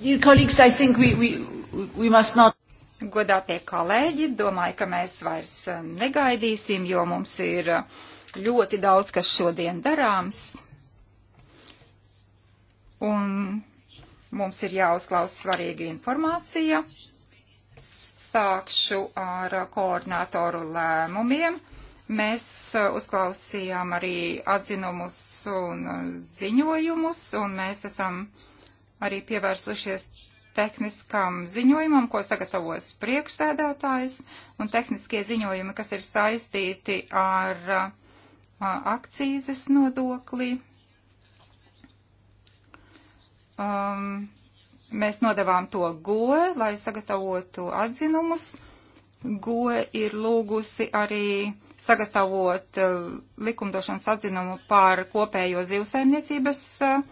We, we, we not... Godātie kolēģi, domāju, ka mēs vairs uh, negaidīsim, jo mums ir uh, ļoti daudz, kas šodien darāms. Un mums ir jāuzklaus svarīga informācija. Sākšu ar uh, koordinātoru lēmumiem. Mēs uzklausījām arī atzinumus un ziņojumus, un mēs esam uh, arī pievērsušies tehniskam ziņojumam, ko sagatavos priekšsēdētājs, un tehniskie ziņojumi, kas ir saistīti ar a, akcīzes nodokli. Um, mēs nodevām to GOE, lai sagatavotu atzinumus. GOE ir lūgusi arī sagatavot uh, likumdošanas atzinumu par kopējo zivsaimniecības uh,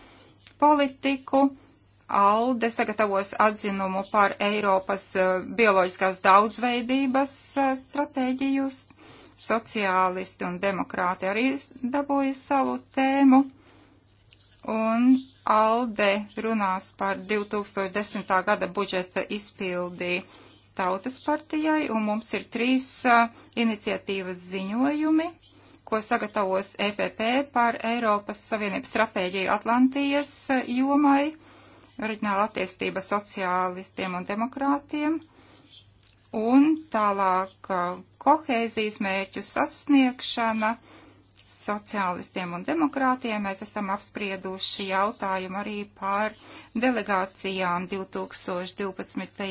politiku. Uh, ALDE sagatavos atzinumu par Eiropas e, bioloģiskās daudzveidības e, stratēģijus. Sociālisti un demokrāti arī dabūja savu tēmu. Un ALDE runās par 2010. gada budžeta izpildī Tautas partijai, un mums ir trīs e, iniciatīvas ziņojumi ko sagatavos EPP par Eiropas Savienības stratēģiju Atlantijas jomai reģionāla attīstība sociālistiem un demokrātiem un tālāk uh, kohēzijas mērķu sasniegšana sociālistiem un demokrātiem. Mēs esam apsprieduši jautājumu arī par delegācijām 2012.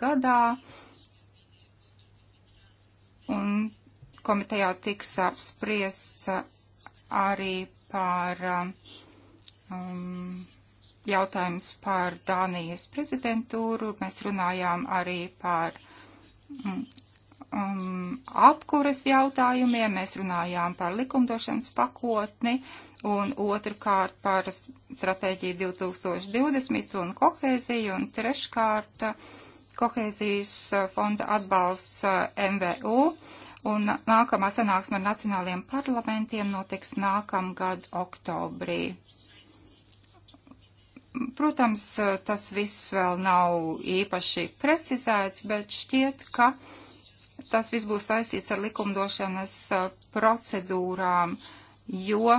gadā. Un komitejā tiks apspriests arī par um, jautājums par Dānijas prezidentūru. Mēs runājām arī par um, mm, mm, apkuras jautājumiem, mēs runājām par likumdošanas pakotni un otrkārt par stratēģiju 2020 un kohēziju un treškārt eh, kohēzijas eh, fonda atbalsts eh, MVU. Un nākamā sanāksme ar nacionāliem parlamentiem notiks nākamgad oktobrī. Protams, eh, tas viss vēl nav īpaši precizēts, bet šķiet, ka tas viss būs saistīts ar likumdošanas eh, procedūrām, jo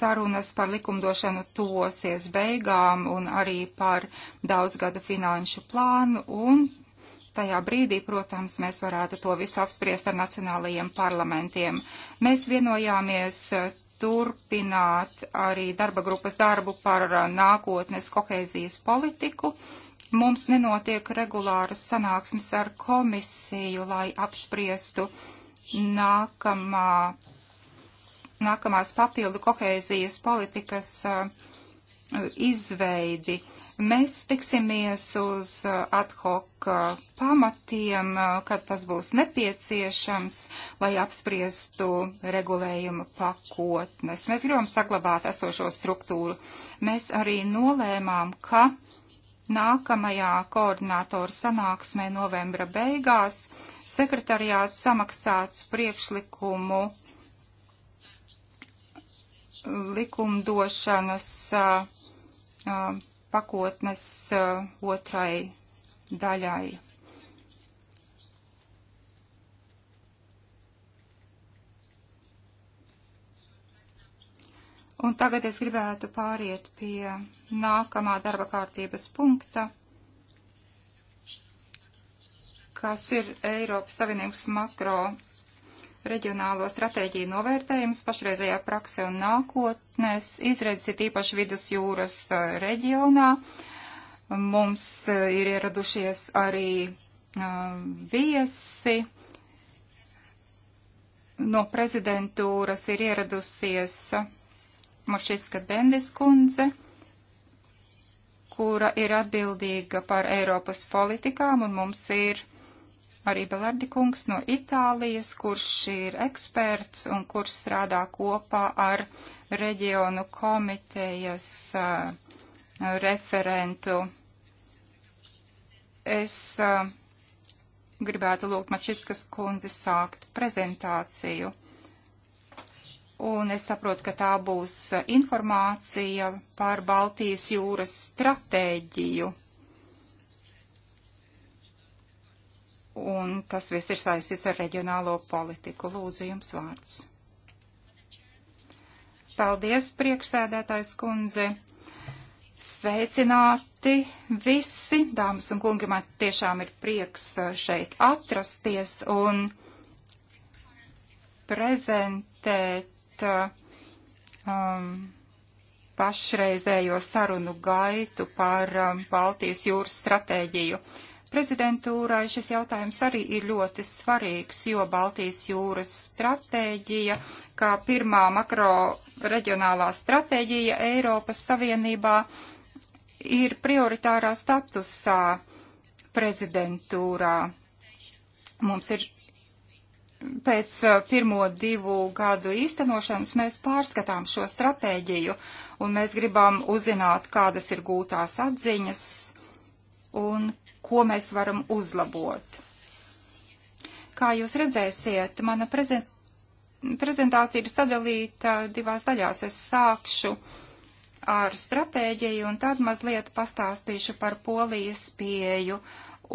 sarunas par likumdošanu tuvosies beigām un arī par daudzgada finanšu plānu, un tajā brīdī, protams, mēs varētu to visu apspriest ar nacionālajiem parlamentiem. Mēs vienojāmies eh, turpināt arī darba grupas darbu par uh, nākotnes kohēzijas politiku. Mums nenotiek regulāras sanāksmes ar komisiju, lai apspriestu nākamā, nākamās papildu kohēzijas politikas uh, izveidi. Mēs tiksimies uz uh, ad hoc uh, pamatiem, uh, kad tas būs nepieciešams, lai apspriestu regulējumu pakotnes. Mēs gribam saglabāt esošo struktūru. Mēs arī nolēmām, ka nākamajā koordinātoru sanāksmē novembra beigās sekretariāts samaksāts priekšlikumu uh, likumdošanas pakotnes otrai daļai. Un tagad es gribētu pāriet pie nākamā darba kārtības punkta, kas ir Eiropas Savienības makro reģionālo stratēģiju novērtējums pašreizējā prakse un nākotnes izredzes ir īpaši vidus jūras reģionā. Mums ir ieradušies arī viesi. No prezidentūras ir ieradusies Mošiska Bendis kundze, kura ir atbildīga par Eiropas politikām, un mums ir arī Belardi kungs no Itālijas, kurš ir eksperts un kurš strādā kopā ar reģionu komitejas uh, referentu. Es uh, gribētu lūgt Mačiskas kundzi sākt prezentāciju. Un es saprotu, ka tā būs informācija par Baltijas jūras stratēģiju un tas viss ir saistīts ar reģionālo politiku. Lūdzu, jums vārds. Paldies, priekšsēdētājs kundze. Sveicināti visi, dāmas un kungi, man tiešām ir prieks uh, šeit atrasties un prezentēt uh, um, pašreizējo sarunu gaitu par um, Baltijas jūras stratēģiju. Uh, Prezidentūrai šis jautājums arī ir ļoti svarīgs, jo Baltijas jūras stratēģija, kā pirmā makro reģionālā stratēģija Eiropas Savienībā, ir prioritārā statusā prezidentūrā. Mums ir pēc uh, pirmo divu gadu īstenošanas mēs pārskatām šo stratēģiju un mēs gribam uzzināt, kādas ir gūtās atziņas un ko mēs varam uzlabot. Kā jūs redzēsiet, mana prezentācija prezentācija ir sadalīta divās daļās. Es sākšu ar stratēģiju un tad mazliet pastāstīšu par polijas pieju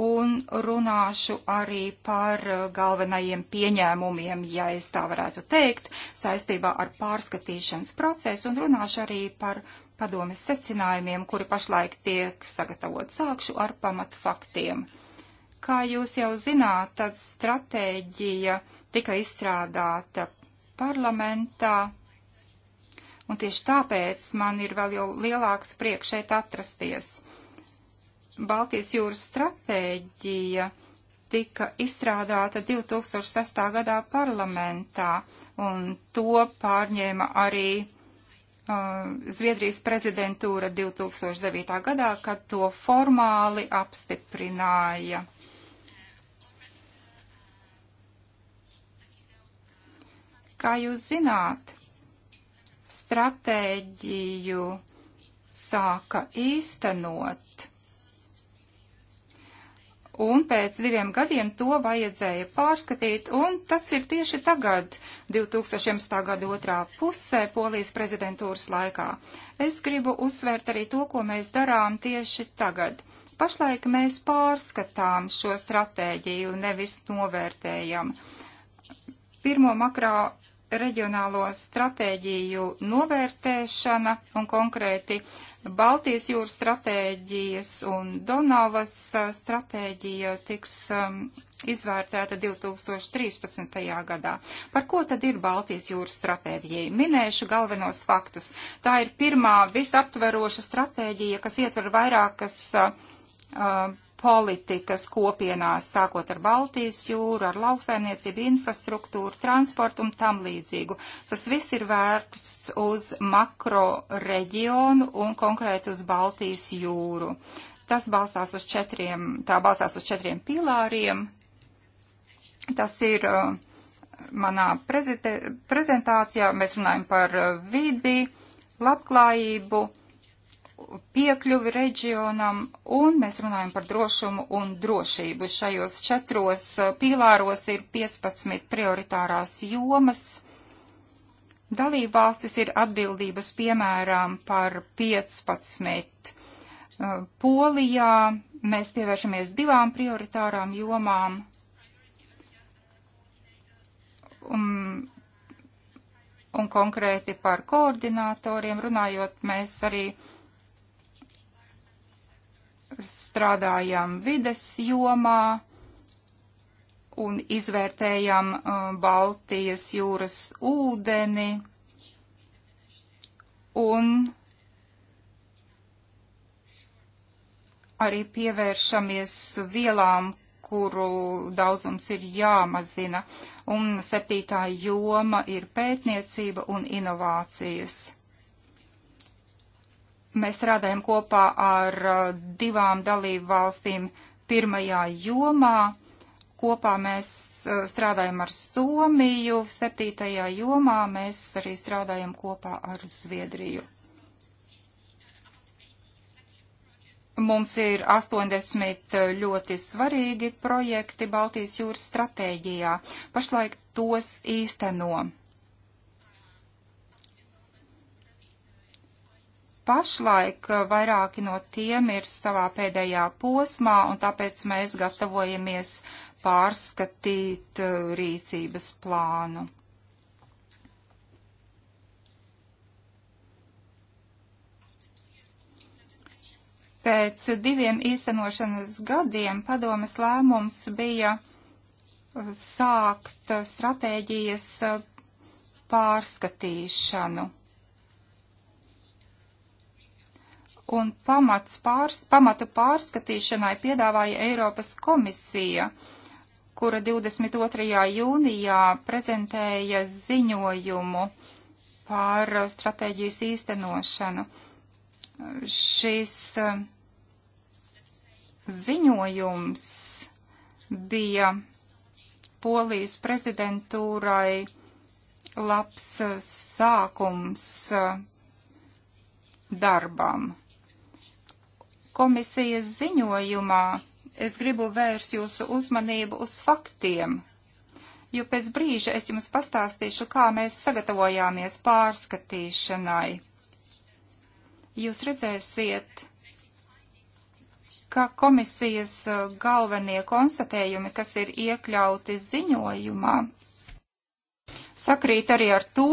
un runāšu arī par galvenajiem pieņēmumiem, ja es tā varētu teikt, saistībā ar pārskatīšanas procesu un runāšu arī par padomes secinājumiem, kuri pašlaik tiek sagatavot. Sākšu ar pamatu faktiem. Kā jūs jau zināt, tad stratēģija tika izstrādāta parlamentā, un tieši tāpēc man ir vēl jau lielāks prieks šeit atrasties. Baltijas jūras stratēģija tika izstrādāta 2006. gadā parlamentā, un to pārņēma arī Zviedrijas prezidentūra 2009. gadā, kad to formāli apstiprināja. Kā jūs zināt, stratēģiju sāka īstenot un pēc diviem gadiem to vajadzēja pārskatīt, un tas ir tieši tagad, 2011. gada otrā pusē, Polijas prezidentūras laikā. Es gribu uzsvērt arī to, ko mēs darām tieši tagad. Pašlaik mēs pārskatām šo stratēģiju, nevis novērtējam. Pirmo makro reģionālo stratēģiju novērtēšana un konkrēti Baltijas jūras stratēģijas un Donavas stratēģija tiks um, izvērtēta 2013. gadā. Par ko tad ir Baltijas jūras stratēģija? Minēšu galvenos faktus. Tā ir pirmā visaptveroša stratēģija, kas ietver vairākas uh, politikas kopienās, sākot ar Baltijas jūru, ar lauksaimniecību, infrastruktūru, transportu un tam līdzīgu. Tas viss ir vērsts uz makro reģionu un konkrēti uz Baltijas jūru. Tas balstās uz četriem, tā balstās uz četriem pilāriem. Tas ir uh, manā prezentācijā, mēs runājam par uh, vidi, labklājību, piekļuvi reģionam, un mēs runājam par drošumu un drošību. Šajos četros eh, pīlāros ir 15 prioritārās jomas. Dalībvalstis ir atbildības piemēram par 15. Eh, Polijā mēs pievēršamies divām prioritārām jomām. Un, um, un konkrēti par koordinatoriem runājot, mēs arī uh, strādājam vides jomā un izvērtējam uh, Baltijas jūras ūdeni un arī pievēršamies vielām, kuru daudzums ir jāmazina. Un septītā joma ir pētniecība un inovācijas. Mēs strādājam kopā ar uh, divām dalību valstīm pirmajā jomā. Kopā mēs uh, strādājam ar Somiju, septītajā jomā mēs arī strādājam kopā ar Zviedriju. Mums ir 80 uh, ļoti svarīgi projekti Baltijas jūras stratēģijā. Pašlaik tos īsteno. pašlaik vairāki no tiem ir savā pēdējā posmā, un tāpēc mēs gatavojamies pārskatīt uh, rīcības plānu. Pēc diviem īstenošanas gadiem padomas lēmums bija uh, sākt uh, stratēģijas pārskatīšanu. un pārs, pamata pārskatīšanai piedāvāja Eiropas komisija, kura 22. jūnijā prezentēja ziņojumu par stratēģijas īstenošanu. Šis eh, ziņojums bija Polijas prezidentūrai labs eh, sākums eh, darbam komisijas ziņojumā es gribu vērst jūsu uzmanību uz faktiem, jo pēc brīža es jums pastāstīšu, kā mēs sagatavojāmies pārskatīšanai. Jūs redzēsiet, ka komisijas uh, galvenie konstatējumi, kas ir iekļauti ziņojumā, sakrīt arī ar to,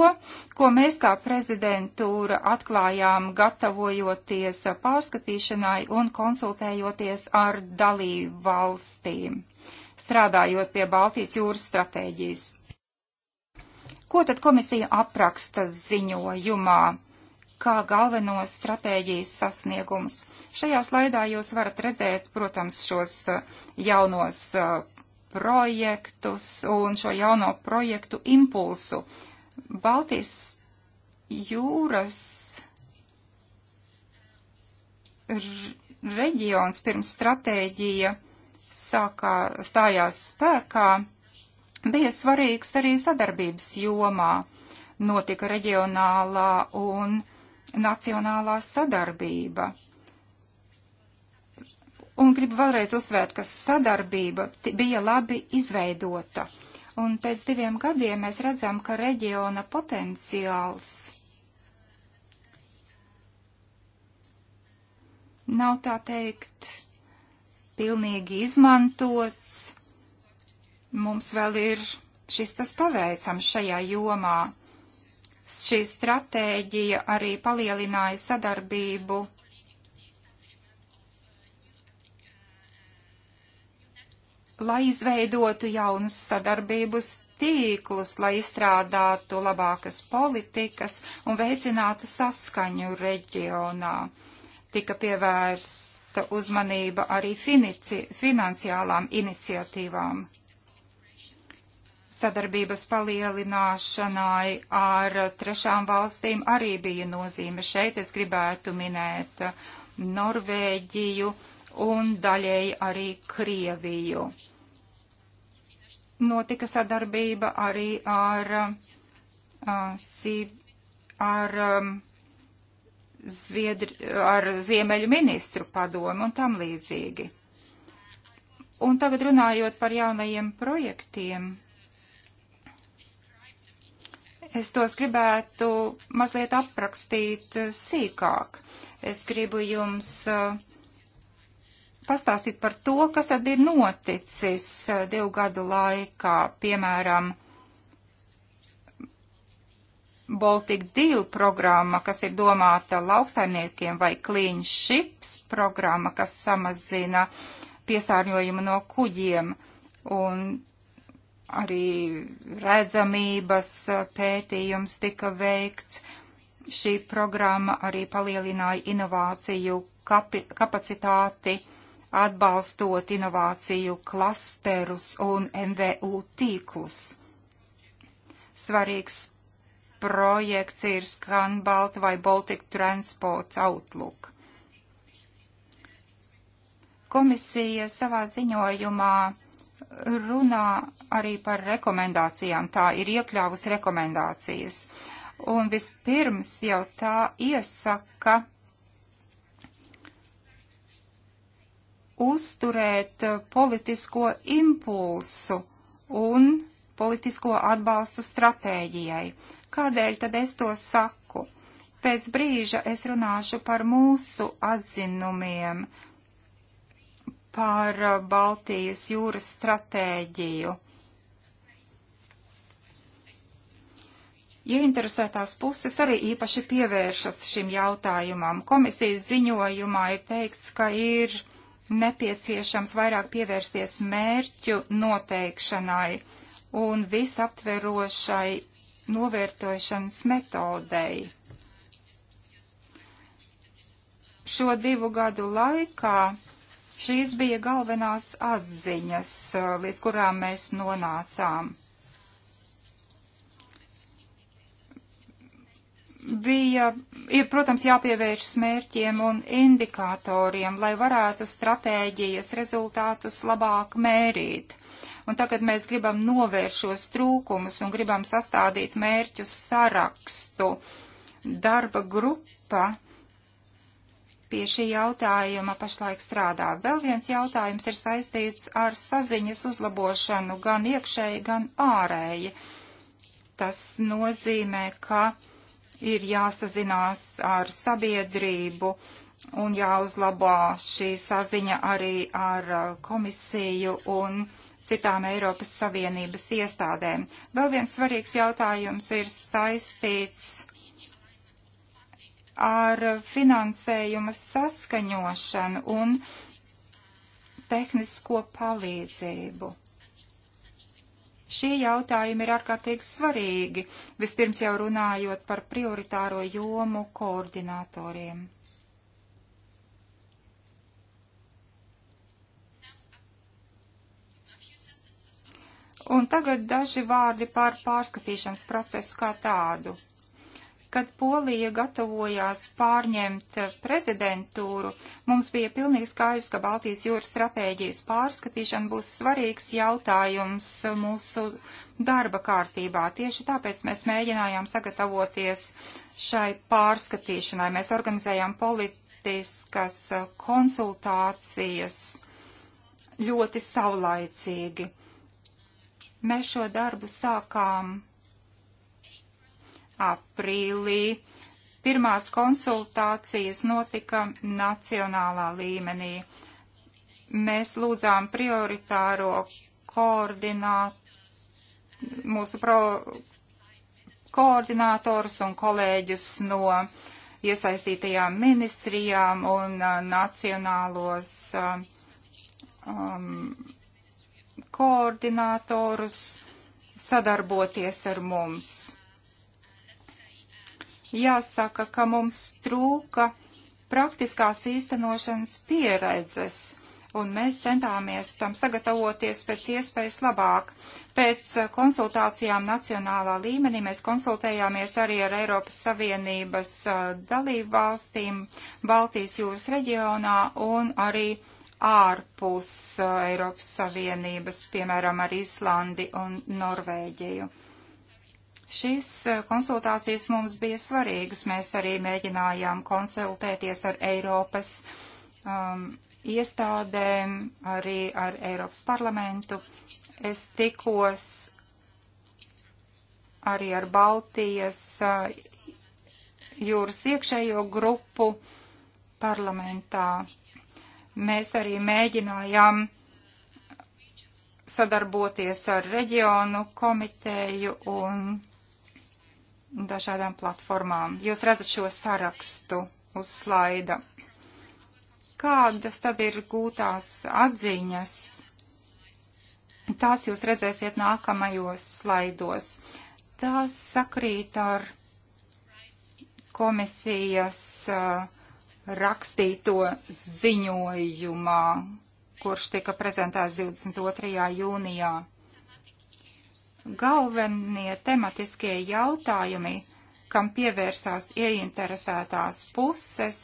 ko mēs kā prezidentūra atklājām gatavojoties pārskatīšanai un konsultējoties ar dalību valstīm, strādājot pie Baltijas jūras stratēģijas. Ko tad komisija apraksta ziņojumā? kā galvenos stratēģijas sasniegumus. Šajā slaidā jūs varat redzēt, protams, šos jaunos projektus un šo jauno projektu impulsu. Baltijas jūras reģions pirms stratēģija sākā, stājās spēkā, bija svarīgs arī sadarbības jomā. Notika reģionālā un nacionālā sadarbība. Un gribu vēlreiz uzsvērt, ka sadarbība bija labi izveidota. Un pēc diviem gadiem mēs redzam, ka reģiona potenciāls nav tā teikt pilnīgi izmantots. Mums vēl ir šis tas paveicams šajā jomā. Šī stratēģija arī palielināja sadarbību lai izveidotu jaunus sadarbības tīklus, lai izstrādātu labākas politikas un veicinātu saskaņu reģionā. Tika pievērsta uzmanība arī finici, finansiālām iniciatīvām. Sadarbības palielināšanai ar trešām valstīm arī bija nozīme. Šeit es gribētu minēt Norvēģiju, uh, un daļēji arī Krieviju. Notika sadarbība arī ar, ar, ar Zviedri, ar Ziemeļu ministru padomu un tam līdzīgi. Un tagad runājot par jaunajiem projektiem, es tos gribētu mazliet aprakstīt sīkāk. Es gribu jums uh, pastāstīt par to, kas tad ir noticis eh, divu gadu laikā, piemēram, Baltic Deal programma, kas ir domāta lauksaimniekiem, vai Clean Ships programma, kas samazina piesārņojumu no kuģiem un arī redzamības eh, pētījums tika veikts. Šī programma arī palielināja inovāciju kapi, kapacitāti atbalstot inovāciju klasterus un MVU tīklus. Svarīgs projekts ir Skanbalt vai Baltic Transports Outlook. Komisija savā ziņojumā runā arī par rekomendācijām. Tā ir iekļāvusi rekomendācijas. Un vispirms jau tā iesaka uzturēt eh, politisko impulsu un politisko atbalstu stratēģijai. Kādēļ tad es to saku? Pēc brīža es runāšu par mūsu atzinumiem, par eh, Baltijas jūras stratēģiju. Ieinteresētās ja puses arī īpaši pievēršas šim jautājumam. Komisijas ziņojumā ir teikts, ka ir nepieciešams vairāk pievērsties mērķu noteikšanai un visaptverošai novērtošanas metodei. Šo divu gadu laikā šīs bija galvenās atziņas, uh, līdz kurām mēs nonācām. bija, ir, protams, jāpievēršas mērķiem un indikatoriem, lai varētu stratēģijas rezultātus labāk mērīt. Un tagad mēs gribam novērst šos trūkumus un gribam sastādīt mērķu sarakstu. Darba grupa pie šī jautājuma pašlaik strādā. Vēl viens jautājums ir saistīts ar saziņas uzlabošanu gan iekšēji, gan ārēji. Tas nozīmē, ka ir jāsazinās ar sabiedrību un jāuzlabo šī saziņa arī ar uh, komisiju un citām Eiropas Savienības iestādēm. Vēl viens svarīgs jautājums ir saistīts ar finansējuma saskaņošanu un tehnisko palīdzību. Šie jautājumi ir ārkārtīgi svarīgi, vispirms jau runājot par prioritāro jomu koordinatoriem. Un tagad daži vārdi par pārskatīšanas procesu kā tādu. Kad Polija gatavojās pārņemt prezidentūru, mums bija pilnīgi skaidrs, ka Baltijas jūras stratēģijas pārskatīšana būs svarīgs jautājums mūsu darba kārtībā. Tieši tāpēc mēs mēģinājām sagatavoties šai pārskatīšanai. Mēs organizējām politiskas konsultācijas ļoti savlaicīgi. Mēs šo darbu sākām aprīlī. Pirmās konsultācijas notika nacionālā līmenī. Mēs lūdzām prioritāro koordināt, mūsu pro, koordinātors un kolēģus no iesaistītajām ministrijām un uh, nacionālos uh, um, koordinātorus sadarboties ar mums. Jāsaka, ka mums trūka praktiskās īstenošanas pieredzes, un mēs centāmies tam sagatavoties pēc iespējas labāk. Pēc eh, konsultācijām nacionālā līmenī mēs konsultējāmies arī ar Eiropas Savienības eh, dalību valstīm, Baltijas jūras reģionā un arī ārpus eh, Eiropas Savienības, piemēram, ar Islandi un Norvēģiju. Šīs eh, konsultācijas mums bija svarīgas. Mēs arī mēģinājām konsultēties ar Eiropas um, iestādēm, arī ar Eiropas parlamentu. Es tikos arī ar Baltijas uh, jūras iekšējo grupu parlamentā. Mēs arī mēģinājām sadarboties ar reģionu komiteju un dažādām platformām. Jūs redzat šo sarakstu uz slaida. Kādas tad ir gūtās atziņas? Tās jūs redzēsiet nākamajos slaidos. Tās sakrīt ar komisijas uh, rakstīto ziņojumā, kurš tika prezentēts 22. jūnijā. Galvenie tematiskie jautājumi, kam pievērsās ieinteresētās puses,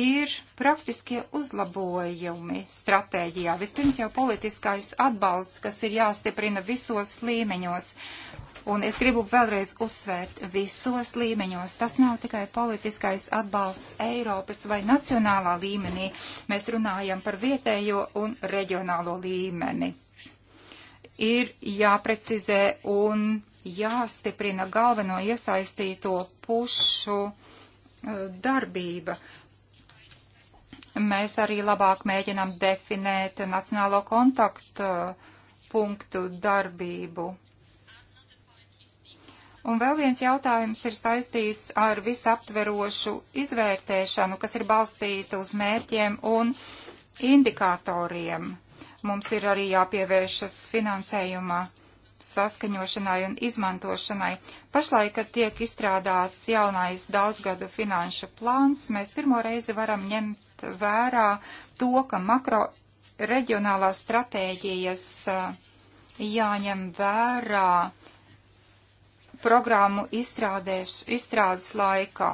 ir praktiskie uzlabojumi stratēģijā. Vispirms jau politiskais atbalsts, kas ir jāstiprina visos līmeņos. Un es gribu vēlreiz uzsvērt visos līmeņos. Tas nav tikai politiskais atbalsts Eiropas vai nacionālā līmenī. Mēs runājam par vietējo un reģionālo līmeni ir jāprecizē un jāstiprina galveno iesaistīto pušu eh, darbība. Mēs arī labāk mēģinām definēt nacionālo kontaktu eh, punktu darbību. Un vēl viens jautājums ir saistīts ar visaptverošu izvērtēšanu, kas ir balstīta uz mērķiem un indikatoriem. Mums ir arī jāpievēršas finansējumā saskaņošanai un izmantošanai. Pašlaik, kad tiek izstrādāts jaunais daudzgadu finanšu plāns, mēs pirmo reizi varam ņemt vērā to, ka makro reģionālās stratēģijas jāņem vērā programmu izstrādēš, izstrādes laikā.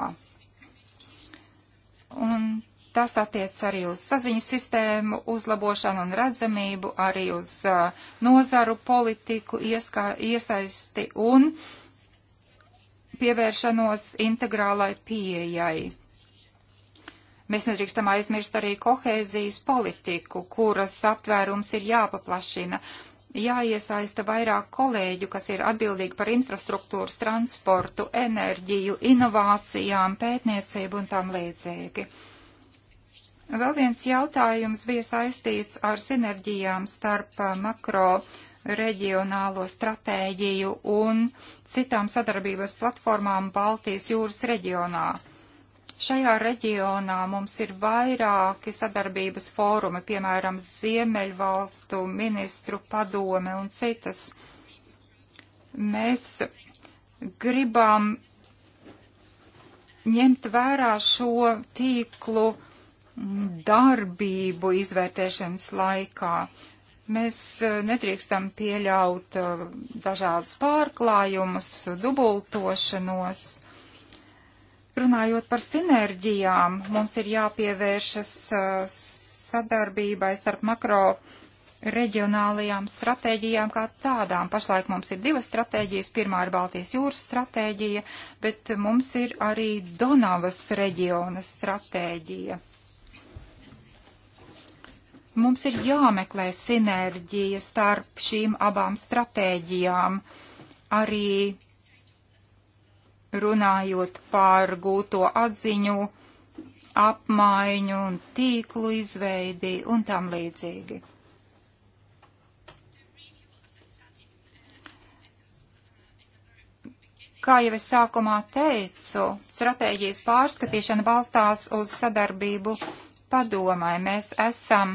Un Tas attiec arī uz saziņu sistēmu uzlabošanu un redzamību, arī uz uh, nozaru politiku ieskā, iesaisti un pievēršanos integrālai pieejai. Mēs nedrīkstam aizmirst arī kohēzijas politiku, kuras aptvērums ir jāpaplašina, jāiesaista vairāk kolēģu, kas ir atbildīgi par infrastruktūras, transportu, enerģiju, inovācijām, pētniecību un tam līdzīgi. Vēl viens jautājums bija saistīts ar sinerģijām starp makro reģionālo stratēģiju un citām sadarbības platformām Baltijas jūras reģionā. Šajā reģionā mums ir vairāki sadarbības fórumi, piemēram, Ziemeļvalstu ministru padome un citas. Mēs gribam ņemt vērā šo tīklu darbību izvērtēšanas laikā. Mēs e, nedrīkstam pieļaut e, dažādus pārklājumus, dubultošanos. Runājot par sinerģijām, mums ir jāpievēršas e, sadarbībai starp makro reģionālajām stratēģijām kā tādām. Pašlaik mums ir divas stratēģijas. Pirmā ir Baltijas jūras stratēģija, bet mums ir arī Donavas reģiona stratēģija. Mums ir jāmeklē sinerģija starp šīm abām stratēģijām, arī runājot par gūto atziņu, apmaiņu un tīklu izveidi un tam līdzīgi. Kā jau es sākumā teicu, stratēģijas pārskatīšana balstās uz sadarbību padomai. Mēs esam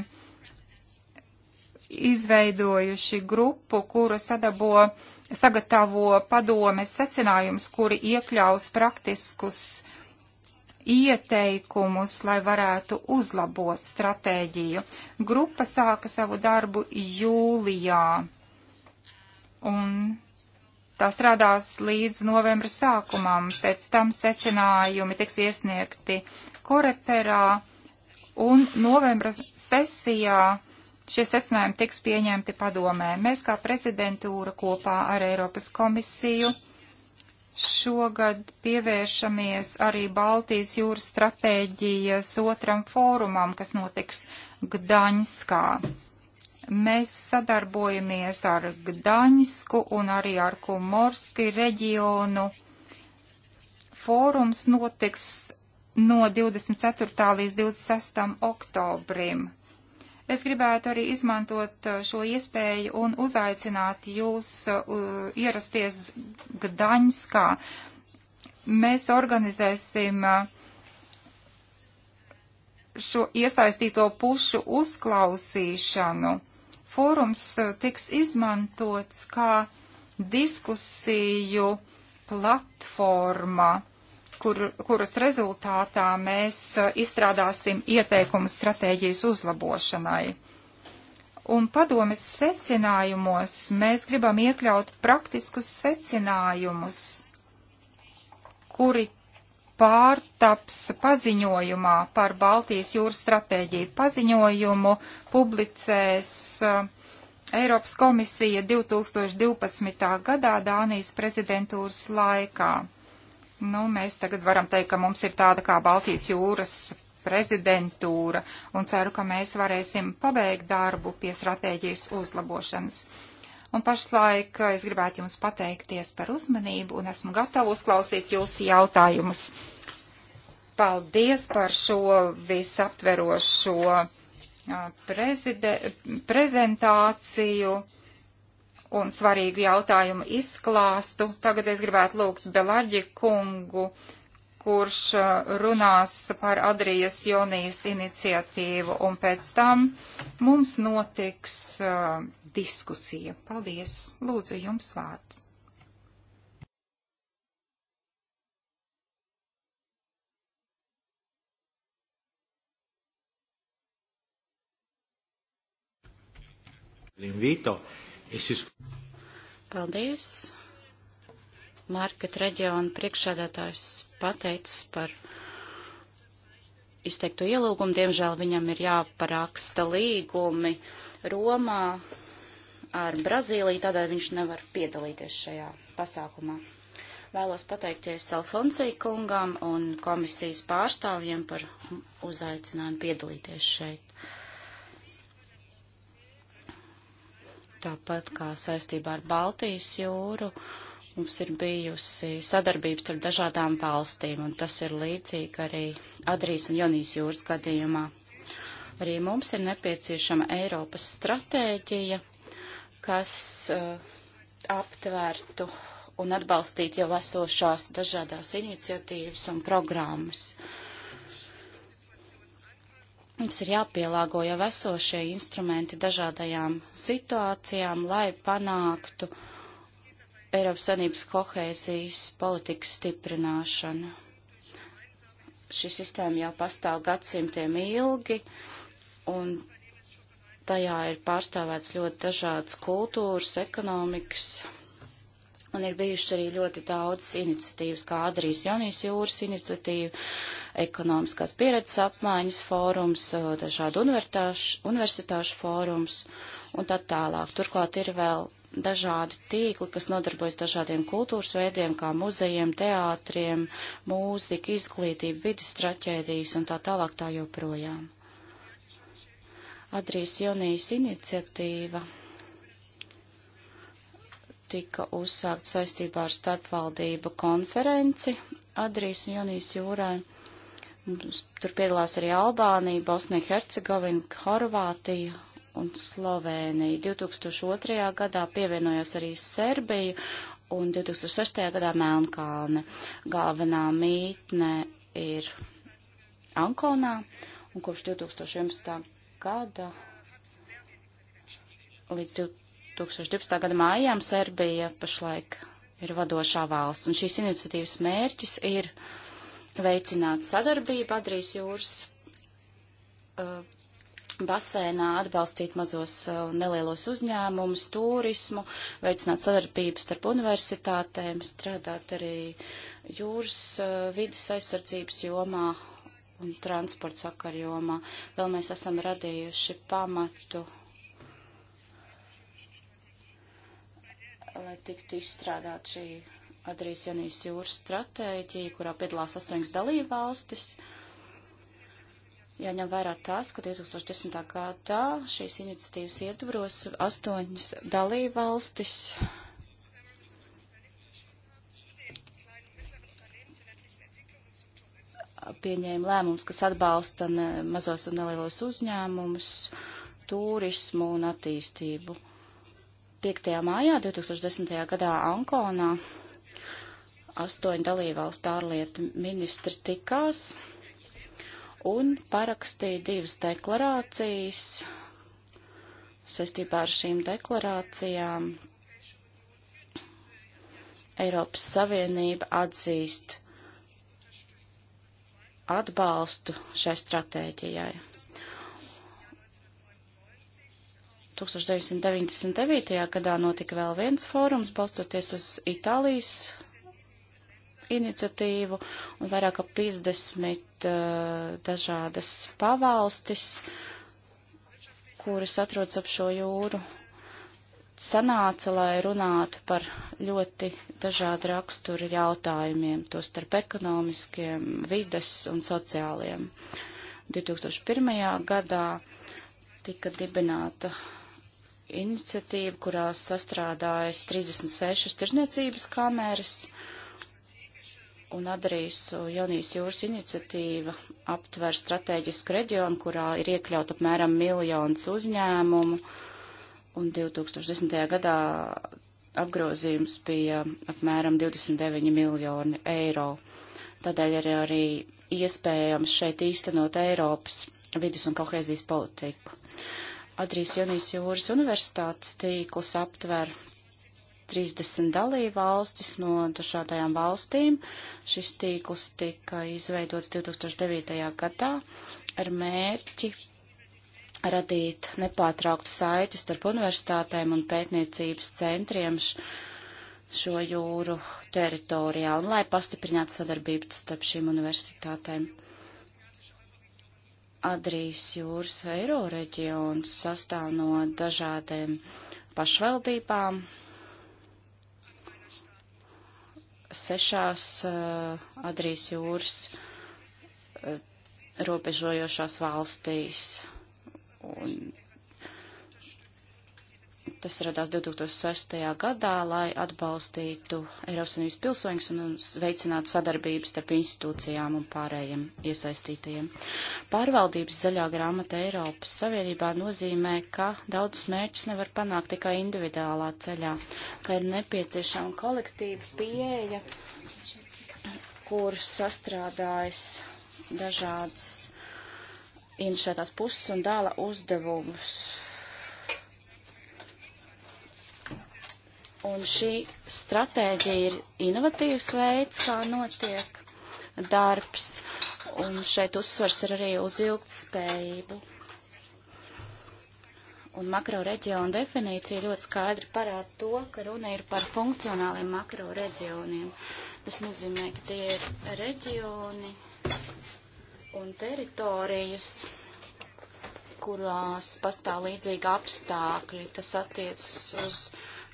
izveidojuši grupu, kura sadabo, sagatavo padomes secinājumus, kuri iekļaus praktiskus ieteikumus, lai varētu uzlabot stratēģiju. Grupa sāka savu darbu jūlijā, un tā strādās līdz novembra sākumam. Pēc tam secinājumi tiks iesniegti koreperā, un novembra sesijā Šie secinājumi tiks pieņemti padomē. Mēs kā prezidentūra kopā ar Eiropas komisiju šogad pievēršamies arī Baltijas jūras stratēģijas otram fórumam, kas notiks Gdaņskā. Mēs sadarbojamies ar Gdaņsku un arī ar Kumorski reģionu. Fórums notiks no 24. līdz 26. oktobrim. Es gribētu arī izmantot uh, šo iespēju un uzaicināt jūs uh, ierasties Gdaņskā. Mēs organizēsim uh, šo iesaistīto pušu uzklausīšanu. Fórums uh, tiks izmantots kā diskusiju platforma kur, kuras rezultātā mēs eh, izstrādāsim ieteikumu stratēģijas uzlabošanai. Un padomes secinājumos mēs gribam iekļaut praktiskus secinājumus, kuri pārtaps paziņojumā par Baltijas jūras stratēģiju. Paziņojumu publicēs eh, Eiropas komisija 2012. gadā Dānijas prezidentūras laikā. Nu, mēs tagad varam teikt, ka mums ir tāda kā Baltijas jūras prezidentūra un ceru, ka mēs varēsim pabeigt darbu pie stratēģijas uzlabošanas. Un pašlaik es gribētu jums pateikties par uzmanību un esmu gatava uzklausīt jūsu jautājumus. Paldies par šo visaptverošo prezide, prezentāciju un svarīgu jautājumu izklāstu. Tagad es gribētu lūgt Belarģi kungu, kurš uh, runās par Adrijas Jonijas iniciatīvu, un pēc tam mums notiks uh, diskusija. Paldies! Lūdzu, jums vārds! L'invito Paldies! Market reģiona priekšsēdētājs pateicis par izteikto ielūgumu. Diemžēl viņam ir jāparaksta līgumi Romā ar Brazīliju, tādēļ viņš nevar piedalīties šajā pasākumā. Vēlos pateikties Alfonsī kungam un komisijas pārstāvjiem par uzaicinājumu piedalīties šeit. Tāpat kā saistībā ar Baltijas jūru, mums ir bijusi sadarbības starp dažādām valstīm, un tas ir līdzīgi arī Adrijas un Jonijas jūras gadījumā. Arī mums ir nepieciešama Eiropas stratēģija, kas uh, aptvērtu un atbalstītu jau esošās dažādās iniciatīvas un programmas. Uh, Mums ir jāpielāgo jau esošie instrumenti dažādajām situācijām, lai panāktu Eiropas Savienības kohēzijas politikas stiprināšanu. Šī sistēma jau pastāv gadsimtiem ilgi, un tajā ir pārstāvēts ļoti dažādas kultūras, ekonomikas, un ir bijušas arī ļoti daudzas iniciatīvas, kā Adrijas Jaunijas jūras iniciatīva, ekonomiskās pieredzes apmaiņas fórums, dažādu universitāšu fórums un tā tālāk. Turklāt ir vēl dažādi tīkli, kas nodarbojas dažādiem kultūras veidiem, kā muzejiem, teātriem, mūzika, izglītība, vidas traķēdijas un tā tālāk tā joprojām. Adrijas Jonijas iniciatīva tika uzsākt saistībā ar starpvaldību konferenci Adrijas un Jonijas jūrai Tur piedalās arī Albānija, Bosnija, Hercegovina, Horvātija un Slovēnija. 2002. gadā pievienojās arī Serbija un 2006. gadā Melnkalne. Galvenā mītne ir Ankonā un kopš 2011. gada līdz 2012. gada mājām Serbija pašlaik ir vadošā valsts. Un šīs iniciatīvas mērķis ir veicināt sadarbību Adrijas jūras uh, basēnā, atbalstīt mazos un uh, nelielos uzņēmumus, turismu, veicināt sadarbību starp universitātēm, strādāt arī jūras uh, vidas aizsardzības jomā un transporta sakaru jomā. Vēl mēs esam radījuši pamatu, lai tiktu izstrādāt šī Adrīsienijas jūras stratēģiju, kurā piedalās astoņas dalību valstis. Jāņem vērā tas, ka 2010. gadā šīs iniciatīvas ietvaros astoņas dalību valstis pieņēma lēmums, kas atbalsta mazos un nelielos uzņēmumus, turismu un attīstību. 5. mājā 2010. gadā Ankonā astoņu dalībvalstu ārlietu ministri tikās un parakstīja divas deklarācijas. Sestībā ar šīm deklarācijām Eiropas Savienība atzīst atbalstu šai stratēģijai. 1999. gadā notika vēl viens fórums, balstoties uz Itālijas iniciatīvu un vairāk kā 50 uh, eh, dažādas pavalstis, kuras atrodas ap šo jūru, sanāca, lai runātu par ļoti dažādu raksturu jautājumiem, tostarp ekonomiskiem, vides un sociāliem. 2001. gadā tika dibināta iniciatīva, kurā sastrādājas 36 tirzniecības kameras, un Adrīsu jaunīs jūras iniciatīva aptver strateģisku reģionu, kurā ir iekļaut apmēram miljons uzņēmumu, un 2010. gadā apgrozījums bija apmēram 29 miljoni eiro. Tādēļ ir arī iespējams šeit īstenot Eiropas vidus un kohēzijas politiku. Adrijas Jaunijas jūras universitātes tīklus aptver 30 dalībvalstis no dažādajām valstīm. Šis tīkls tika izveidots 2009. gadā ar mērķi radīt nepārtrauktu saiti starp universitātēm un pētniecības centriem šo jūru teritorijā un lai pastiprinātu sadarbību starp šīm universitātēm. Adrijas jūras eiro reģions sastāv no dažādiem pašvaldībām, sešās uh, Adrijas jūras uh, robežojošās valstīs. Un Tas radās 2006. gadā, lai atbalstītu Eiropas Savienības pilsoņus un veicinātu sadarbības starp institūcijām un pārējiem iesaistītajiem. Pārvaldības zaļā grāmata Eiropas Savienībā nozīmē, ka daudz mērķus nevar panākt tikai individuālā ceļā, ka ir nepieciešama kolektīva pieeja, kuras sastrādājas dažādas inšētās puses un dāla uzdevumus Un šī stratēģija ir inovatīvs veids, kā notiek darbs, un šeit uzsvars ir arī uz ilgtspējību. Un makro reģionu definīcija ļoti skaidri parāda to, ka runa ir par funkcionāliem makro reģioniem. Tas nozīmē, ka tie ir reģioni un teritorijas, kurās pastāv līdzīgi apstākļi. Tas attiecas uz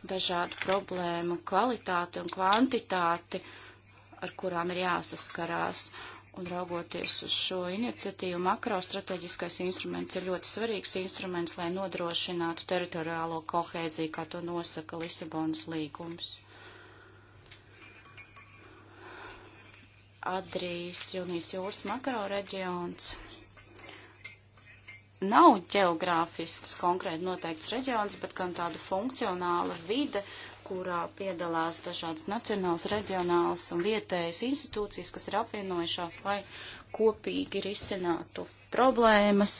dažādu problēmu kvalitāti un kvantitāti, ar kurām ir jāsaskarās. Un raugoties uz šo iniciatīvu, makrostrateģiskais instruments ir ļoti svarīgs instruments, lai nodrošinātu teritoriālo kohēziju, kā to nosaka Lisabonas līgums. Adrijas Junijas jūras makroreģions nav ģeogrāfisks konkrēti noteikts reģions, bet gan tāda funkcionāla vide, kurā piedalās dažādas nacionālas, reģionālas un vietējas institūcijas, kas ir apvienojušās, lai kopīgi risinātu problēmas,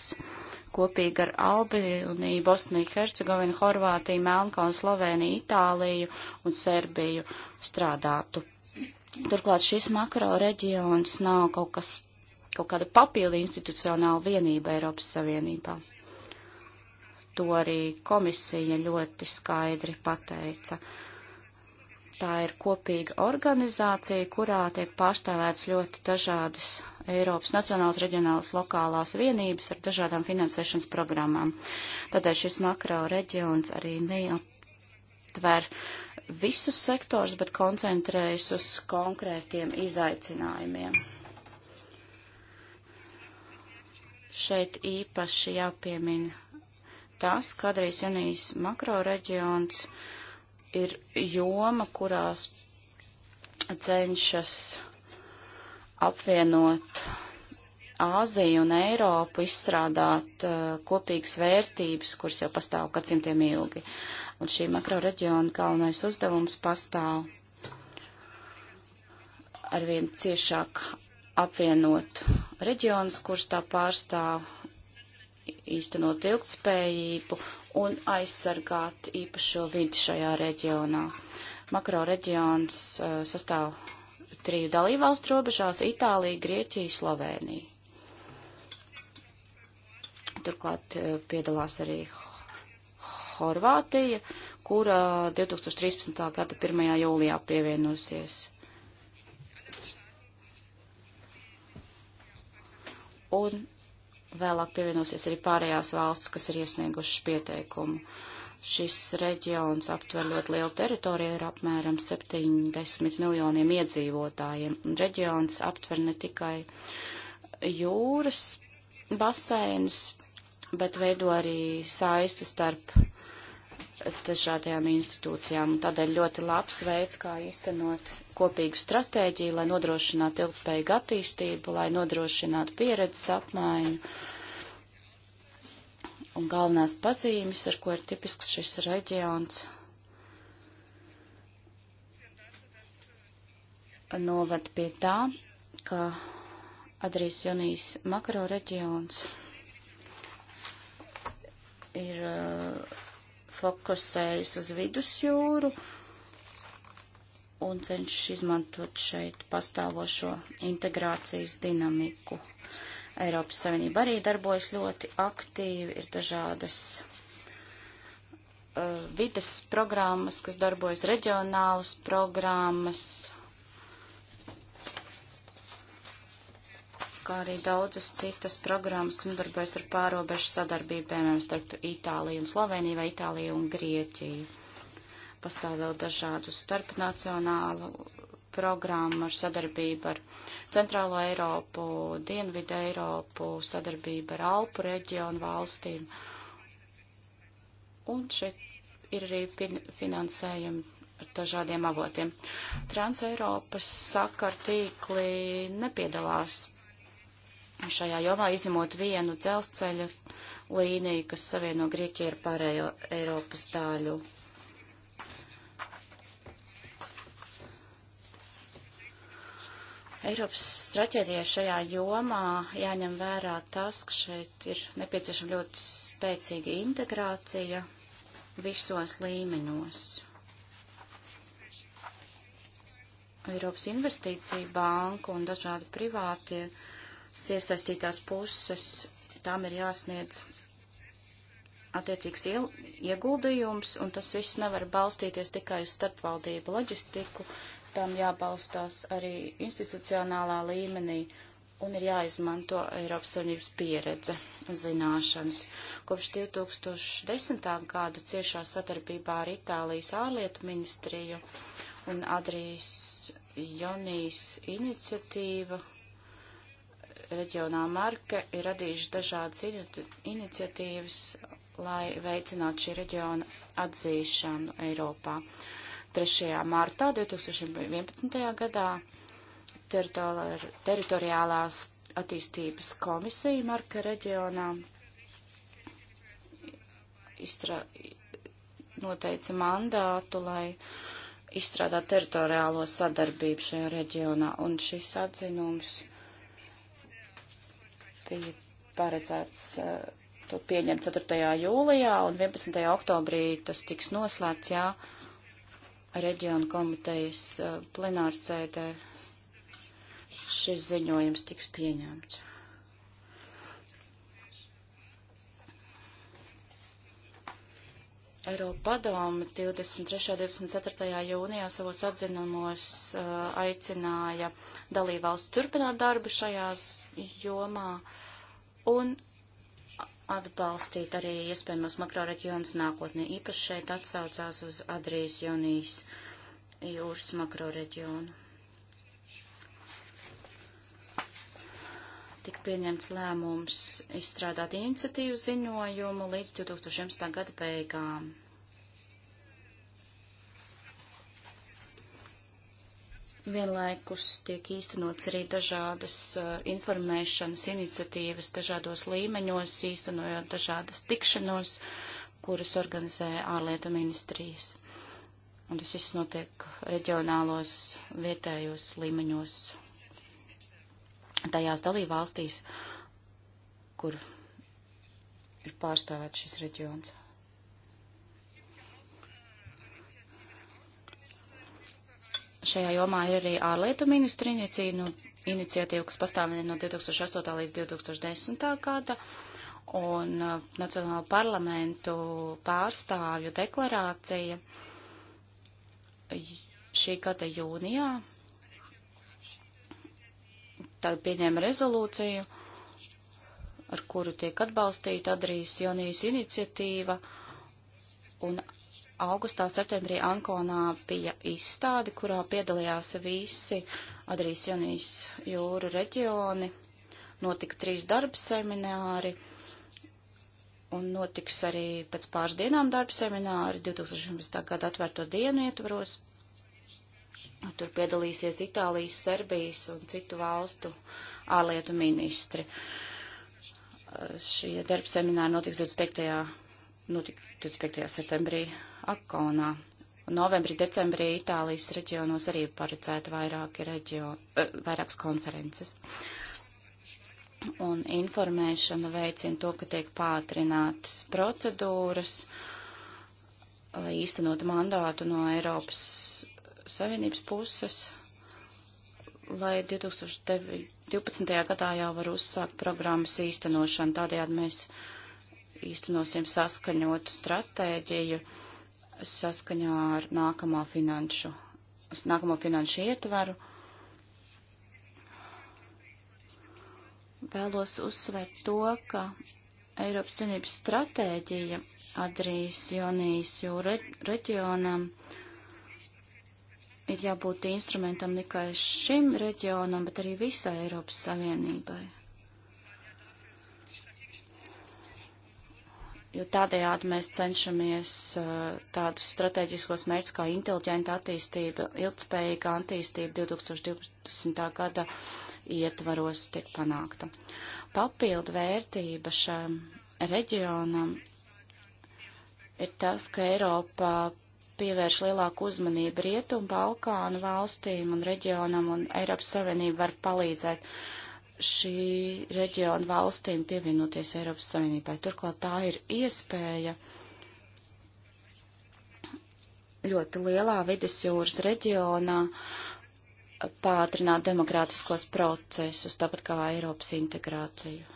kopīgi ar Albiju, Bosniju, Hercegovinu, Horvātiju, Melnkalnu, Sloveniju, Itāliju un Serbiju strādātu. Turklāt šis makro reģions nav kaut kas kaut kāda papildu institucionāla vienība Eiropas Savienībā. To arī komisija ļoti skaidri pateica. Tā ir kopīga organizācija, kurā tiek pārstāvēts ļoti dažādas Eiropas nacionālas, reģionālas, lokālās vienības ar dažādām finansēšanas programmām. Tādēļ šis makro reģions arī neaptver visus sektors, bet koncentrējas uz konkrētiem izaicinājumiem. Šeit īpaši jāpiemina tas, kādreiz Janijas makro reģions ir joma, kurās cenšas apvienot Āziju un Eiropu, izstrādāt uh, kopīgas vērtības, kuras jau pastāv gadsimtiem ilgi. Un šī makro reģiona galvenais uzdevums pastāv arvien ciešāk apvienot reģionus, kurš tā pārstāv, īstenot ilgtspējību un aizsargāt īpašo vidi šajā reģionā. Makro reģions uh, sastāv triju dalībvalstu robežās - Itālija, Grieķija, Slovēnija. Turklāt uh, piedalās arī Horvātija, kura eh, 2013. gada 1. jūlijā pievienosies. un vēlāk pievienosies arī pārējās valsts, kas ir iesniegušas pieteikumu. Šis reģions aptver ļoti lielu teritoriju ar apmēram 70 miljoniem iedzīvotājiem. Reģions aptver ne tikai jūras basēnus, bet veido arī saisti starp dažādajām institūcijām. Tādēļ ļoti labs veids, kā īstenot kopīgu stratēģiju, lai nodrošinātu ilgspējīgu attīstību, lai nodrošinātu pieredzes apmaiņu. Un galvenās pazīmes, ar ko ir tipisks šis reģions, novad pie tā, ka Adrijas Jonijas makro reģions ir uh, fokusējis uz vidusjūru, uh, un cenšas izmantot šeit pastāvošo integrācijas dinamiku. Eiropas Savienība arī darbojas ļoti aktīvi, ir dažādas uh, vides programmas, kas darbojas reģionālas programmas, kā arī daudzas citas programmas, kas nodarbojas ar pārobežu sadarbībām starp Itāliju un Sloveniju vai Itāliju un Grieķiju pastāv vēl dažādu starpnacionālu programmu ar sadarbību ar Centrālo Eiropu, Dienvidu Eiropu, sadarbību ar Alpu reģionu valstīm. Un šeit ir arī finansējumi ar dažādiem avotiem. Transeiropas sakar tīkli nepiedalās šajā jomā, izņemot vienu dzelzceļa līniju, kas savieno Grieķiju ar pārējo Eiropas daļu. Eiropas strateģijā šajā jomā jāņem vērā tas, ka šeit ir nepieciešama ļoti spēcīga integrācija visos līmeņos. Eiropas investīcija banka un dažādi privātie iesaistītās puses, tām ir jāsniedz attiecīgs ieguldījums, un tas viss nevar balstīties tikai uz starpvaldību loģistiku, tam jābalstās arī institucionālā līmenī un ir jāizmanto Eiropas Savienības pieredze un zināšanas. Kopš 2010. gada ciešā satarbībā ar Itālijas ārlietu ministriju un Adrijas Jonijas iniciatīva reģionā Marke ir radījuši dažādas ini iniciatīvas, lai veicinātu šī reģiona atzīšanu Eiropā. 3. martā 2011. gadā teritoriālās attīstības komisija Marka reģionā izstra, noteica mandātu, lai izstrādātu teritoriālo sadarbību šajā reģionā, un šis atzinums bija paredzēts uh, to pieņemt 4. jūlijā, un 11. oktobrī tas tiks noslēgts, jā. Ja reģiona komitejas eh, plenārsēdē šis ziņojums tiks pieņemts. Eiropa padoma 23. un 24. jūnijā savos atzinumos uh, aicināja dalībvalstu turpināt darbu šajās jomā un atbalstīt arī iespējamos makroreģionus nākotnē. Īpaši šeit atsaucās uz Adrijas Jonijas jūras makroreģionu. Tik pieņemts lēmums izstrādāt iniciatīvu ziņojumu līdz 2011. gada beigām. Vienlaikus tiek īstenots arī dažādas uh, informēšanas iniciatīvas dažādos līmeņos, īstenojot dažādas tikšanos, kuras organizē ārlietu ministrijas. Un tas viss notiek reģionālos, vietējos līmeņos, tajās dalībvalstīs, kur ir pārstāvēts šis reģions. Šajā jomā ir arī ārlietu ministra nu, iniciatīva, kas pastāv no 2008. līdz 2010. gada, un uh, Nacionālo parlamentu pārstāvju deklarācija šī gada jūnijā. Tad pieņēma rezolūciju, ar kuru tiek atbalstīta Adrijas Jonijas iniciatīva un augustā, septembrī Ankonā bija izstāde, kurā piedalījās visi Adrijas Junijas jūru reģioni. Notika trīs darba semināri un notiks arī pēc pāris dienām darba semināri 2018. gada atvērto dienu ietvaros. Tur piedalīsies Itālijas, Serbijas un citu valstu ārlietu ministri. Šie darba semināri notiks 25. Notika 25. septembrī Akonā. Novembrī, decembrī Itālijas reģionos arī paredzēta vairāki reģio, eh, vairākas konferences. Un informēšana veicina to, ka tiek pātrinātas procedūras, lai īstenot mandātu no Eiropas Savienības puses, lai 2009. 12. gadā jau var uzsākt programmas īstenošanu, tādējādi mēs īstenosim saskaņotu stratēģiju saskaņā ar nākamā finanšu, nākamo finanšu ietvaru. Vēlos uzsvērt to, ka Eiropas Savienības stratēģija Adrijas Jonijas jūra reģionam ir jābūt instrumentam ne tikai šim reģionam, bet arī visai Eiropas Savienībai. jo tādējādi mēs cenšamies uh, tādus strateģiskos mērķus kā inteliģenta attīstība, ilgspējīga attīstība 2020. gada ietvaros tiek panākta. Papildu vērtība šam reģionam ir tas, ka Eiropā pievērš lielāku uzmanību Rietumu, Balkānu valstīm un reģionam, un Eiropas Savienība var palīdzēt uh, šī reģiona valstīm pievienoties Eiropas Savienībai. Turklāt tā ir iespēja ļoti lielā vidusjūras reģionā pātrināt demokrātiskos procesus, tāpat kā Eiropas integrāciju.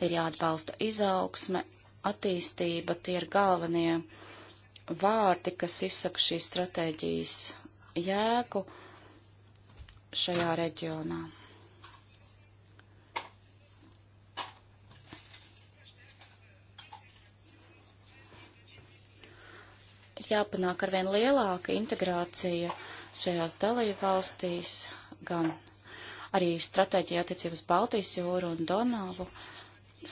Ir jāatbalsta izaugsme, attīstība, tie ir galvenie vārdi, kas izsaka šīs stratēģijas jēgu šajā reģionā. Ir jāpanāk arvien lielāka integrācija šajās dalībvalstīs, gan arī stratēģija attiecības Baltijas jūru un Donavu,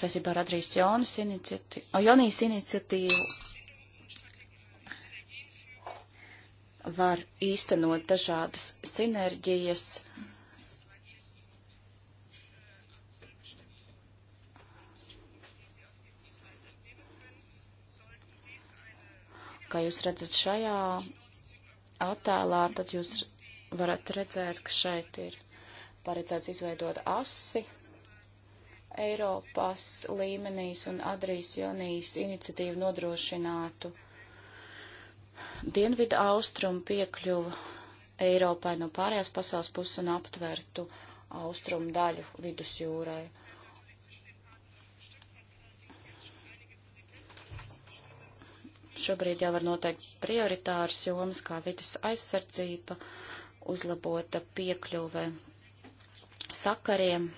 saistībā ar Adrijas Jonas iniciatīvu, Jonijas iniciatīvu var īstenot dažādas sinerģijas. Kā jūs redzat šajā attēlā, tad jūs varat redzēt, ka šeit ir paredzēts izveidot asi Eiropas līmenīs un Adrijas Jonijas iniciatīvu nodrošinātu dienvidu austrumu piekļuvu Eiropai no pārējās pasaules puses un aptvertu austrumu daļu vidusjūrai. Šobrīd jau var noteikt prioritāras jomas, kā vidas aizsardzība, uzlabota piekļuve sakariem,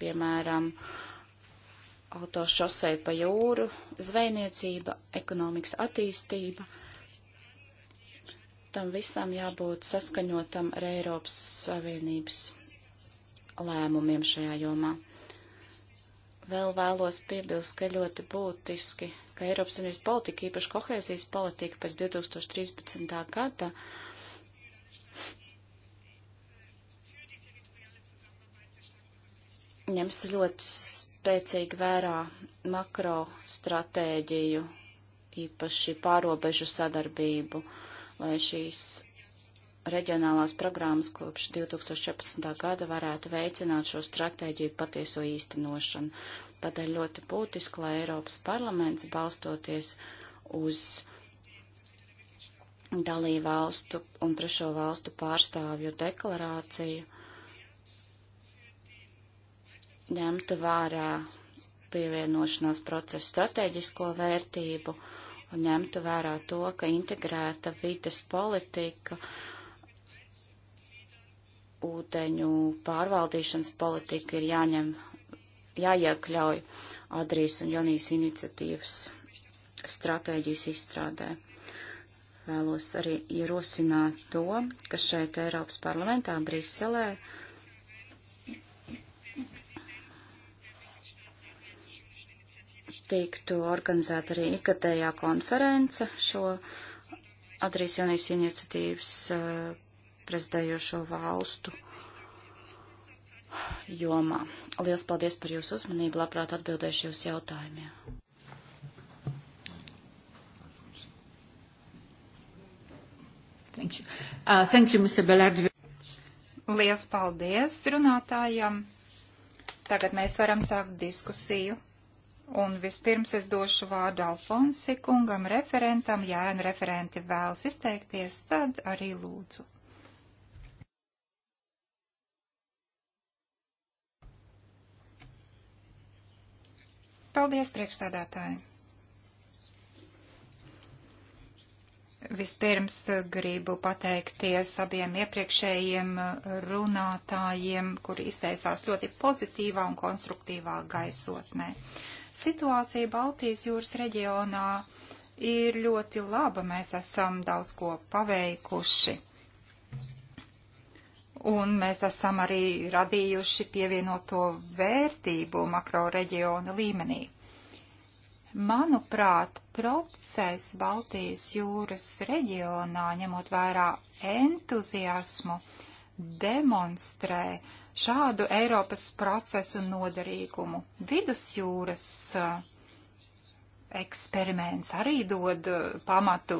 piemēram, autošosei pa jūru, zvejniecība, ekonomikas attīstība – tam visam jābūt saskaņotam ar Eiropas Savienības lēmumiem šajā jomā. Vēl vēlos piebilst, ka ļoti būtiski, ka Eiropas Savienības politika, īpaši kohēzijas politika pēc 2013. gada, ņems ļoti spēcīgi vērā makro stratēģiju, īpaši pārobežu sadarbību. Uh, lai šīs reģionālās programmas kopš 2014. gada varētu veicināt šo stratēģiju patieso īstenošanu. Tādēļ ļoti būtiski, lai Eiropas parlaments balstoties uz dalību valstu un trešo valstu pārstāvju deklarāciju ņemtu vērā pievienošanās procesa stratēģisko vērtību un ņemtu vērā to, ka integrēta vides politika, ūdeņu pārvaldīšanas politika ir jāņem, jāiekļauj Adrijas un Jonijas iniciatīvas stratēģijas izstrādē. Vēlos arī ierosināt to, ka šeit Eiropas parlamentā, Briselē, uh, tiktu organizēta arī ikgadējā konference šo Adrijas jaunīs iniciatīvas eh, prezidējošo valstu jomā. Lielas paldies par jūsu uzmanību, labprāt atbildēšu jūs jautājumiem. Thank you. Uh, thank you, Mr. Bellardi. Lielas paldies runātājam. Tagad mēs varam sākt diskusiju. Un vispirms es došu vārdu Alfonsi kungam referentam, ja un referenti vēlas izteikties, tad arī lūdzu. Paldies, priekšstādātāji! Vispirms gribu pateikties abiem iepriekšējiem runātājiem, kuri izteicās ļoti pozitīvā un konstruktīvā gaisotnē. Uh, Situācija Baltijas jūras reģionā ir ļoti laba, mēs esam daudz ko paveikuši. Un mēs esam arī radījuši pievienoto vērtību makro reģiona līmenī. Manuprāt, process Baltijas jūras reģionā, ņemot vērā entuziasmu, demonstrē, uh, šādu Eiropas procesu noderīgumu. Vidusjūras eh, eksperiments arī dod eh, pamatu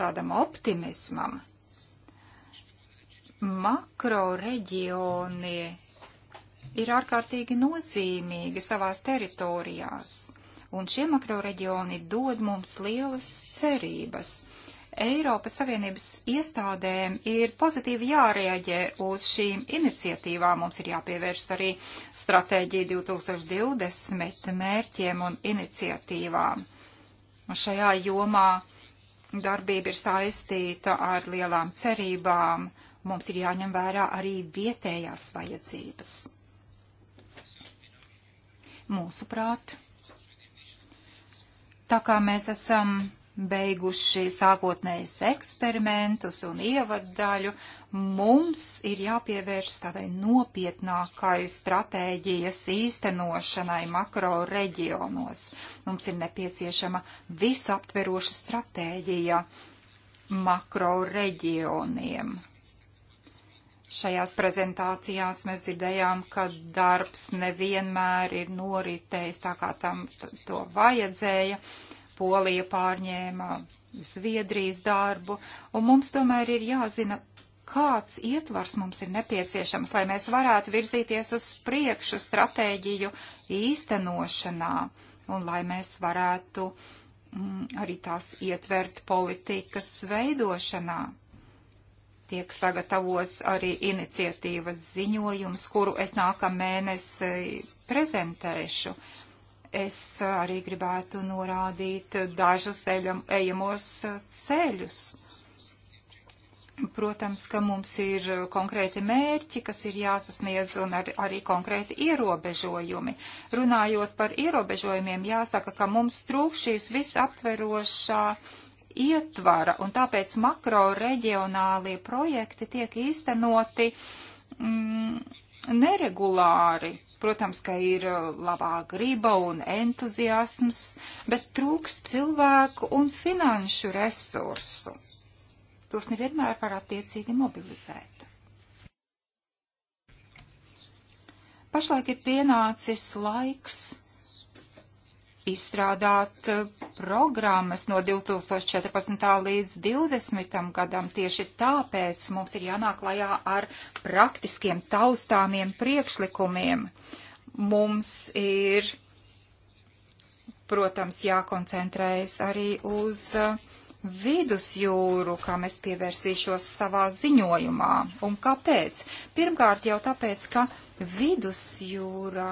tādam optimismam. Makro reģioni ir ārkārtīgi nozīmīgi savās teritorijās, un šie makro reģioni dod mums lielas cerības. Eiropas Savienības iestādēm ir pozitīvi jārēģē uz šīm iniciatīvām. Mums ir jāpievēršas arī stratēģija 2020 mērķiem un iniciatīvām. Un šajā jomā darbība ir saistīta ar lielām cerībām. Mums ir jāņem vērā arī vietējās vajadzības. Mūsuprāt, tā kā mēs esam beiguši sākotnējus eksperimentus un ievaddaļu, mums ir jāpievērš tādai nopietnākai stratēģijas īstenošanai makro reģionos. Mums ir nepieciešama visaptveroša stratēģija makro reģioniem. Šajās prezentācijās mēs dzirdējām, ka darbs nevienmēr ir noritējis tā, kā tam to vajadzēja. Uh, Polija pārņēma Zviedrijas darbu, un mums tomēr ir jāzina, kāds ietvars mums ir nepieciešams, lai mēs varētu virzīties uz priekšu stratēģiju īstenošanā, un lai mēs varētu mm, arī tās ietvert politikas veidošanā. Tiek sagatavots arī iniciatīvas ziņojums, kuru es nākamēnes eh, prezentēšu es uh, arī gribētu norādīt dažus eļam, ejamos uh, ceļus. Protams, ka mums ir uh, konkrēti mērķi, kas ir jāsasniedz un ar, arī konkrēti ierobežojumi. Runājot par ierobežojumiem, jāsaka, ka mums trūk šīs visaptverošā ietvara un tāpēc makro reģionālie projekti tiek īstenoti mm, neregulāri. Protams, ka ir uh, labā griba un entuziasms, bet trūkst cilvēku un finanšu resursu. Tos nevienmēr var attiecīgi mobilizēt. Pašlaik ir pienācis laiks izstrādāt eh, programmas no 2014. līdz 2020. gadam. Tieši tāpēc mums ir jānāk lajā ar praktiskiem taustāmiem priekšlikumiem. Mums ir, protams, jākoncentrējas arī uz eh, vidusjūru, kā mēs pievērsīšos savā ziņojumā. Un kāpēc? Pirmkārt jau tāpēc, ka vidusjūra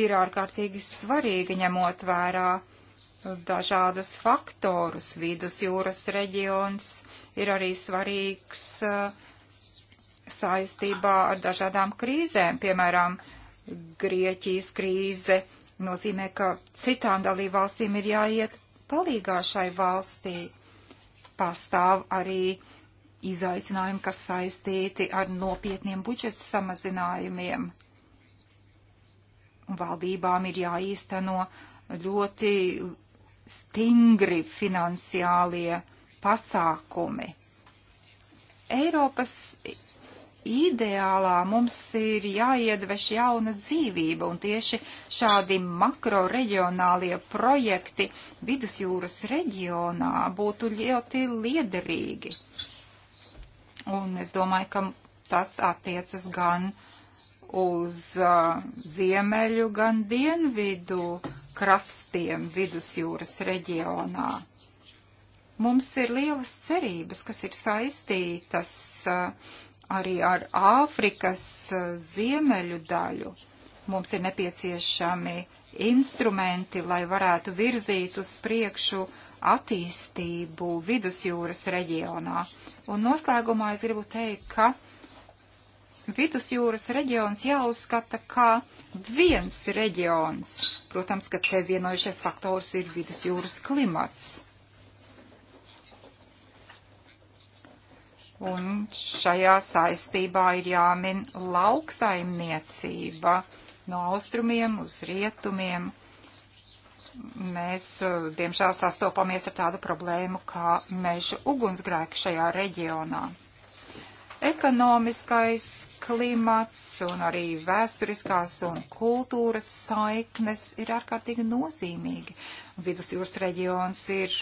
ir ārkārtīgi svarīgi ņemot vērā dažādus faktorus. Vidusjūras reģions ir arī svarīgs uh, saistībā ar dažādām krīzēm, piemēram, Grieķijas krīze nozīmē, ka citām dalībvalstīm ir jāiet palīgā šai valstī. Pastāv arī izaicinājumi, kas saistīti ar nopietniem budžeta samazinājumiem valdībām ir jāīsteno ļoti stingri finansiālie pasākumi. Eiropas ideālā mums ir jāiedveš jauna dzīvība, un tieši šādi makro reģionālie projekti vidusjūras reģionā būtu ļoti liederīgi. Un es domāju, ka tas attiecas gan uh, uz uh, ziemeļu, gan dienvidu krastiem vidusjūras reģionā. Mums ir lielas cerības, kas ir saistītas uh, arī ar Āfrikas uh, ziemeļu daļu. Mums ir nepieciešami instrumenti, lai varētu virzīt uz priekšu attīstību vidusjūras reģionā. Un noslēgumā es gribu teikt, ka Vidusjūras reģions jāuzskata kā viens reģions. Protams, ka te vienojušies faktors ir vidusjūras klimats. Un šajā saistībā ir jāmin lauksaimniecība no austrumiem uz rietumiem. Mēs, eh, diemžēl, sastopamies ar tādu problēmu kā meža ugunsgrēku šajā reģionā. Ekonomiskais klimats un arī vēsturiskās un kultūras saiknes ir ārkārtīgi nozīmīgi. Vidusjūras reģions ir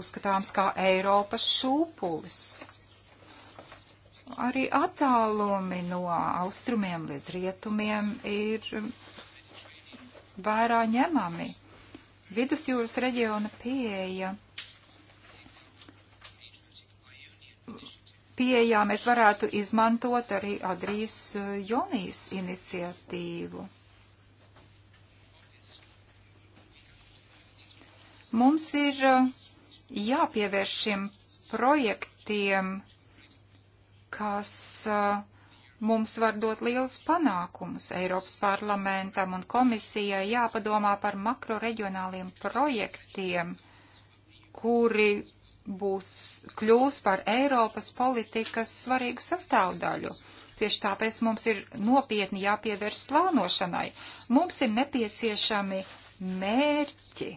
uzskatāms kā Eiropas šūpulis. Arī attālumi no austrumiem līdz rietumiem ir vērā ņemami. Vidusjūras reģiona pieeja pieejā mēs varētu izmantot arī Adrijas e, Jonijas iniciatīvu. Mums ir e, jāpievērš šiem projektiem, kas e, mums var dot liels panākumus Eiropas parlamentam un komisijai jāpadomā par makroreģionāliem projektiem, kuri būs kļūs par Eiropas politikas svarīgu sastāvdaļu. Tieši tāpēc mums ir nopietni jāpievērš plānošanai. Mums ir nepieciešami mērķi.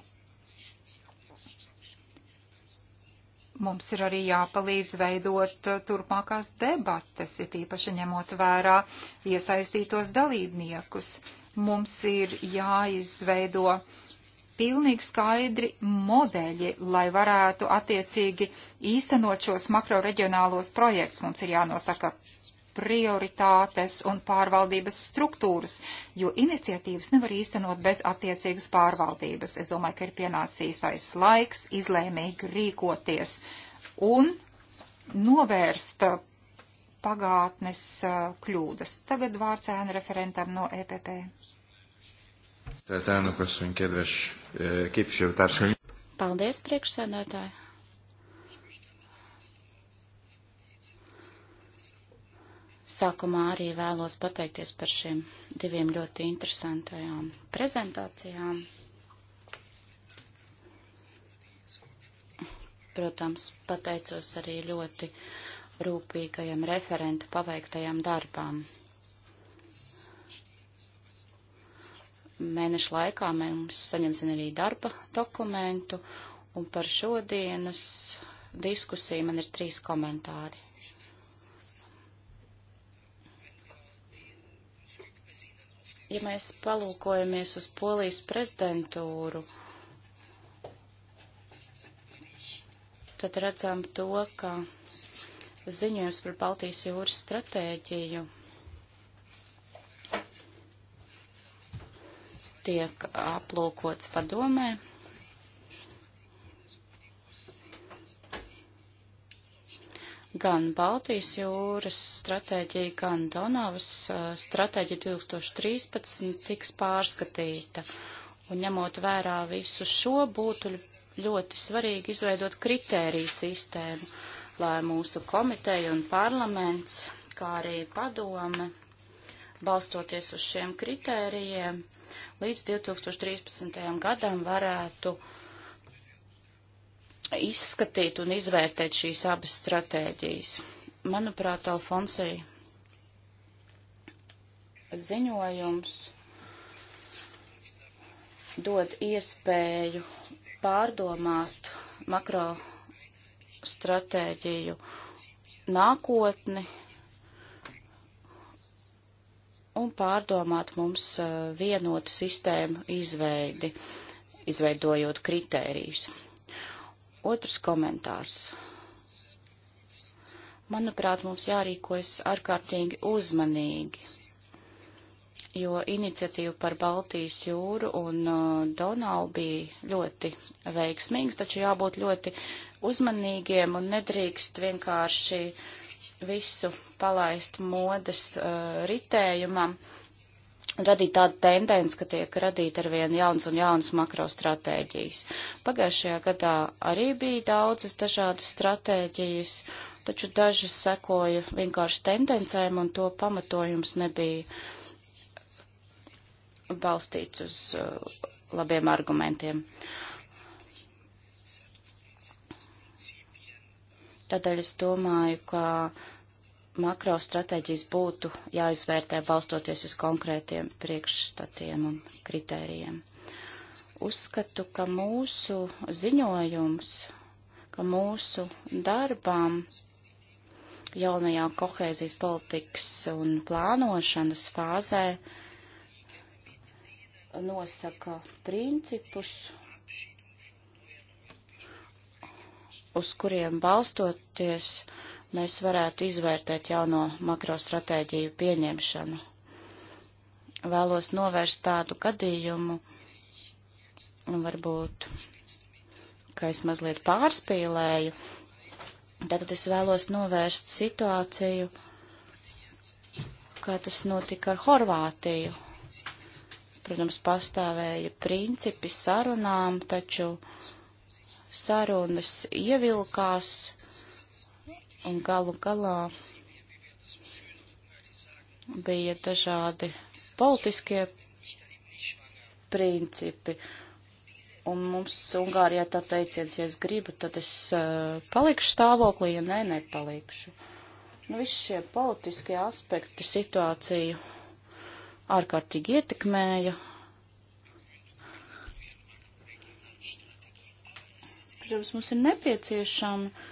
Mums ir arī jāpalīdz veidot turpmākās debates, ir īpaši ņemot vērā iesaistītos dalībniekus. Mums ir jāizveido uh, pilnīgi skaidri modeļi, lai varētu attiecīgi īstenot šos makroreģionālos projektus. Mums ir jānosaka prioritātes un pārvaldības struktūras, jo iniciatīvas nevar īstenot bez attiecīgas pārvaldības. Es domāju, ka ir pienācis īstais laiks izlēmīgi rīkoties un novērst uh, pagātnes uh, kļūdas. Tagad vārds ēna referentam no EPP. Tā ir elnök asszony, kedves eh, képviselőtársaim. Paldies, priekšsēdētāji. Sākumā arī vēlos pateikties par šiem diviem ļoti interesantajām prezentācijām. Protams, pateicos arī ļoti rūpīgajam referenta paveiktajam darbām. Mēnešu laikā mēs saņemsim arī darba dokumentu, un par šodienas diskusiju man ir trīs komentāri. Ja mēs palūkojamies uz polijas prezidentūru, tad redzam to, ka ziņojums par Baltijas jūras stratēģiju tiek aplūkots padomē. Gan Baltijas jūras stratēģija, gan Donavas uh, stratēģija 2013 tiks pārskatīta. Un ņemot vērā visu šo, būtu ļoti svarīgi izveidot kritēriju sistēmu, lai mūsu komiteja un parlaments, kā arī padome, balstoties uz šiem kritērijiem, uh, līdz 2013. gadam varētu izskatīt un izvērtēt šīs abas stratēģijas. Manuprāt, Alfonsija ziņojums dod iespēju pārdomāt makro stratēģiju nākotni un pārdomāt mums eh, vienotu sistēmu izveidi, izveidojot kritērijus. Otrs komentārs. Manuprāt, mums jārīkojas ārkārtīgi uzmanīgi, jo iniciatīva par Baltijas jūru un eh, Donau bija ļoti veiksmīgs, taču jābūt ļoti uzmanīgiem un nedrīkst vienkārši uh, visu palaist modes uh, ritējumam un radīt tādu tendenci, ka tiek radīta arvien jauns un jaunas makrostratēģijas. Pagājušajā gadā arī bija daudzas dažādas stratēģijas, taču dažas sekoja vienkārši tendencēm, un to pamatojums nebija balstīts uz uh, labiem argumentiem. Tādēļ es domāju, ka uh, makrostrateģijas būtu jāizvērtē balstoties uz konkrētiem priekšstatiem un kritērijiem. Uzskatu, ka mūsu ziņojums, ka mūsu darbām jaunajā kohēzijas politikas un plānošanas fāzē nosaka principus, uz kuriem balstoties uh, mēs varētu izvērtēt jauno makrostratēģiju pieņemšanu. Vēlos novērst tādu gadījumu, un varbūt, ka es mazliet pārspīlēju, tad es vēlos novērst situāciju, kā tas notika ar Horvātiju. Protams, pastāvēja principi sarunām, taču sarunas ievilkās Un galu galā bija dažādi politiskie principi. Un mums Ungārijā tā teiciens, ja es gribu, tad es uh, palikšu stāvoklī, ja nē, ne, nepalikšu. Nu, visi šie politiskie aspekti situāciju ārkārtīgi ietekmēja. Protams, mums ir nepieciešama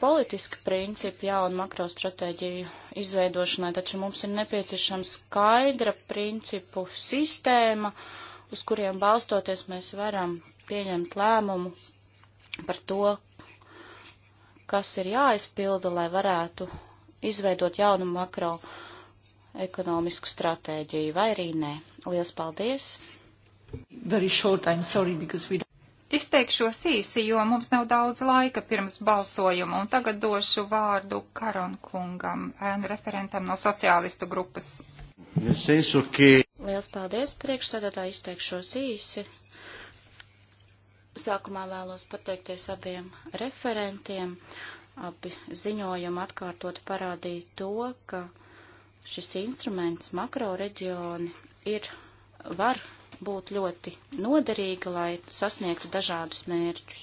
politiski principi jaunu makrostratēģiju izveidošanai, taču mums ir nepieciešama skaidra principu sistēma, uz kuriem balstoties mēs varam pieņemt lēmumu par to, kas ir jāizpilda, lai varētu izveidot jaunu makroekonomisku stratēģiju, vai arī nē. Liels paldies! Very short, I'm sorry, because we don't... Izteikšos īsi, jo mums nav daudz laika pirms balsojuma, un tagad došu vārdu Karonkungam, ēnu referentam no sociālistu grupas. Liels paldies, priekšsēdētā izteikšos īsi. Sākumā vēlos pateikties abiem referentiem. Abi ziņojumi atkārtot parādīja to, ka šis instruments makro reģioni ir, var būtu ļoti noderīga, lai sasniegtu dažādus mērķus.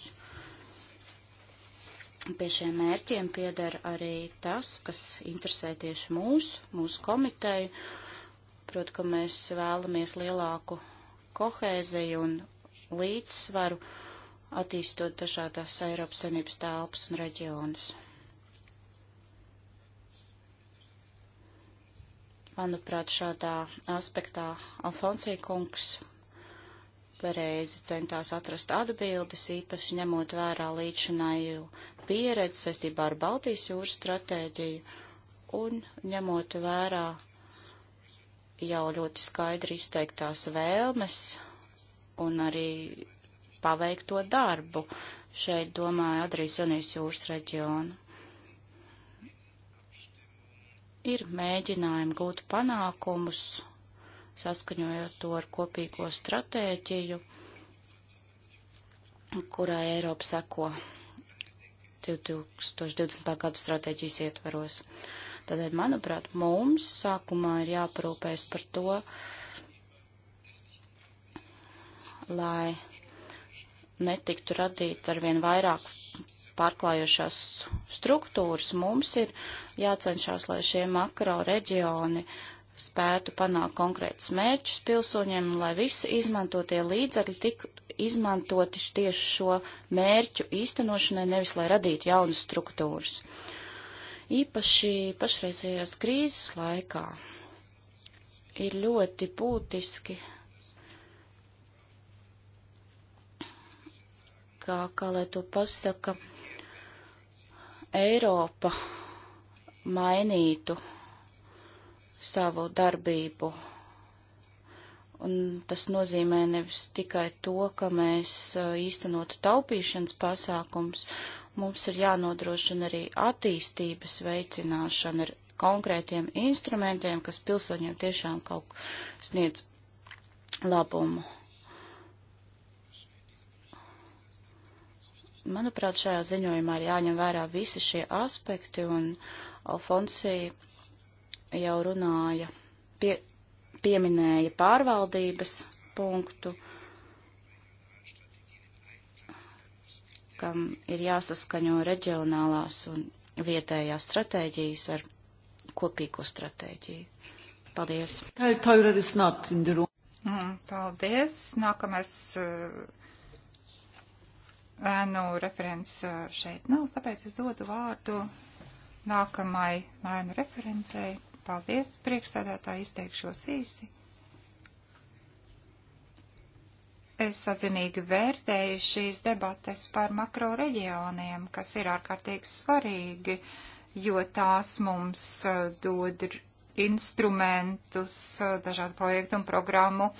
Pie šiem mērķiem pieder arī tas, kas interesē tieši mūs, mūsu komiteju. Protams, ka mēs vēlamies lielāku kohēziju un līdzsvaru attīstot dažādās Eiropas Savienības telpas un reģionus. Manuprāt, šādā aspektā Alfonsija kungs pareizi centās atrast atbildes, īpaši ņemot vērā līdzināju pieredzi saistībā ar Baltijas jūras stratēģiju un ņemot vērā jau ļoti skaidri izteiktās vēlmes un arī paveikto darbu. Šeit domāju Adrijas un Jūras reģionu ir mēģinājumi gūt panākumus, saskaņojot to ar kopīgo stratēģiju, kurai Eiropa seko 2020. gada stratēģijas ietvaros. Tādēļ, manuprāt, mums sākumā ir jāparūpēs par to, lai netiktu radīt arvien vairāk pārklājošās struktūras. Mums ir jācenšas, lai šie makro reģioni spētu panākt konkrētus mērķus pilsoņiem, lai visi izmantotie līdzekļi tik izmantoti tieši šo mērķu īstenošanai, nevis lai radītu jaunas struktūras. Īpaši pašreizējās krīzes laikā ir ļoti būtiski kā, kā lai to pasaka, Eiropa mainītu savu darbību. Un tas nozīmē nevis tikai to, ka mēs uh, īstenotu taupīšanas pasākums, mums ir jānodrošina arī attīstības veicināšana ar konkrētiem instrumentiem, kas pilsoņiem tiešām kaut sniedz labumu. Manuprāt, šajā ziņojumā ir jāņem vērā visi šie aspekti un uh, Alfonsī jau runāja, pie, pieminēja pārvaldības punktu, kam ir jāsaskaņo reģionālās un vietējās stratēģijas ar kopīgo stratēģiju. Paldies! Mm, paldies! Nākamais eh, ēnu referents eh, šeit nav, tāpēc es dodu vārdu nākamai mainu referentei. Paldies, priekšstādātāji, izteikšos īsi. Es atzinīgi vērtēju šīs debates par makro reģioniem, kas ir ārkārtīgi svarīgi, jo tās mums uh, dod instrumentus uh, dažādu projektu un programmu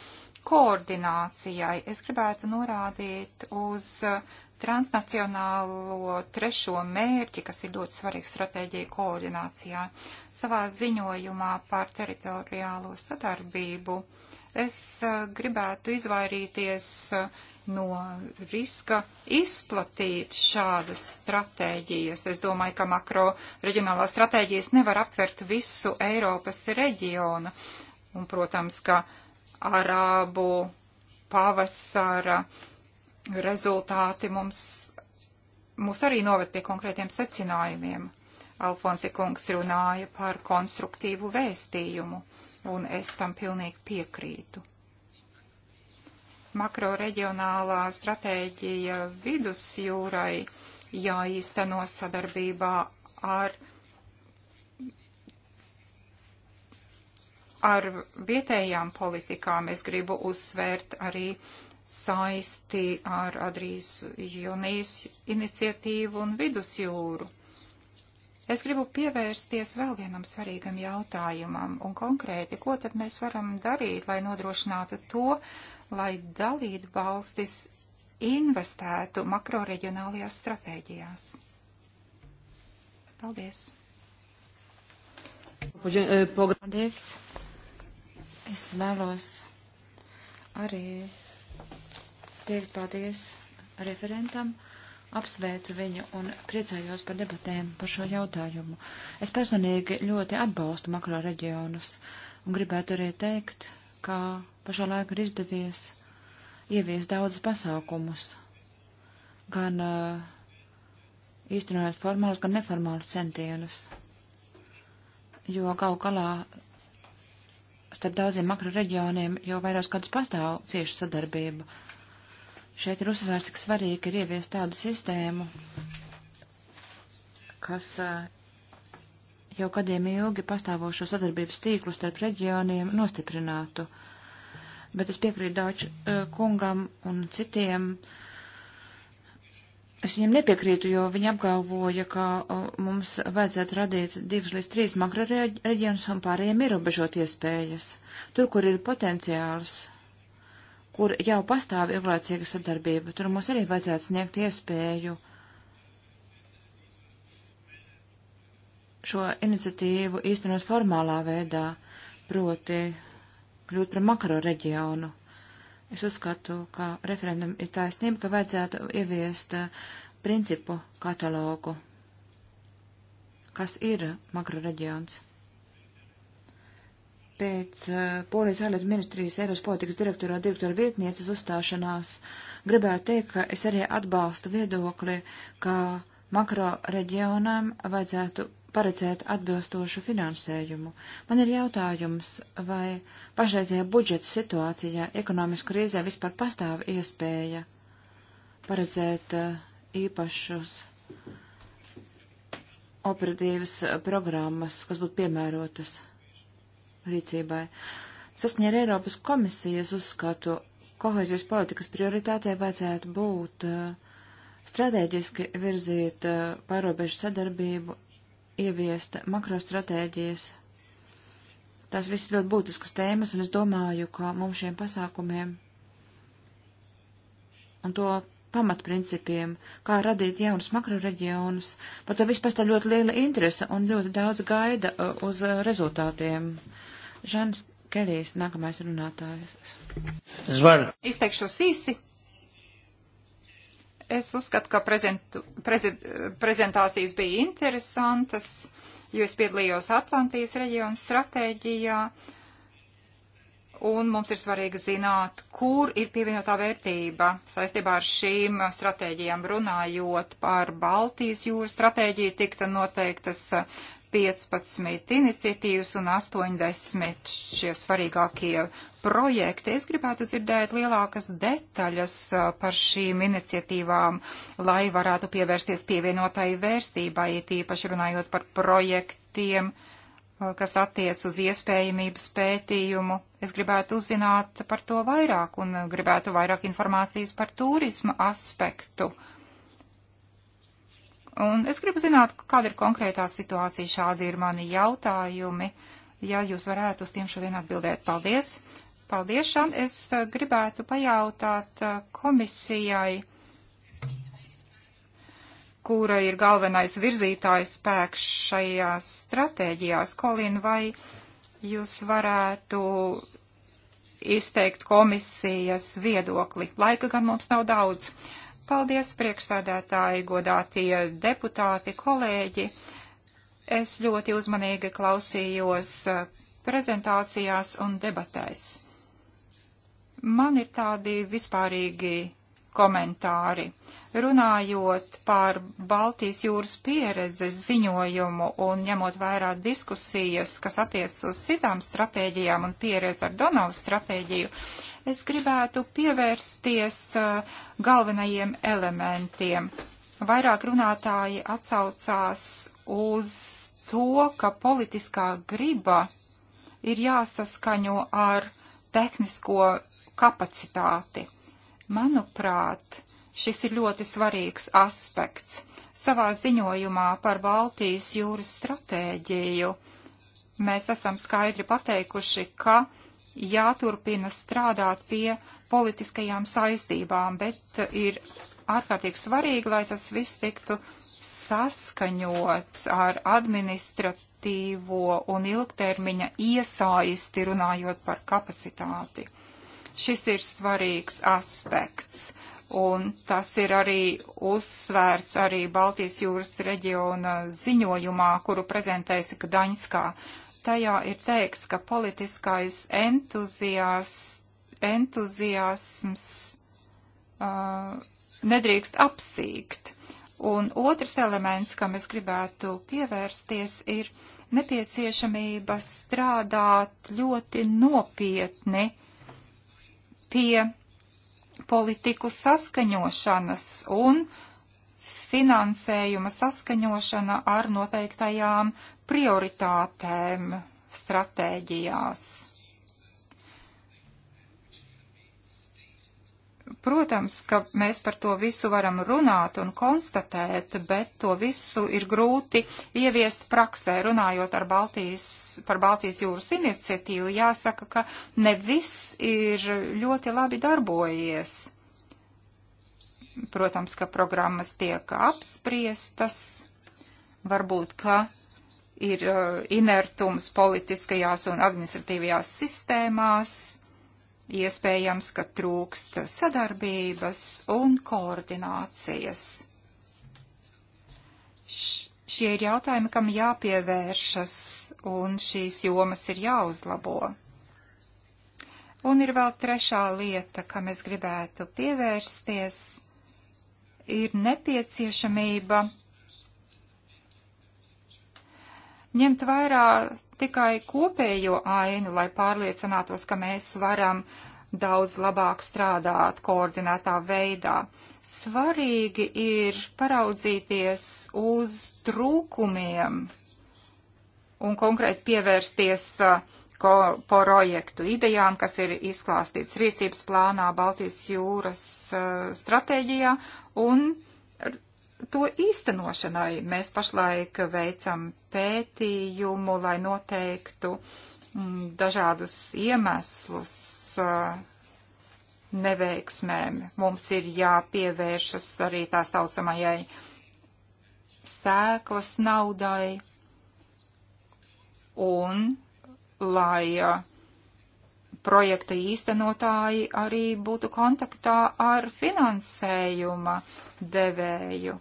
koordinācijai. Es gribētu norādīt uz uh, transnacionālo trešo mērķi, kas ir ļoti svarīgs stratēģija koordinācijā. Savā ziņojumā par teritoriālo sadarbību es eh, gribētu izvairīties eh, no riska izplatīt šādas stratēģijas. Es domāju, ka makro reģionālā stratēģijas nevar aptvert visu Eiropas reģionu. Un, protams, ka arābu pavasara uh, rezultāti mums, mums arī noved pie konkrētiem secinājumiem. Alfonsi kungs runāja par konstruktīvu vēstījumu, un es tam pilnīgi piekrītu. Makro reģionālā stratēģija vidusjūrai jāīsteno sadarbībā ar, ar vietējām politikām. Es gribu uzsvērt arī uh, saisti ar Adrijas jūnijas iniciatīvu un vidusjūru. Es gribu pievērsties vēl vienam svarīgam jautājumam un konkrēti, ko tad mēs varam darīt, lai nodrošinātu to, lai dalītu valstis investētu makroreģionālajās stratēģijās. Paldies! Paldies! Es vēlos arī teikt paldies referentam, apsveicu viņu un priecājos par debatēm par šo jautājumu. Es personīgi ļoti atbalstu makro reģionus un gribētu arī teikt, ka pašā laikā ir izdevies ievies daudz pasākumus, gan uh, īstenojot formālus, gan neformālus centienus, jo kaut galā starp daudziem makro reģioniem jau vairākus gadus pastāv cieša sadarbība. Uh, Šeit ir uzsvērts, ka svarīgi ir ieviest tādu sistēmu, kas eh, jau gadiem ilgi pastāvošo sadarbības tīklu starp reģioniem nostiprinātu. Bet es piekrītu Dāču eh, kungam un citiem, uh, Es viņam nepiekrītu, jo viņi apgalvoja, ka eh, mums vajadzētu radīt divas līdz trīs makroreģionus un pārējiem ierobežot iespējas. Tur, kur ir potenciāls kur jau pastāv ilglaicīga sadarbība. Tur mums arī vajadzētu sniegt iespēju šo iniciatīvu īstenot formālā veidā, proti kļūt par makro reģionu. Es uzskatu, ka referendum ir taisnība, ka vajadzētu ieviest uh, principu katalogu. Kas ir makro reģions? pēc uh, Polijas ārlietu ministrijas Eiropas politikas direktorā direktora vietnieces uzstāšanās gribētu teikt, ka es arī atbalstu viedokli, ka makro reģionam vajadzētu paredzēt atbilstošu finansējumu. Man ir jautājums, vai pašreizajā budžeta situācijā ekonomiskā krīzē vispār pastāv iespēja paredzēt uh, īpašus operatīvas programmas, kas būtu piemērotas rīcībai. Saskaņā ar Eiropas komisijas uzskatu, kohēzijas politikas prioritātei vajadzētu būt eh, stratēģiski virzīt eh, pārobežu sadarbību, ieviest makrostratēģijas. Tās viss ļoti būtiskas tēmas, un es domāju, ka mums šiem pasākumiem un to pamatprincipiem, kā radīt jaunas makroreģionus, par to vispār tā ļoti liela interese un ļoti daudz gaida eh, uz rezultātiem. Uh, Žans Kelijs, nākamais runātājs. Zvaru. Izteikšos īsi. Es uzskatu, ka prezentu, prezent, prezentācijas bija interesantas, jo es piedalījos Atlantijas reģionu stratēģijā, un mums ir svarīgi zināt, kur ir pievienotā vērtība saistībā ar šīm stratēģijām runājot par Baltijas jūras stratēģiju, tikta noteiktas 15 iniciatīvas un 80 šie svarīgākie projekti. Es gribētu dzirdēt lielākas detaļas uh, par šīm iniciatīvām, lai varētu pievērsties pievienotai vērstībai, tīpaši runājot par projektiem, uh, kas attiec uz iespējamības pētījumu. Es gribētu uzzināt par to vairāk un uh, gribētu vairāk informācijas par turisma aspektu. Uh, Un es gribu zināt, kāda ir konkrētā situācija. Šādi ir mani jautājumi. Ja jūs varētu uz tiem šodien atbildēt, paldies. Paldies, Šan. Es eh, gribētu pajautāt eh, komisijai, kura ir galvenais virzītājs spēks šajās stratēģijās. Kolin, vai jūs varētu izteikt komisijas viedokli? Laika gan mums nav daudz. Uh, Paldies, priekšsādātāji, godātie deputāti, kolēģi. Es ļoti uzmanīgi klausījos eh, prezentācijās un debatēs. Man ir tādi vispārīgi komentāri. Runājot par Baltijas jūras pieredzes ziņojumu un ņemot vērā diskusijas, kas attiec uz citām stratēģijām un pieredzi ar Donavu stratēģiju, Es gribētu pievērsties uh, galvenajiem elementiem. Vairāk runātāji atsaucās uz to, ka politiskā griba ir jāsaskaņo ar tehnisko kapacitāti. Manuprāt, šis ir ļoti svarīgs aspekts. Savā ziņojumā par Baltijas jūras stratēģiju mēs esam skaidri pateikuši, ka jāturpina strādāt pie politiskajām saistībām, bet ir ārkārtīgi svarīgi, lai tas viss tiktu saskaņots ar administratīvo un ilgtermiņa iesaisti runājot par kapacitāti. Šis ir svarīgs aspekts, un tas ir arī uzsvērts arī Baltijas jūras reģiona ziņojumā, kuru prezentēsi Gdaņskā. Uh, tajā ir teikts, ka politiskais entuzias, entuziasms uh, nedrīkst apsīkt. Un otrs elements, kam es gribētu pievērsties, ir nepieciešamība strādāt ļoti nopietni pie politiku saskaņošanas un finansējuma saskaņošana ar noteiktajām prioritātēm stratēģijās. Protams, ka mēs par to visu varam runāt un konstatēt, bet to visu ir grūti ieviest praksē. Runājot ar Baltijas, par Baltijas jūras iniciatīvu, jāsaka, ka ne viss ir ļoti labi darbojies. Protams, ka programmas tiek apspriestas, varbūt, ka ir uh, inertums politiskajās un administratīvajās sistēmās, iespējams, ka trūkst sadarbības un koordinācijas. Šie ir jautājumi, kam jāpievēršas, un šīs jomas ir jāuzlabo. Un ir vēl trešā lieta, kam es gribētu pievērsties, ir nepieciešamība ņemt vērā tikai kopējo ainu, lai pārliecinātos, ka mēs varam daudz labāk strādāt koordinētā veidā. Svarīgi ir paraudzīties uz trūkumiem un konkrēti pievērsties uh, ko, projektu idejām, kas ir izklāstīts rīcības plānā Baltijas jūras uh, stratēģijā un to īstenošanai. Mēs pašlaik veicam pētījumu, lai noteiktu mm, dažādus iemeslus neveiksmēm. Mums ir jāpievēršas arī tā saucamajai sēklas naudai un lai projekta īstenotāji arī būtu kontaktā ar finansējuma devēju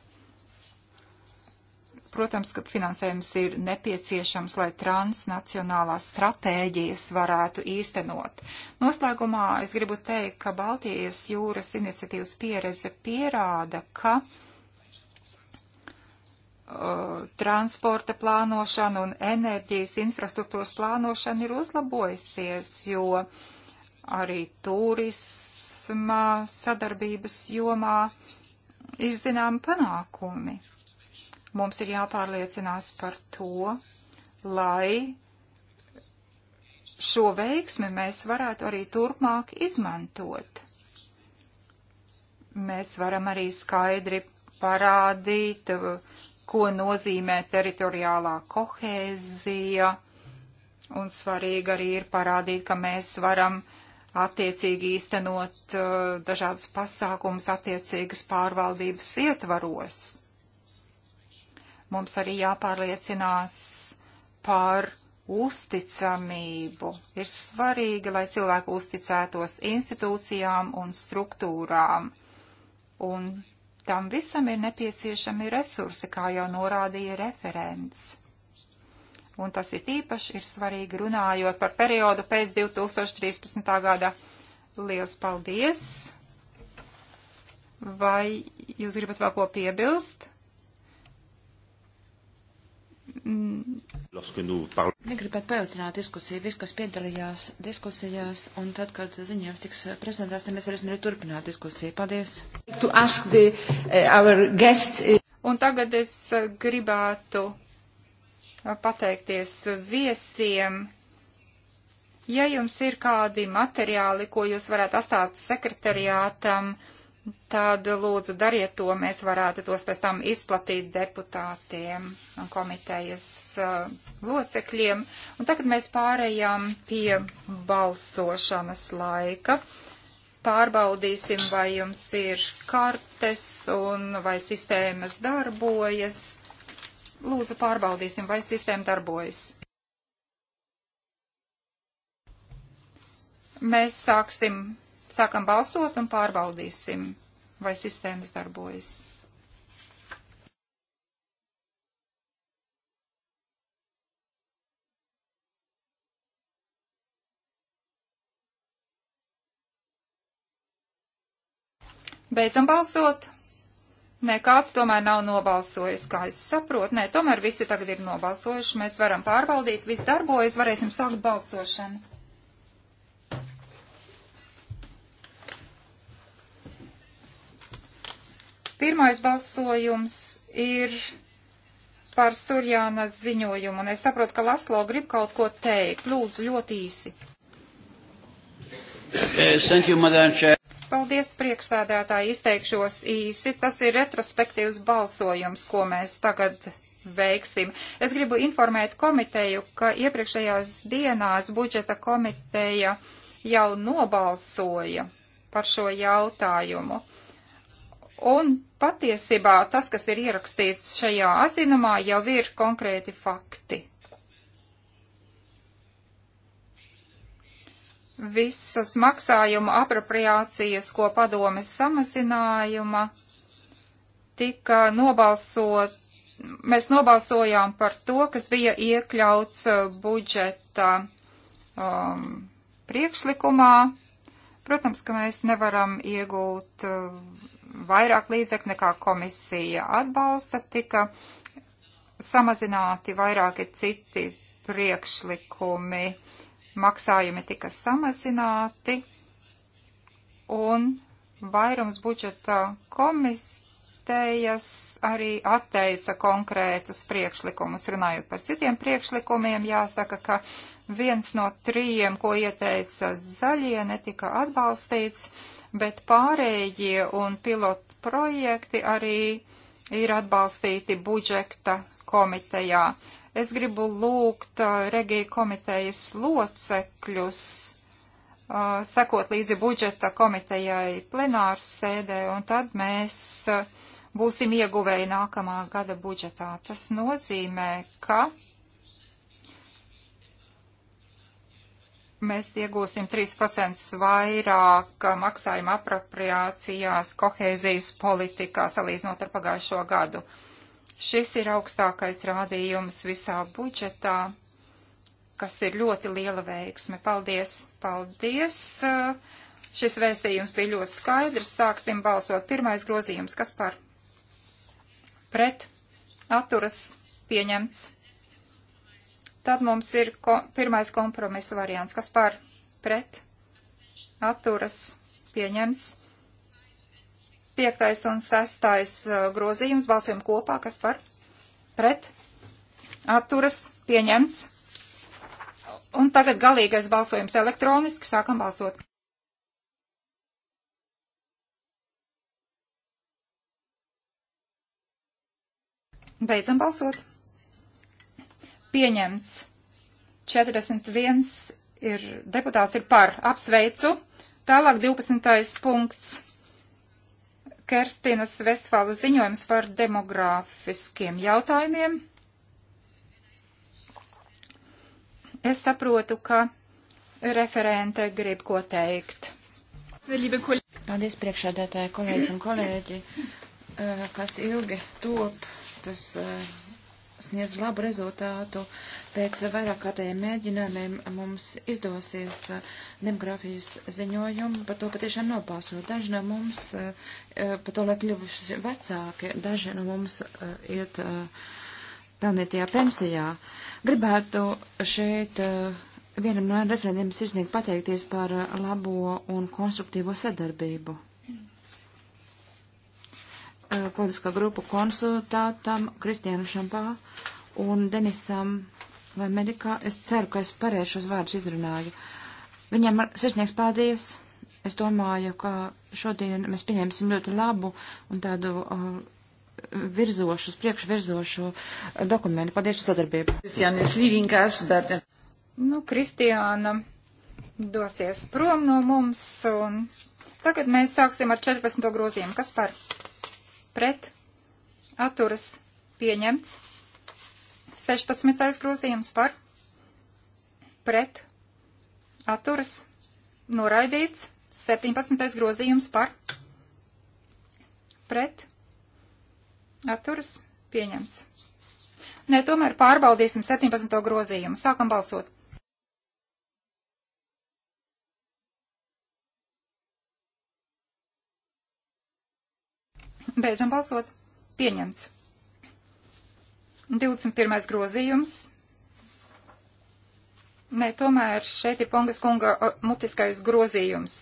Protams, ka finansējums ir nepieciešams, lai transnacionālās stratēģijas varētu īstenot. Noslēgumā es gribu teikt, ka Baltijas jūras iniciatīvas pieredze pierāda, ka uh, transporta plānošana un enerģijas infrastruktūras plānošana ir uzlabojusies, jo arī turisma sadarbības jomā ir zinām panākumi. Mums ir jāpārliecinās par to, lai šo veiksmi mēs varētu arī turpmāk izmantot. Mēs varam arī skaidri parādīt, ko nozīmē teritoriālā kohēzija, un svarīgi arī ir parādīt, ka mēs varam attiecīgi īstenot uh, dažādas pasākumas attiecīgas pārvaldības ietvaros. Mums arī jāpārliecinās par uzticamību. Ir svarīgi, lai cilvēki uzticētos institūcijām un struktūrām. Un tam visam ir nepieciešami resursi, kā jau norādīja referents. Un tas ir īpaši ir svarīgi runājot par periodu pēc 2013. gada. Liels paldies! Vai jūs gribat vēl ko piebilst? Negribētu pailcināt diskusiju, viss, kas piedalījās diskusijās, un tad, kad ziņojums tiks eh, prezentēts, tad mēs varēsim arī turpināt diskusiju. Paldies! The, uh, un tagad es gribētu pateikties viesiem. Ja jums ir kādi materiāli, ko jūs varētu atstāt sekretariātam, um, Tad lūdzu dariet to, mēs varētu tos pēc tam izplatīt deputātiem un komitejas uh, locekļiem. Un tagad mēs pārējām pie balsošanas laika. Pārbaudīsim, vai jums ir kartes un vai sistēmas darbojas. Lūdzu, pārbaudīsim, vai sistēma darbojas. Mēs sāksim Sākam balsot un pārbaudīsim, vai sistēmas darbojas. Beidzam balsot. Nē, kāds tomēr nav nobalsojis, kā es saprotu. Nē, tomēr visi tagad ir nobalsojuši. Mēs varam pārbaudīt, viss darbojas, varēsim sākt balsošanu. Pirmais balsojums ir par Surjānas ziņojumu, un es saprotu, ka Laslo grib kaut ko teikt. Lūdzu, ļoti īsi. Thank you, Madam Chair. Paldies, priekšsēdētāji, izteikšos īsi. Tas ir retrospektīvs balsojums, ko mēs tagad veiksim. Es gribu informēt komiteju, ka iepriekšējās dienās budžeta komiteja jau nobalsoja par šo jautājumu. Un patiesībā tas, kas ir ierakstīts šajā atzinumā, jau ir konkrēti fakti. Visas maksājuma apropriācijas, ko padomes samazinājuma, tika nobalsot, mēs nobalsojām par to, kas bija iekļauts uh, budžeta um, priekšlikumā, Protams, ka mēs nevaram iegūt uh, vairāk līdzekļu nekā komisija atbalsta, tika samazināti vairāki citi priekšlikumi, maksājumi tika samazināti un vairums budžeta komitejas arī atteica konkrētus priekšlikumus. Runājot par citiem priekšlikumiem, jāsaka, ka Viens no trījiem, ko ieteica zaļie, netika atbalstīts, bet pārējie un pilotu projekti arī ir atbalstīti budžeta komitejā. Es gribu lūgt uh, regiju komitejas locekļus uh, sekot līdzi budžeta komitejai plenārs sēdē, un tad mēs uh, būsim ieguvēji nākamā gada budžetā. Tas nozīmē, ka mēs iegūsim 3% vairāk maksājuma apropriācijās kohēzijas politikā salīdzinot ar pagājušo gadu. Šis ir augstākais rādījums visā budžetā, kas ir ļoti liela veiksme. Paldies, paldies! Šis vēstījums bija ļoti skaidrs. Sāksim balsot. Pirmais grozījums, kas par pret atturas pieņemts. Tad mums ir ko, pirmais kompromisa variants, kas par pret atturas pieņemts. Piektais un sestais uh, grozījums balsojam kopā, kas par pret atturas pieņemts. Un tagad galīgais balsojums elektroniski, sākam balsot. Beidzam balsot. Pieņemts. 41 ir deputāts ir par. Apsveicu. Tālāk 12. punkts. Kerstinas Vestfāla ziņojums par demogrāfiskiem jautājumiem. Es saprotu, ka referente grib ko teikt. Paldies priekšādētāji, kolēģis un kolēģi, eh, kas ilgi top, tas eh, sniedz labu rezultātu. Pēc vairāk kārtējiem mēģinājumiem mums izdosies uh, demografijas ziņojumu par to patiešām nobalsot. Daži no mums uh, uh, par to, lai kļuvuši vecāki, daži no mums iet pelnītajā pensijā. Gribētu šeit vienam no referendiem sirsnīgi pateikties par labo un konstruktīvo sadarbību. Eh, politiskā grupa konsultātam Kristiānu Šampā un Denisam vai Medikā. Es ceru, ka es pareizi šos vārdus izrunāju. Viņiem sirsnieks paldies. Es domāju, ka šodien mēs pieņemsim ļoti labu un tādu uh, virzošu, priekšvirzošu eh, dokumentu. Paldies par sadarbību. Kristiāna Slīvinkas, bet. Nu, Kristiāna dosies prom no mums un tagad mēs sāksim ar 14. grozījumu. Kas par? pret atturas pieņemts. 16. grozījums par pret atturas noraidīts. 17. grozījums par pret atturas pieņemts. Nē, tomēr pārbaudīsim 17. grozījumu. Sākam balsot. Beidzam balsot. Pieņemts. 21. grozījums. Nē, tomēr šeit ir Pongas kunga mutiskais grozījums.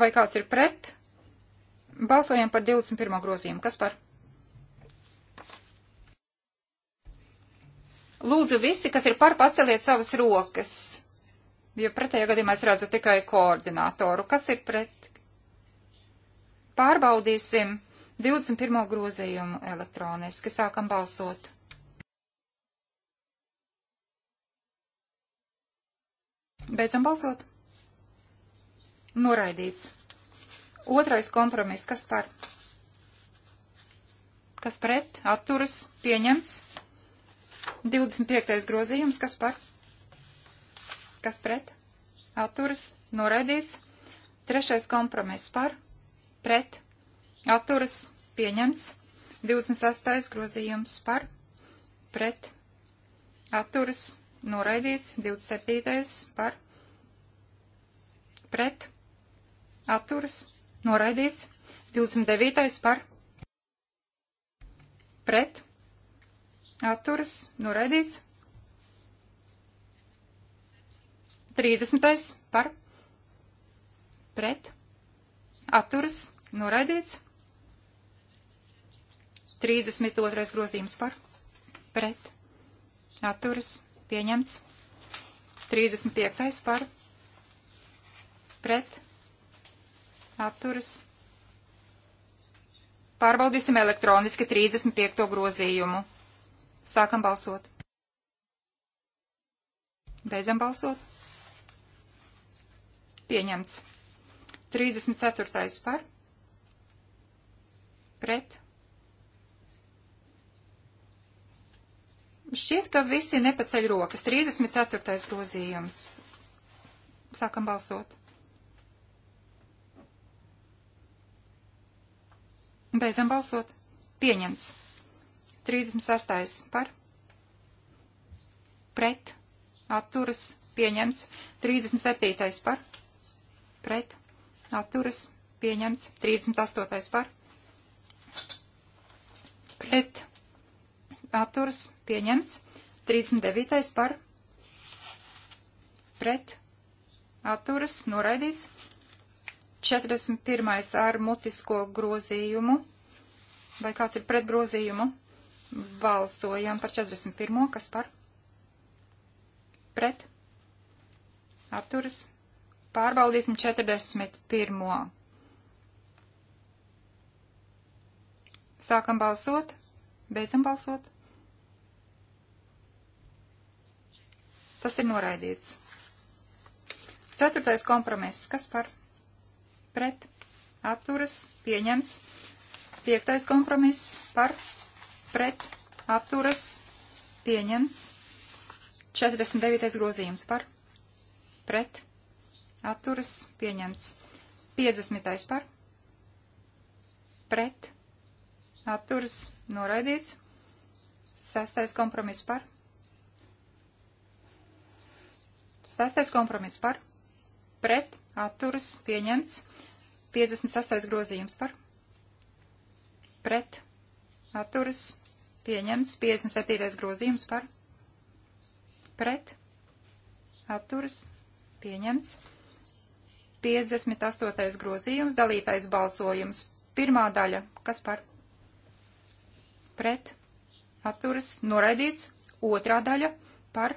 Vai kāds ir pret? Balsojam par 21. grozījumu. Kas par? Lūdzu, visi, kas ir par, paceliet savas rokas, jo pretējā gadījumā es redzu tikai koordinātoru. Kas ir pret? Pārbaudīsim 21. grozījumu elektroniski. Sākam balsot. Beidzam balsot. Noraidīts. Otrais kompromiss. Kas par? Kas pret? Atturas. Pieņemts. 25. grozījums. Kas par? Kas pret? Atturas. Noraidīts. Trešais kompromiss par pret atturas pieņemts. 26. grozījums par pret atturas noraidīts. 27. par pret atturas noraidīts. 29. par pret atturas noraidīts. 30. par pret atturas noraidīts Noraidīts. 32. grozījums par pret atturas pieņemts. 35. par pret atturas. Pārbaudīsim elektroniski 35. grozījumu. Sākam balsot. Beidzam balsot. Pieņemts. 34. par pret. Šķiet, ka visi nepaceļ rokas. 34. grozījums. Sākam balsot. Beidzam balsot. Pieņemts. 36. par. Pret. Atturas. Pieņemts. 37. par. Pret. Atturas. Pieņemts. 38. par pret atturs pieņemts. 39. par pret atturas noraidīts. 41. ar mutisko grozījumu. Vai kāds ir pret grozījumu? Balsojam par 41. kas par pret atturas. Pārbaudīsim 41. Sākam balsot. Beidzam balsot. Tas ir noraidīts. Ceturtais kompromiss. Kas par? Pret. Atturas. Pieņemts. Piektais kompromiss. Par. Pret. Atturas. Pieņemts. 49. grozījums par. Pret. Atturas. Pieņemts. 50. par. Pret atturas noraidīts. Sastais kompromiss par. Sastais kompromiss par. Pret atturas pieņemts. 56. grozījums par. Pret atturas pieņemts. 57. grozījums par. Pret atturas pieņemts. 58. grozījums dalītais balsojums. Pirmā daļa. Kas par? pret atturas noraidīts, otrā daļa par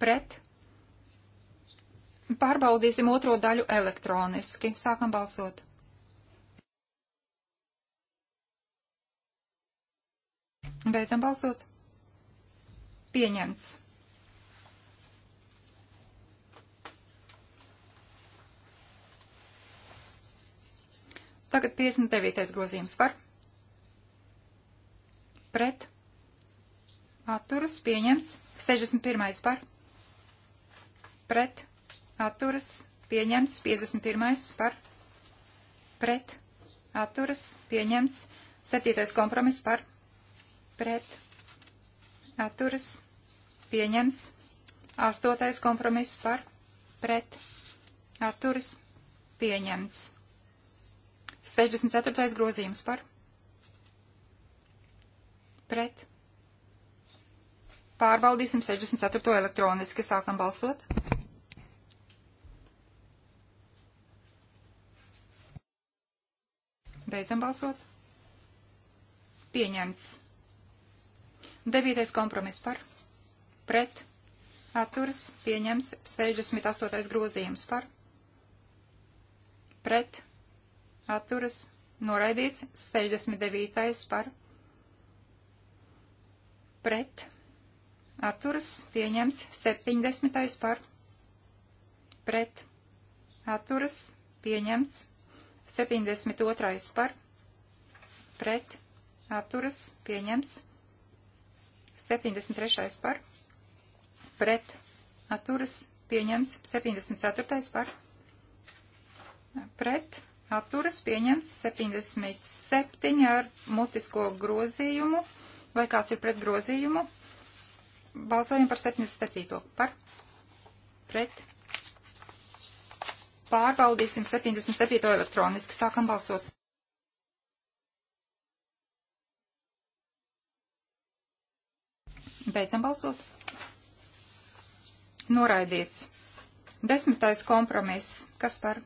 pret. Pārbaudīsim otro daļu elektroniski. Sākam balsot. Beidzam balsot. Pieņemts. Tagad 59. grozījums par pret atturas pieņemts 61. par pret atturas pieņemts 51. par pret atturas pieņemts 7. kompromiss par pret atturas pieņemts 8. kompromiss par pret atturas pieņemts. 64. grozījums par pret. Pārbaudīsim 64. elektroniski. Sākam balsot. Beidzam balsot. Pieņemts. Devītais kompromiss par. Pret. Atturs. Pieņemts. 68. grozījums par. Pret atturas noraidīts 69. par pret atturas pieņemts 70. par pret atturas pieņemts 72. par pret atturas pieņemts 73. par pret atturas pieņemts 74. par pret atturas pieņemts 77 ar mutisko grozījumu. Vai kāds ir pret grozījumu? Balsojam par 77. Par? Pret? Pārbaudīsim 77. elektroniski. Sākam balsot. Beidzam balsot. Noraidīts. Desmitais kompromiss. Kas par?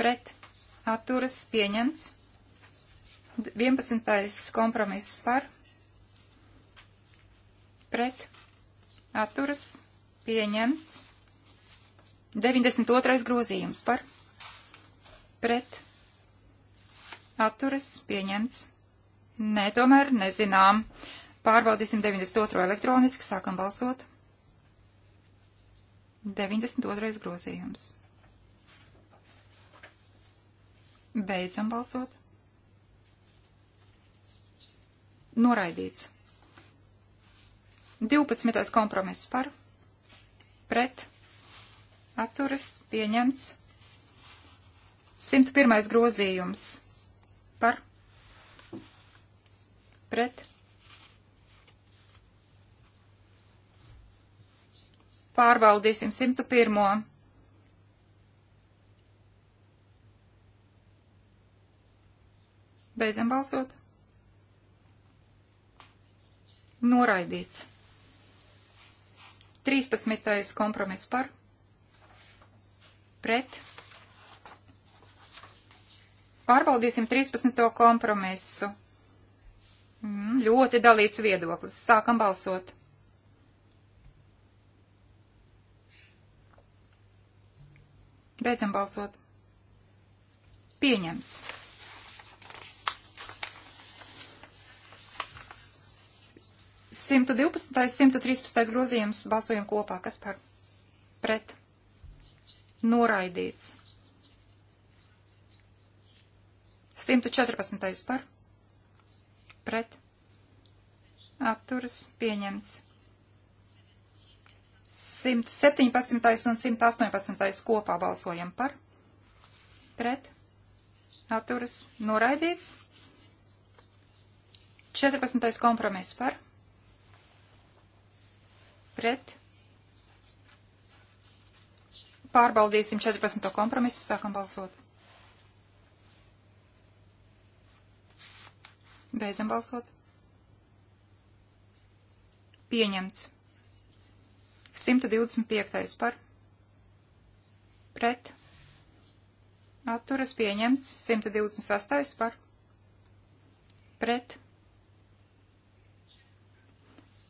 Pret? atturas pieņemts. 11. kompromiss par pret atturas pieņemts. 92. grozījums par pret atturas pieņemts. Nē, ne, tomēr nezinām. Pārbaudīsim 92. elektroniski, sākam balsot. 92. grozījums. Beidzam balsot. Noraidīts. 12. kompromiss par, pret, atturas, pieņemts. 101. grozījums par, pret. Pārbaudīsim 101. Beidzam balsot. Noraidīts. 13. kompromiss par. Pret. Pārbaudīsim 13. kompromisu. Mm, ļoti dalīts viedoklis. Sākam balsot. Beidzam balsot. Pieņemts. 112. 113. grozījums balsojam kopā. Kas par? Pret. Noraidīts. 114. par. Pret. Atturas pieņemts. 117. un 118. kopā balsojam par. Pret. Atturas noraidīts. 14. kompromiss par pret. Pārbaudīsim 14. kompromisu, sākam balsot. Beidzam balsot. Pieņemts. 125. par. Pret. Atturas pieņemts. 128. par. Pret.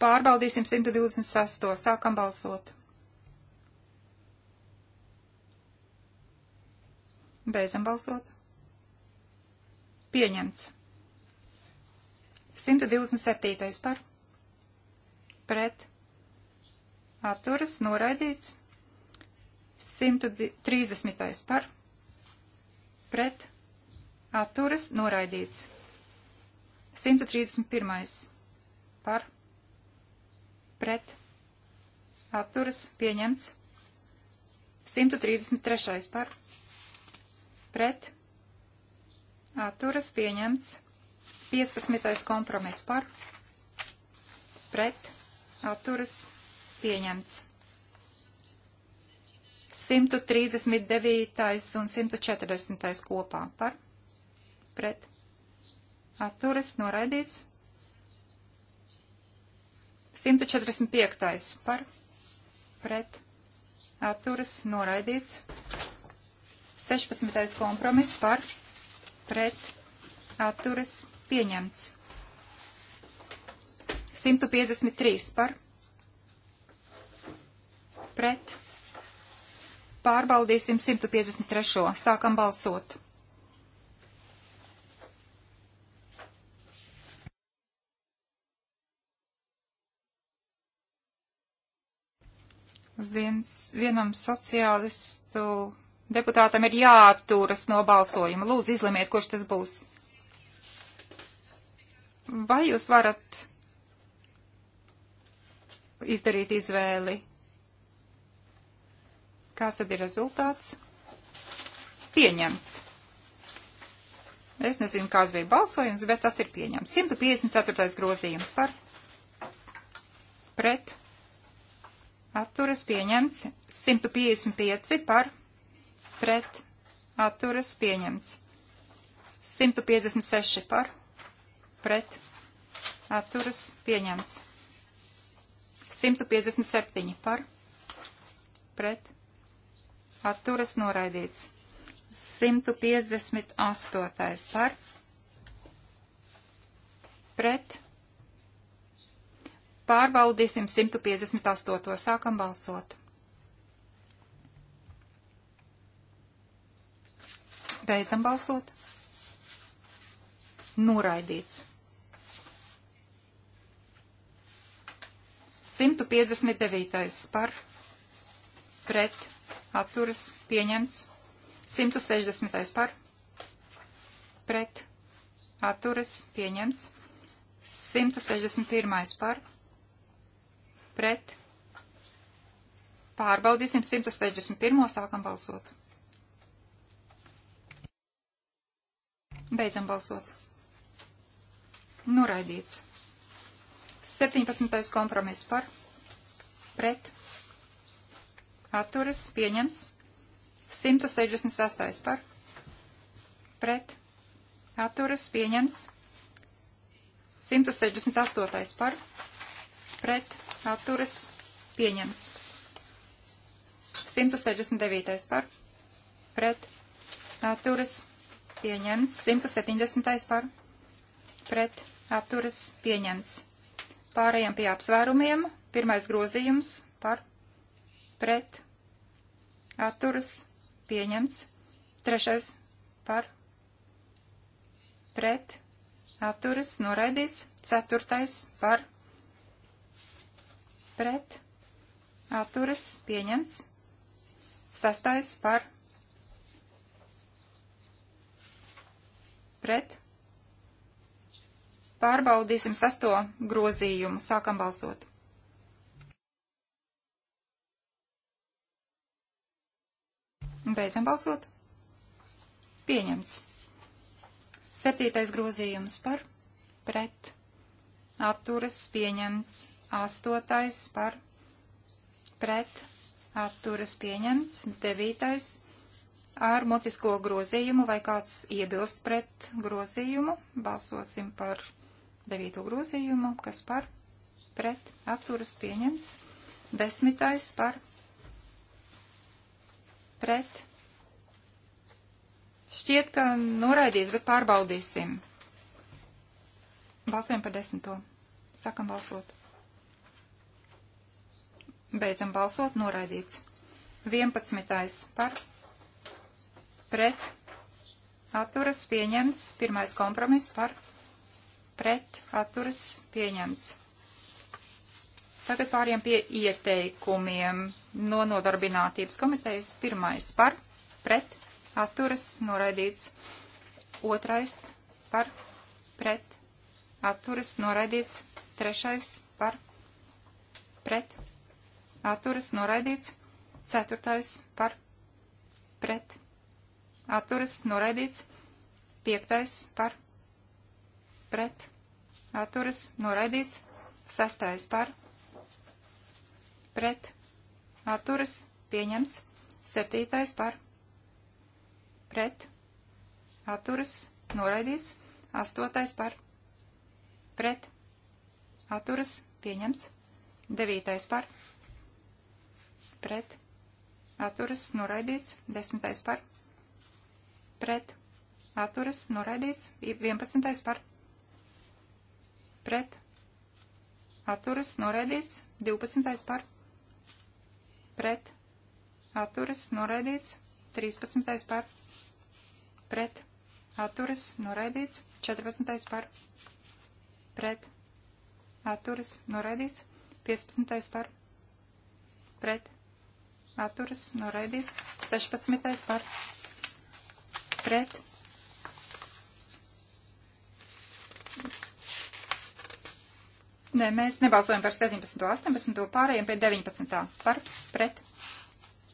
Pārbaudīsim 128. Sākam balsot. Beidzam balsot. Pieņemts. 127. par. Pret. Atturas noraidīts. 130. par. Pret. Atturas noraidīts. 131. par pret atturas pieņemts. 133. par pret atturas pieņemts. 15. kompromiss par pret atturas pieņemts. 139. un 140. kopā par pret atturas noraidīts. 145. par pret atturas noraidīts. 16. kompromiss par pret atturas pieņemts. 153 par pret. Pārbaudīsim 153. Sākam balsot. Viens, vienam sociālistu deputātam ir jāatturas no balsojuma. Lūdzu, izlemiet, kurš tas būs. Vai jūs varat izdarīt izvēli? Kāds tad ir rezultāts? Pieņemts. Es nezinu, kāds bija balsojums, bet tas ir pieņemts. 154. grozījums par pret atturas pieņemts. 155 par pret atturas pieņemts. 156 par pret atturas pieņemts. 157 par pret atturas noraidīts. 158 par pret pārbaudīsim 158. Sākam balsot. Beidzam balsot. Noraidīts. 159. par pret atturas pieņemts. 160. par pret atturas pieņemts. 161. par pret. Pārbaudīsim 161. sākam balsot. Beidzam balsot. Noraidīts. 17. kompromiss par, pret, atturas, pieņemts. 168 par, pret, atturas, pieņemts. 168 par, pret, atturas pieņemts. 169. par pret atturas pieņemts. 170. par pret atturas pieņemts. Pārējiem pie apsvērumiem. Pirmais grozījums par pret atturas pieņemts. Trešais par pret atturas noraidīts. Ceturtais par pret pret atturas pieņemts. Sastais par pret. Pārbaudīsim sasto grozījumu. Sākam balsot. Beidzam balsot. Pieņemts. Septītais grozījums par pret. Atturas pieņemts. Astotais par pret atturas pieņemts. Devītais ar mutisko grozījumu vai kāds iebilst pret grozījumu. Balsosim par devīto grozījumu, kas par pret atturas pieņemts. Desmitais par pret. Šķiet, ka noraidīs, bet pārbaudīsim. Balsojam par desmito. Sakam balsot. Beidzam balsot, noraidīts. 11. par pret atturas pieņemts. Pirmais kompromiss par pret atturas pieņemts. Tagad pāriem pie ieteikumiem no nodarbinātības komitejas. Pirmais par pret atturas noraidīts. Otrais par pret atturas noraidīts. Trešais par pret atturas noraidīts. Ceturtais par pret atturas noraidīts. Piektais par pret atturas noraidīts. Sastais par pret atturas pieņemts. Septītais par pret atturas noraidīts. Astotais par pret atturas pieņemts. Devītais par pret pret, atturas, noraidīts, 10. par, pret, atturas, noraidīts, 11. par, pret, atturas, noraidīts, 12. par, pret, atturas, noraidīts, 13. par, pret, atturas, noraidīts, 14. par, pret, atturas, noraidīts, 15. par, pret, atturas noraidīts. 16. par pret Nē, mēs nebalsojam par 17. 18. pārējiem pie 19. par pret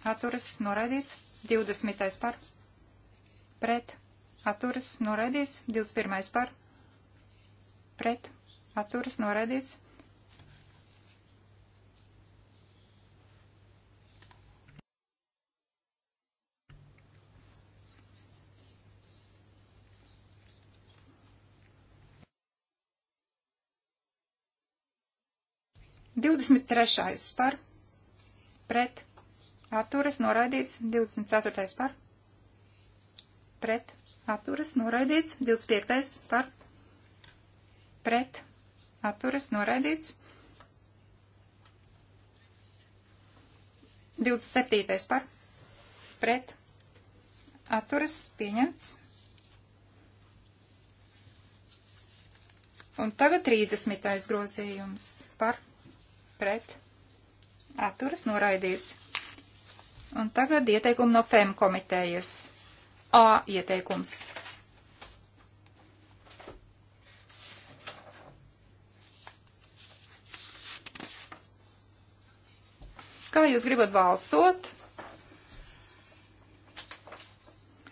atturas noraidīts. 20. par pret atturas noraidīts. 21. par pret atturas noraidīts. 23. par pret atturas noraidīts. 24. par pret atturas noraidīts. 25. par pret atturas noraidīts. 27. par pret atturas pieņemts. Un tagad 30. grozījums par pret atturas noraidīts. Un tagad ieteikumi no FEM komitejas. A ieteikums. Kā jūs gribat balsot?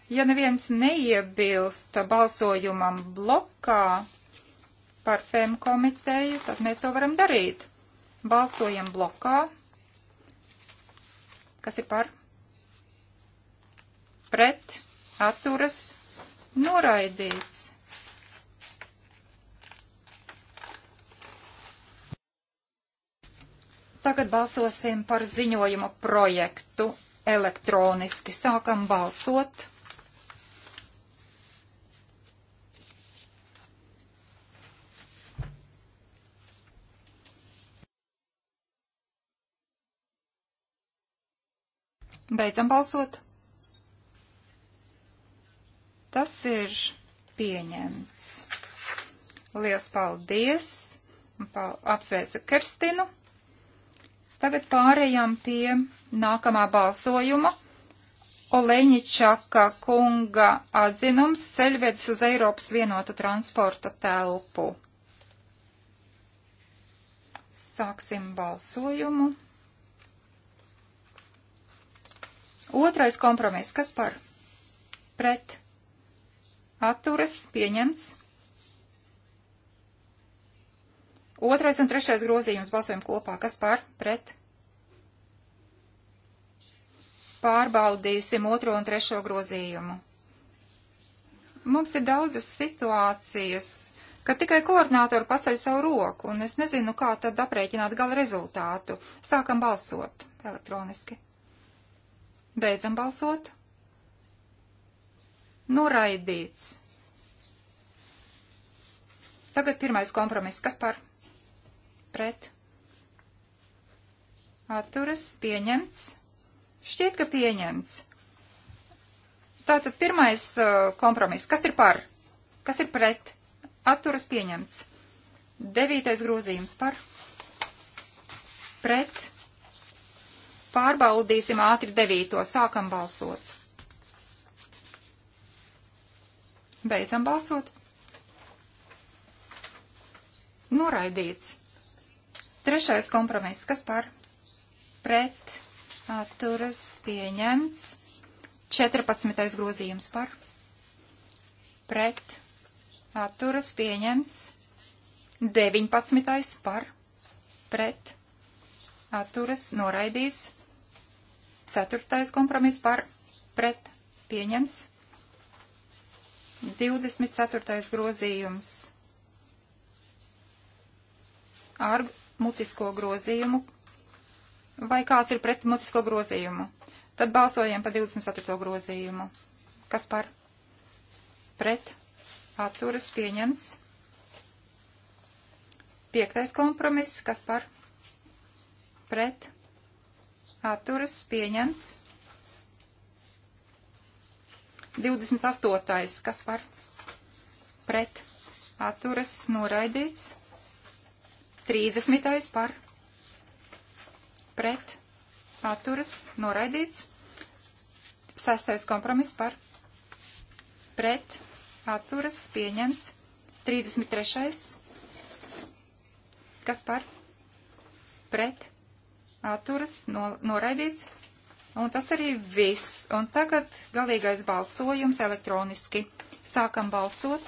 Ja neviens neiebilst balsojumam blokā par FEM komiteju, tad mēs to varam darīt. Balsojam blokā. Kas ir par? Pret. Atturas. Noraidīts. Tagad balsosim par ziņojuma projektu elektroniski. Sākam balsot. Beidzam balsot. Tas ir pieņemts. Lielas paldies! Pal apsveicu Kerstinu. Tagad pārējām pie nākamā balsojuma. Oleņičaka kunga atzinums ceļvedis uz Eiropas vienotu transporta telpu. Sāksim balsojumu. Otrais kompromiss, kas par pret atturas pieņemts. Otrais un trešais grozījums balsojam kopā, kas par pret. Pārbaudīsim otro un trešo grozījumu. Mums ir daudzas situācijas, kad tikai koordinātori paceļ savu roku, un es nezinu, kā tad aprēķināt gala rezultātu. Sākam balsot elektroniski. Beidzam balsot. Noraidīts. Tagad pirmais kompromiss. Kas par? Pret. Atturas. Pieņemts. Šķiet, ka pieņemts. Tātad pirmais uh, kompromiss. Kas ir par? Kas ir pret? Atturas pieņemts. Devītais grozījums par. Pret pārbaudīsim ātri devīto. Sākam balsot. Beidzam balsot. Noraidīts. Trešais kompromiss. Kas par? Pret. Atturas. Pieņemts. 14. grozījums par. Pret. Atturas. Pieņemts. 19. par. Pret. Atturas. Noraidīts. Ceturtais kompromiss par pret pieņemts. 24. grozījums ar mutisko grozījumu. Vai kāds ir pret mutisko grozījumu? Tad balsojam par 24. grozījumu. Kas par? Pret. Atturas pieņemts. Piektais kompromiss. Kas par? Pret atturas pieņemts. 28. kas par pret atturas noraidīts. 30. par pret atturas noraidīts. 6. kompromis par pret atturas pieņemts. 33. kas par pret atturas no, noraidīts. Un tas arī viss. Un tagad galīgais balsojums elektroniski. Sākam balsot.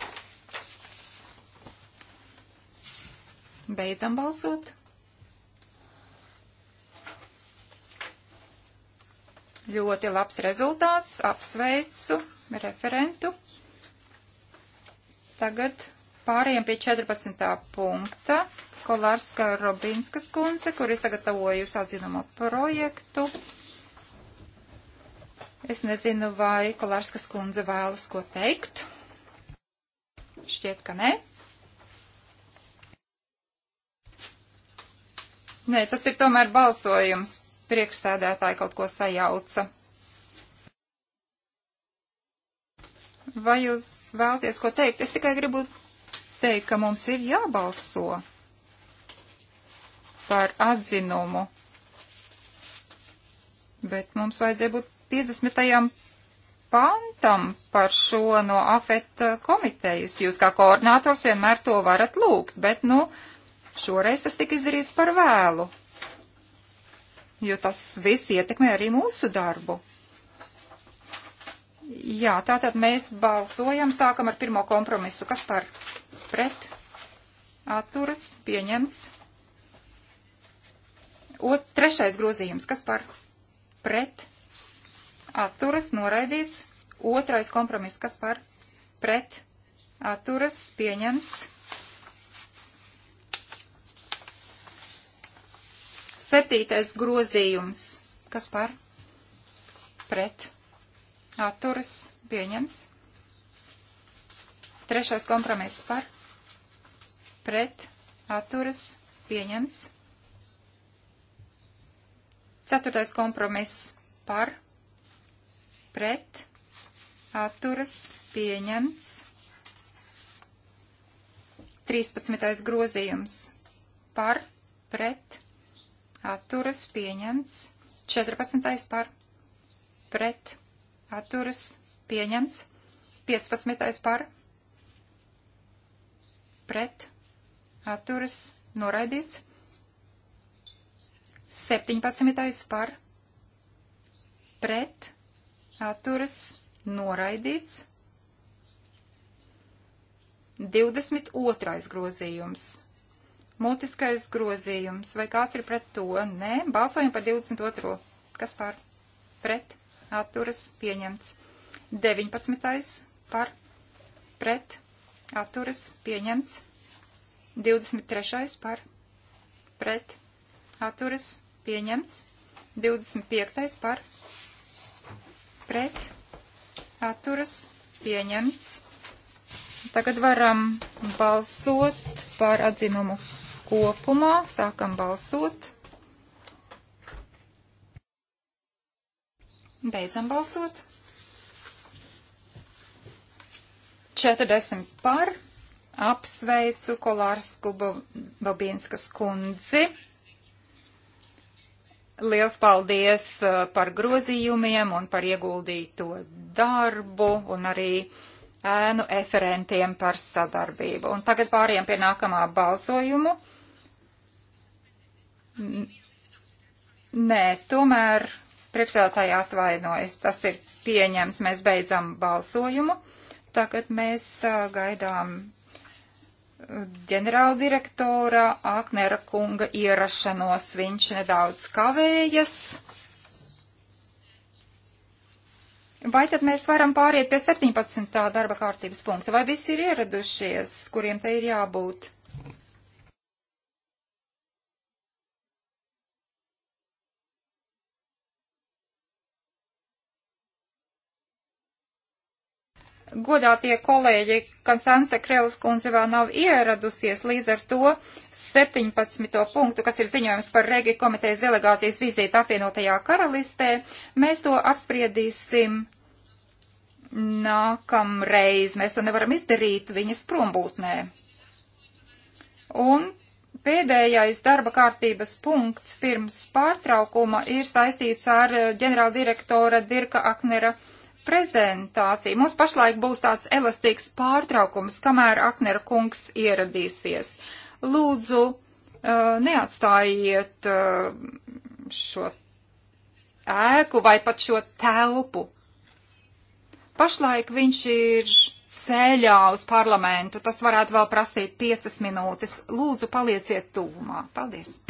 Beidzam balsot. Ļoti labs rezultāts. Apsveicu referentu. Tagad pārējiem pie 14. punkta. Kolārska Robinskas kundze, kur ir sagatavojusi atzinamo projektu. Es nezinu, vai Kolārskas kundze vēlas ko teikt. Šķiet, ka nē. Nē, tas ir tomēr balsojums. Priekšsēdētāji kaut ko sajauca. Vai jūs vēlties ko teikt? Es tikai gribu teikt, ka mums ir jābalso par atzinumu, bet mums vajadzēja būt 50. pantam par šo no AFET komitejas. Jūs kā koordinators vienmēr to varat lūgt, bet, nu, šoreiz tas tika izdarīts par vēlu, jo tas viss ietekmē arī mūsu darbu. Jā, tātad mēs balsojam, sākam ar pirmo kompromisu. Kas par pret? Atturas pieņemts. Ot, trešais grozījums, kas par pret atturas noraidīts. Otrais kompromiss, kas par pret atturas pieņemts. Septītais grozījums, kas par pret atturas pieņemts. Trešais kompromiss par pret atturas pieņemts. Ceturtais kompromiss par, pret, atturas, pieņemts. 13. grozījums par, pret, atturas, pieņemts. 14. par, pret, atturas, pieņemts. 15. par, pret, atturas, noraidīts. 17. par pret atturas noraidīts. 22. grozījums. Mutiskais grozījums. Vai kāds ir pret to? Nē, balsojam par 22. Kas par? Pret. Atturas pieņemts. 19. par. Pret. Atturas pieņemts. 23. par. Pret. Atturas pieņemts. 25. par pret atturas pieņemts. Tagad varam balsot par atzinumu kopumā. Sākam balsot. Beidzam balsot. 40 par. Apsveicu Kolārsku Babīnskas kundzi. Liels paldies uh, par grozījumiem un par ieguldīto darbu un arī ēnu referentiem par sadarbību. Un tagad pāriem pie nākamā balsojumu. Nē, tomēr priekšsēdētāji atvainojas. Tas ir pieņems, mēs beidzam balsojumu. Tagad mēs uh, gaidām ģenerāldirektora Aknera kunga ierašanos. Viņš nedaudz kavējas. Vai tad mēs varam pāriet pie 17. darba kārtības punkta? Vai visi ir ieradušies, kuriem te ir jābūt? godātie kolēģi, Konstance Krelis kundze vēl nav ieradusies līdz ar to 17. punktu, kas ir ziņojums par Regi komitejas delegācijas vizīti apvienotajā karalistē. Mēs to apspriedīsim nākamreiz. Mēs to nevaram izdarīt viņas prombūtnē. Un pēdējais darba kārtības punkts pirms pārtraukuma ir saistīts ar ģenerāldirektora Dirka Aknera prezentāciju. Mums pašlaik būs tāds elastīgs pārtraukums, kamēr Aknera kungs ieradīsies. Lūdzu, uh, neatstājiet uh, šo ēku vai pat šo telpu. Pašlaik viņš ir ceļā uz parlamentu. Tas varētu vēl prasīt piecas minūtes. Lūdzu, palieciet tuvumā. Paldies!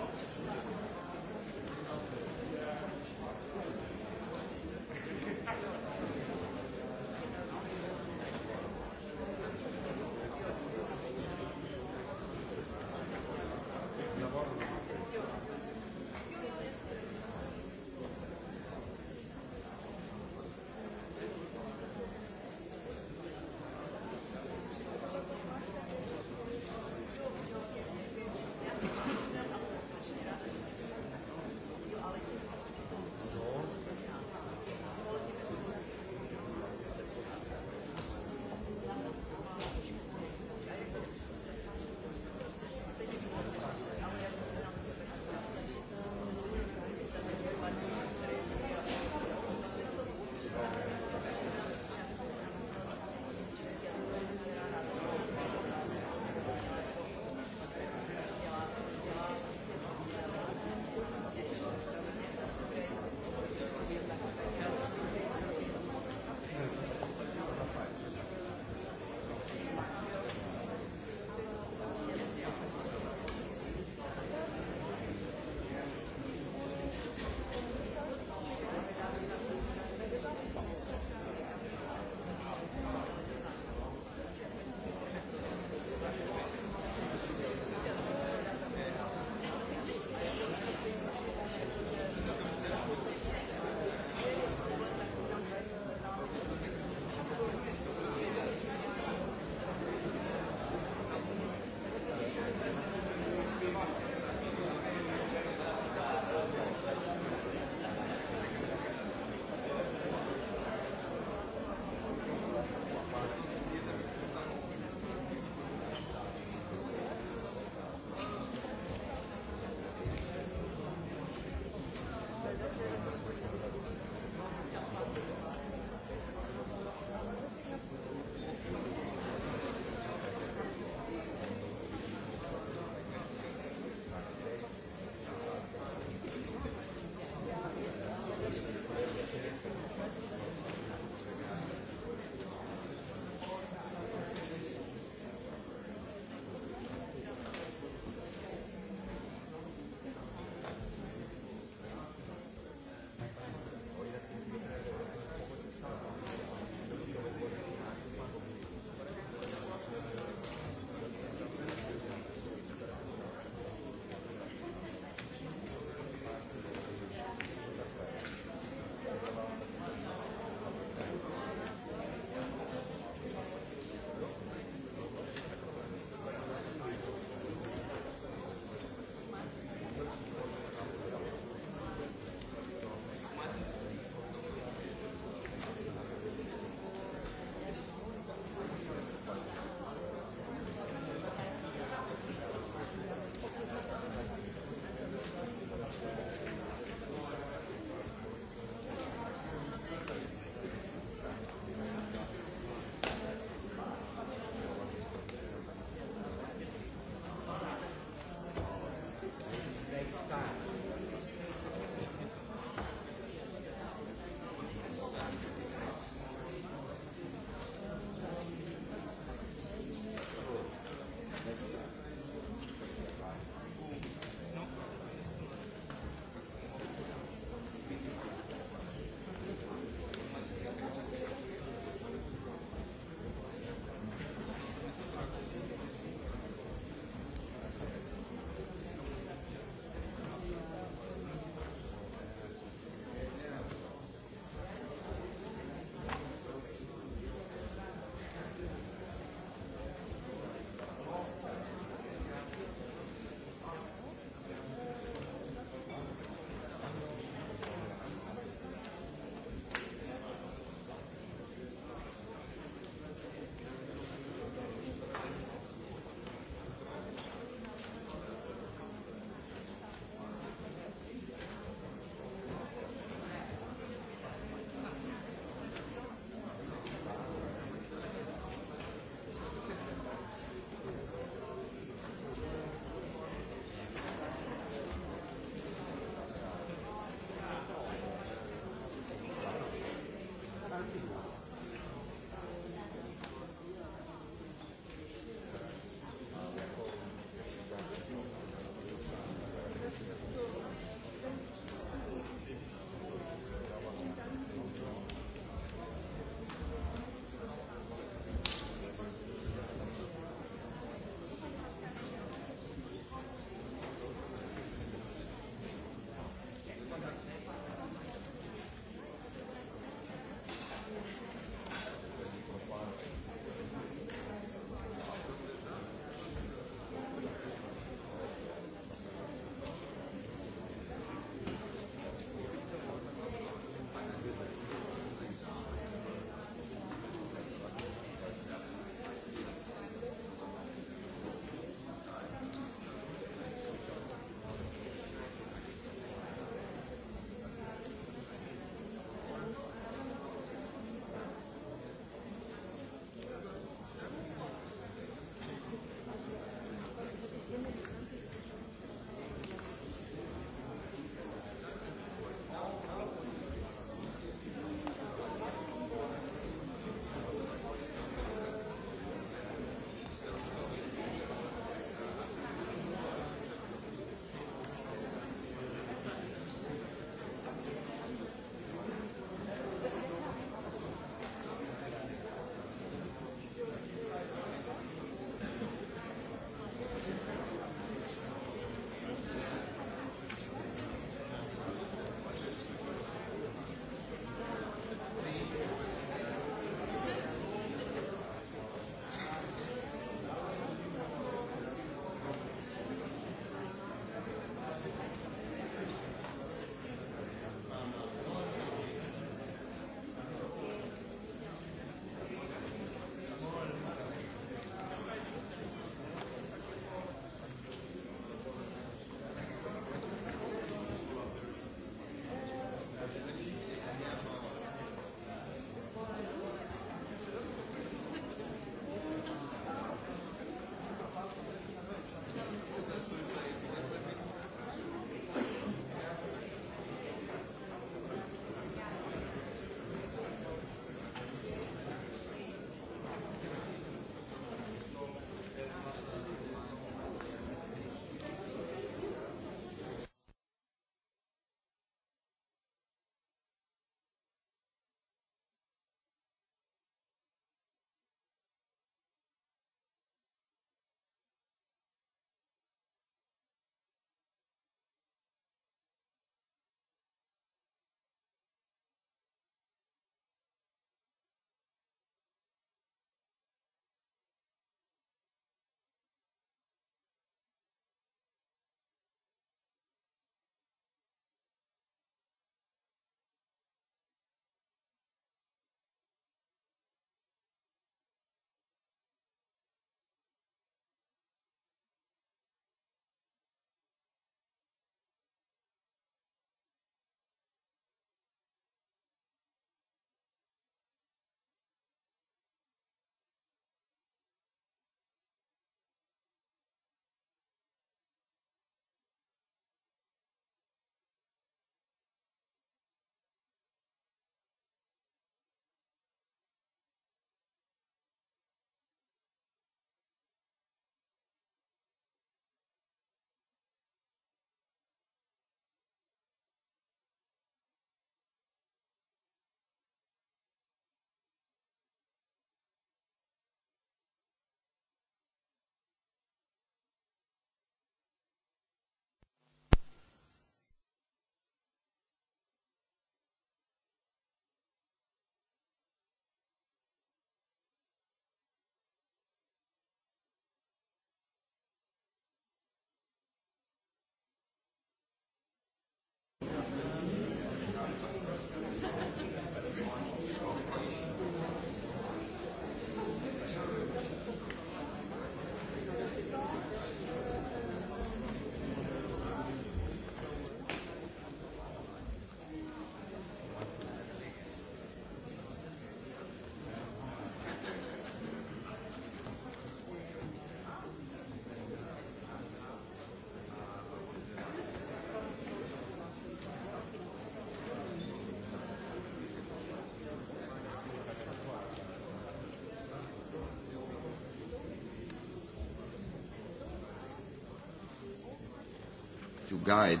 guide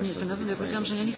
Myślę, że nie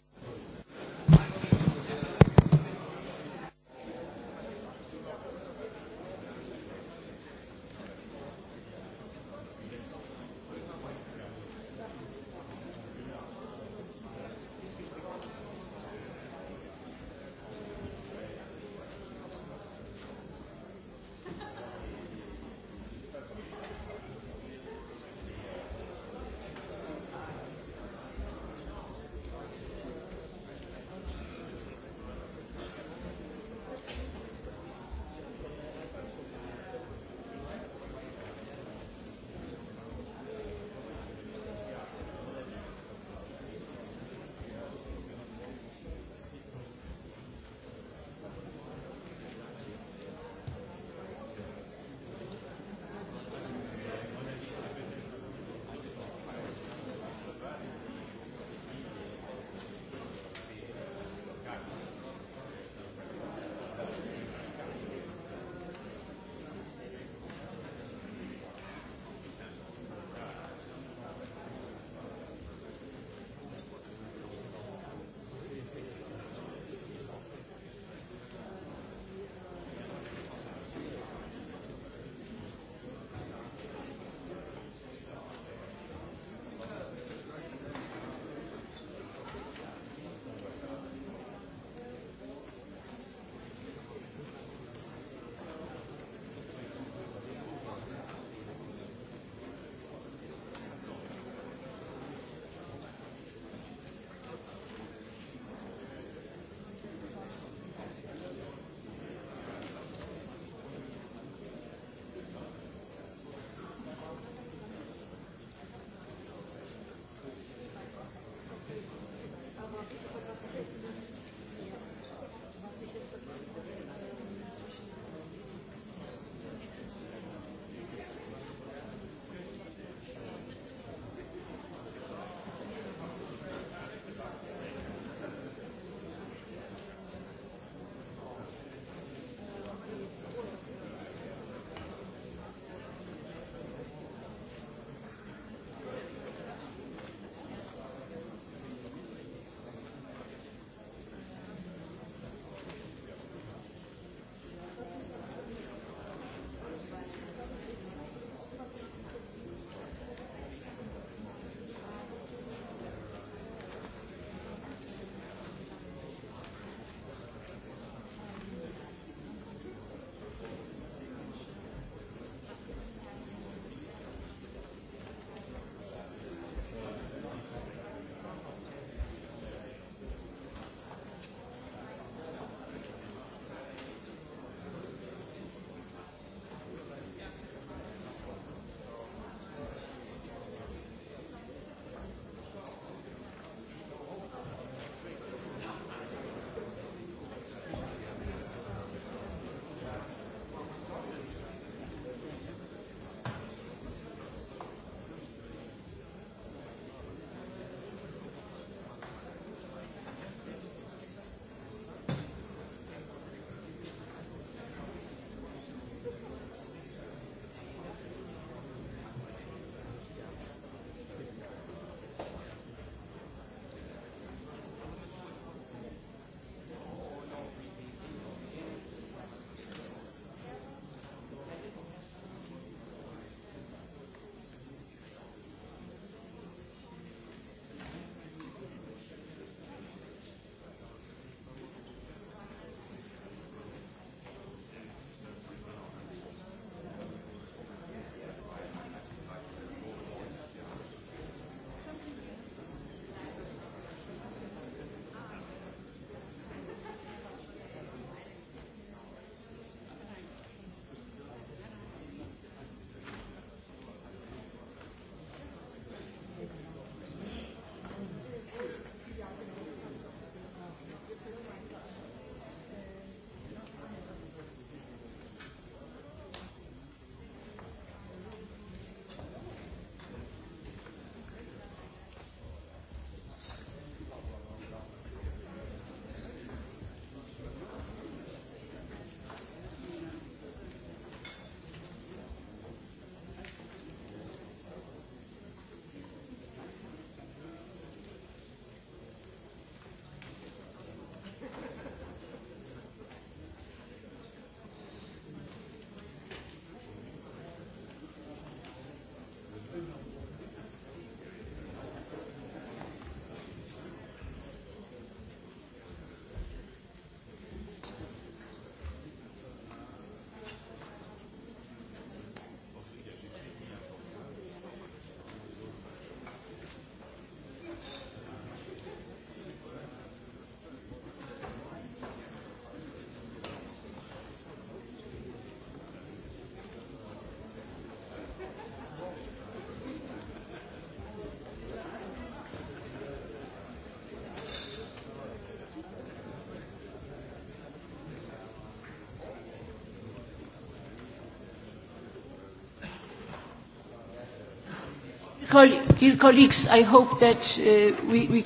Uh,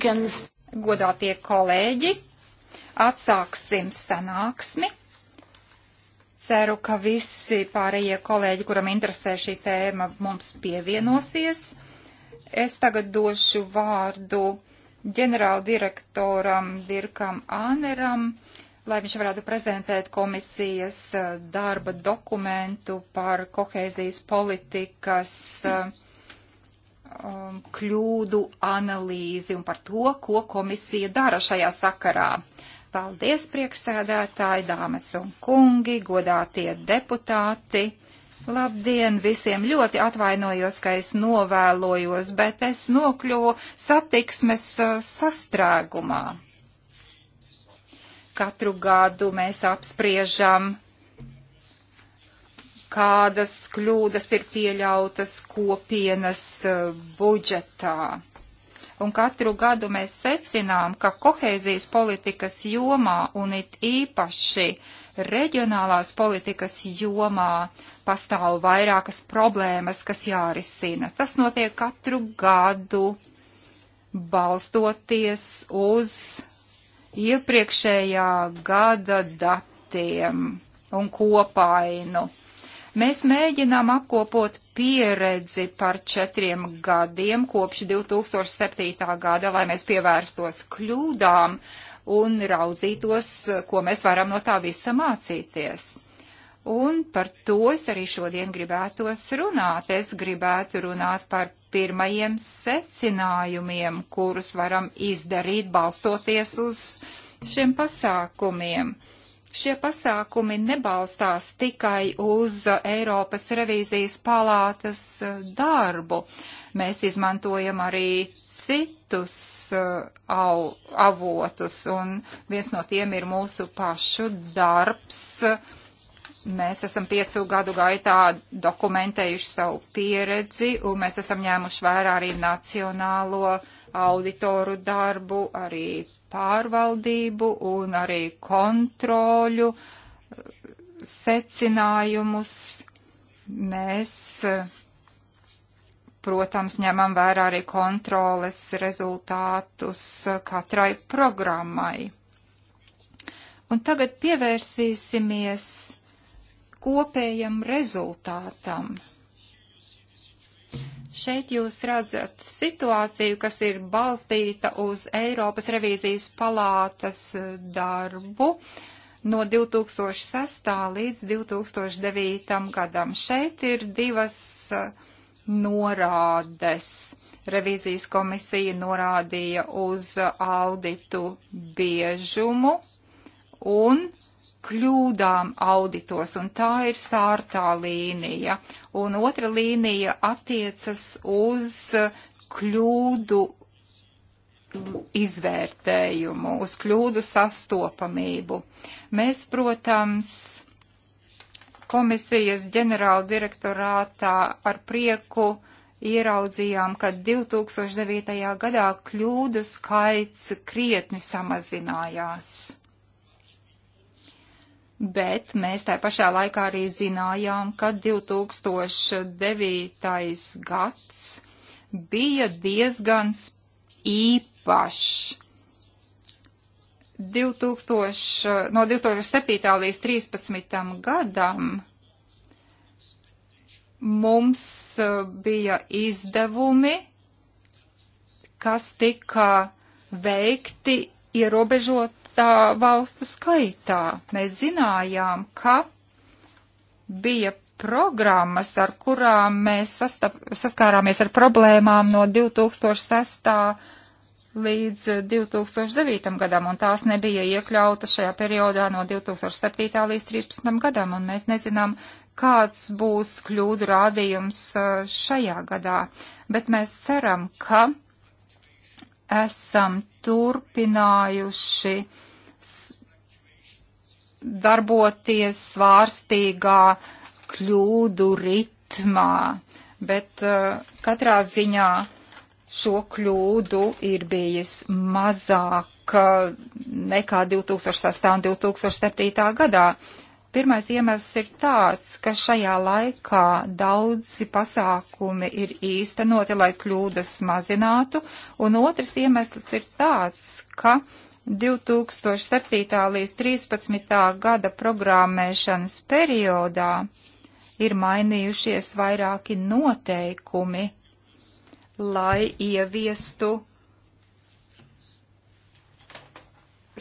can... Godātie kolēģi, atsāksim sanāksmi. Ceru, ka visi pārējie kolēģi, kuram interesē šī tēma, mums pievienosies. Es tagad došu vārdu ģenerāldirektoram Dirkam Āneram, lai viņš varētu prezentēt komisijas uh, darba dokumentu par kohēzijas politikas uh, um, kļūdu analīzi un par to, ko komisija dara šajā sakarā. Paldies, priekšsēdētāji, dāmas un kungi, godātie deputāti! Labdien visiem! Ļoti atvainojos, ka es novēlojos, bet es nokļuvu satiksmes uh, sastrēgumā. Katru gadu mēs apspriežam kādas kļūdas ir pieļautas kopienas eh, budžetā. Un katru gadu mēs secinām, ka kohēzijas politikas jomā un it īpaši reģionālās politikas jomā pastāv vairākas problēmas, kas jārisina. Tas notiek katru gadu, balstoties uz iepriekšējā gada datiem un kopainu. Mēs mēģinām apkopot pieredzi par četriem gadiem kopš 2007. gada, lai mēs pievērstos kļūdām un raudzītos, ko mēs varam no tā visa mācīties. Un par to es arī šodien gribētos runāt. Es gribētu runāt par pirmajiem secinājumiem, kurus varam izdarīt balstoties uz šiem pasākumiem. Uh, Šie pasākumi nebalstās tikai uz uh, Eiropas revīzijas palātas uh, darbu. Mēs izmantojam arī citus uh, au, avotus, un viens no tiem ir mūsu pašu darbs. Mēs esam piecu gadu gaitā dokumentējuši savu pieredzi, un mēs esam ņēmuši vērā arī nacionālo uh, auditoru darbu, arī pārvaldību un arī kontroļu eh, secinājumus. Mēs, eh, protams, ņemam vērā arī kontroles rezultātus eh, katrai programmai. Un tagad pievērsīsimies kopējam rezultātam Šeit jūs redzat situāciju, kas ir balstīta uz Eiropas revīzijas palātas eh, darbu no 2006. līdz 2009. gadam. Šeit ir divas eh, norādes. Revīzijas komisija norādīja uz auditu biežumu un kļūdām auditos, un tā ir sārtā līnija. Un otra līnija attiecas uz kļūdu izvērtējumu, uz kļūdu sastopamību. Mēs, protams, komisijas ģenerāla direktorātā ar prieku ieraudzījām, ka 2009. gadā kļūdu skaits krietni samazinājās bet mēs tā pašā laikā arī zinājām, ka 2009. gads bija diezgan īpašs. 2000, no 2007. līdz 2013. gadam mums eh, bija izdevumi, kas tika veikti ierobežot augstā valstu skaitā. Mēs zinājām, ka bija programmas, ar kurām mēs sastap, saskārāmies ar problēmām no 2006. līdz 2009. gadam, un tās nebija iekļautas šajā periodā no 2007. līdz 2013. gadam, un mēs nezinām, kāds būs kļūdu rādījums eh, šajā gadā. Bet mēs ceram, ka esam turpinājuši uh, darboties svārstīgā kļūdu ritmā, bet uh, katrā ziņā šo kļūdu ir bijis mazāk uh, nekā 2006. un 2007. gadā. Pirmais iemesls ir tāds, ka šajā laikā daudzi pasākumi ir īstenoti, lai kļūdas mazinātu, un otrs iemesls ir tāds, ka uh, 2007. līdz 13. gada programmēšanas periodā ir mainījušies vairāki noteikumi, lai ieviestu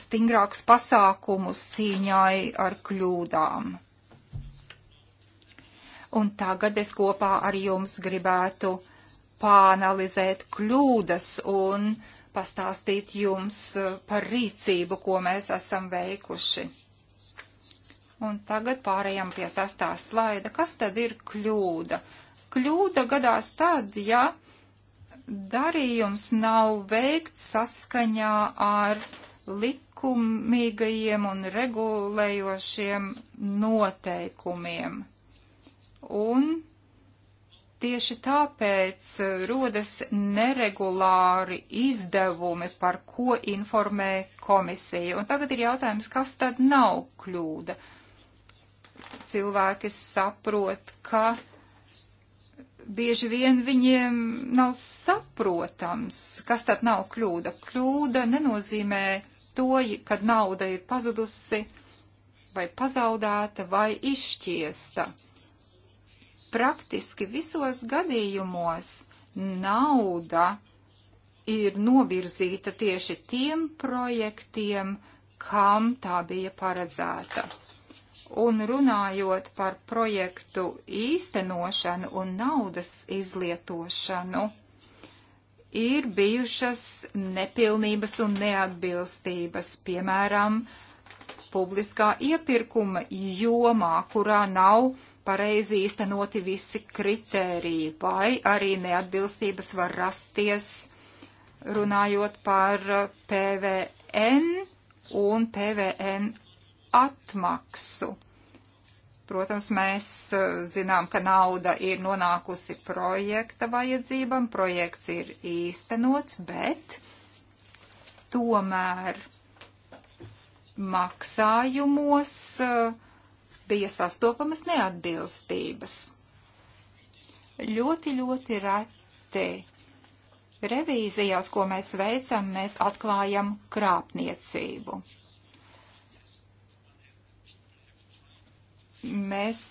stingrākus pasākumus cīņai ar kļūdām. Un tagad es kopā ar jums gribētu pāanalizēt kļūdas un uh, pastāstīt jums eh, par rīcību, ko mēs esam veikuši. Un tagad pārējām pie sastā slaida. Kas tad ir kļūda? Kļūda gadās tad, ja darījums nav veikts saskaņā ar likumīgajiem un regulējošiem noteikumiem. Un Tieši tāpēc e, rodas neregulāri izdevumi, par ko informē komisija. Un tagad ir jautājums, kas tad nav kļūda? Cilvēki saprot, ka bieži vien viņiem nav saprotams, kas tad nav kļūda. Kļūda nenozīmē to, kad nauda ir pazudusi vai pazaudēta vai izšķiesta praktiski visos gadījumos nauda ir novirzīta tieši tiem projektiem, kam tā bija paredzēta. Un runājot par projektu īstenošanu un naudas izlietošanu, ir bijušas nepilnības un neatbilstības, piemēram, publiskā iepirkuma jomā, kurā nav pareizi īstenoti visi kritēriji, vai arī neatbilstības var rasties runājot par PVN un PVN atmaksu. Protams, mēs eh, zinām, ka nauda ir nonākusi projekta vajadzībam, projekts ir īstenots, bet tomēr maksājumos uh, bija sastopamas neatbilstības. Ļoti, ļoti reti revīzijās, ko mēs veicam, mēs atklājam krāpniecību. Mēs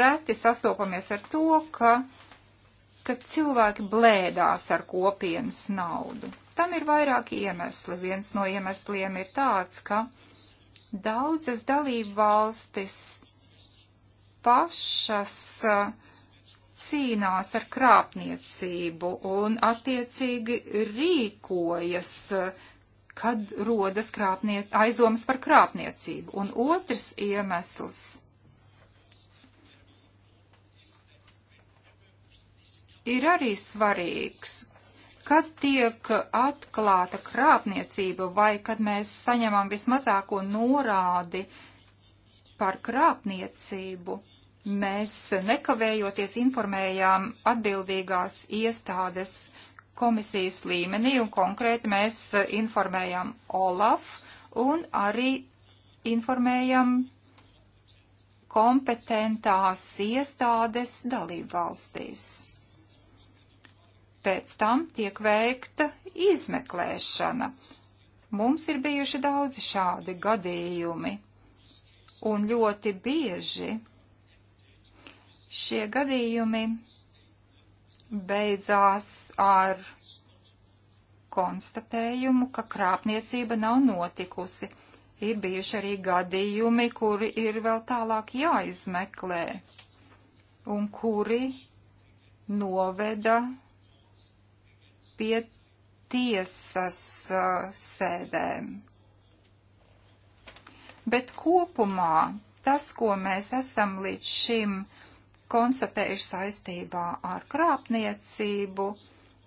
reti sastopamies ar to, ka, ka cilvēki blēdās ar kopienas naudu. Tam ir vairāki iemesli. Viens no iemesliem ir tāds, ka Daudzas dalībvalstis pašas uh, cīnās ar krāpniecību un attiecīgi rīkojas, uh, kad rodas krāpnie... aizdomas par krāpniecību. Un otrs iemesls ir arī svarīgs, Kad tiek atklāta krāpniecība vai kad mēs saņemam vismazāko norādi par krāpniecību, mēs nekavējoties informējām atbildīgās iestādes komisijas līmenī un konkrēti mēs informējām Olaf un arī informējam kompetentās iestādes dalību valstīs. Pēc tam tiek veikta izmeklēšana. Mums ir bijuši daudzi šādi gadījumi, un ļoti bieži šie gadījumi beidzās ar konstatējumu, ka krāpniecība nav notikusi. Ir bijuši arī gadījumi, kuri ir vēl tālāk jāizmeklē un kuri noveda pie tiesas uh, sēdēm. Bet kopumā tas, ko mēs esam līdz šim konstatējuši saistībā ar krāpniecību,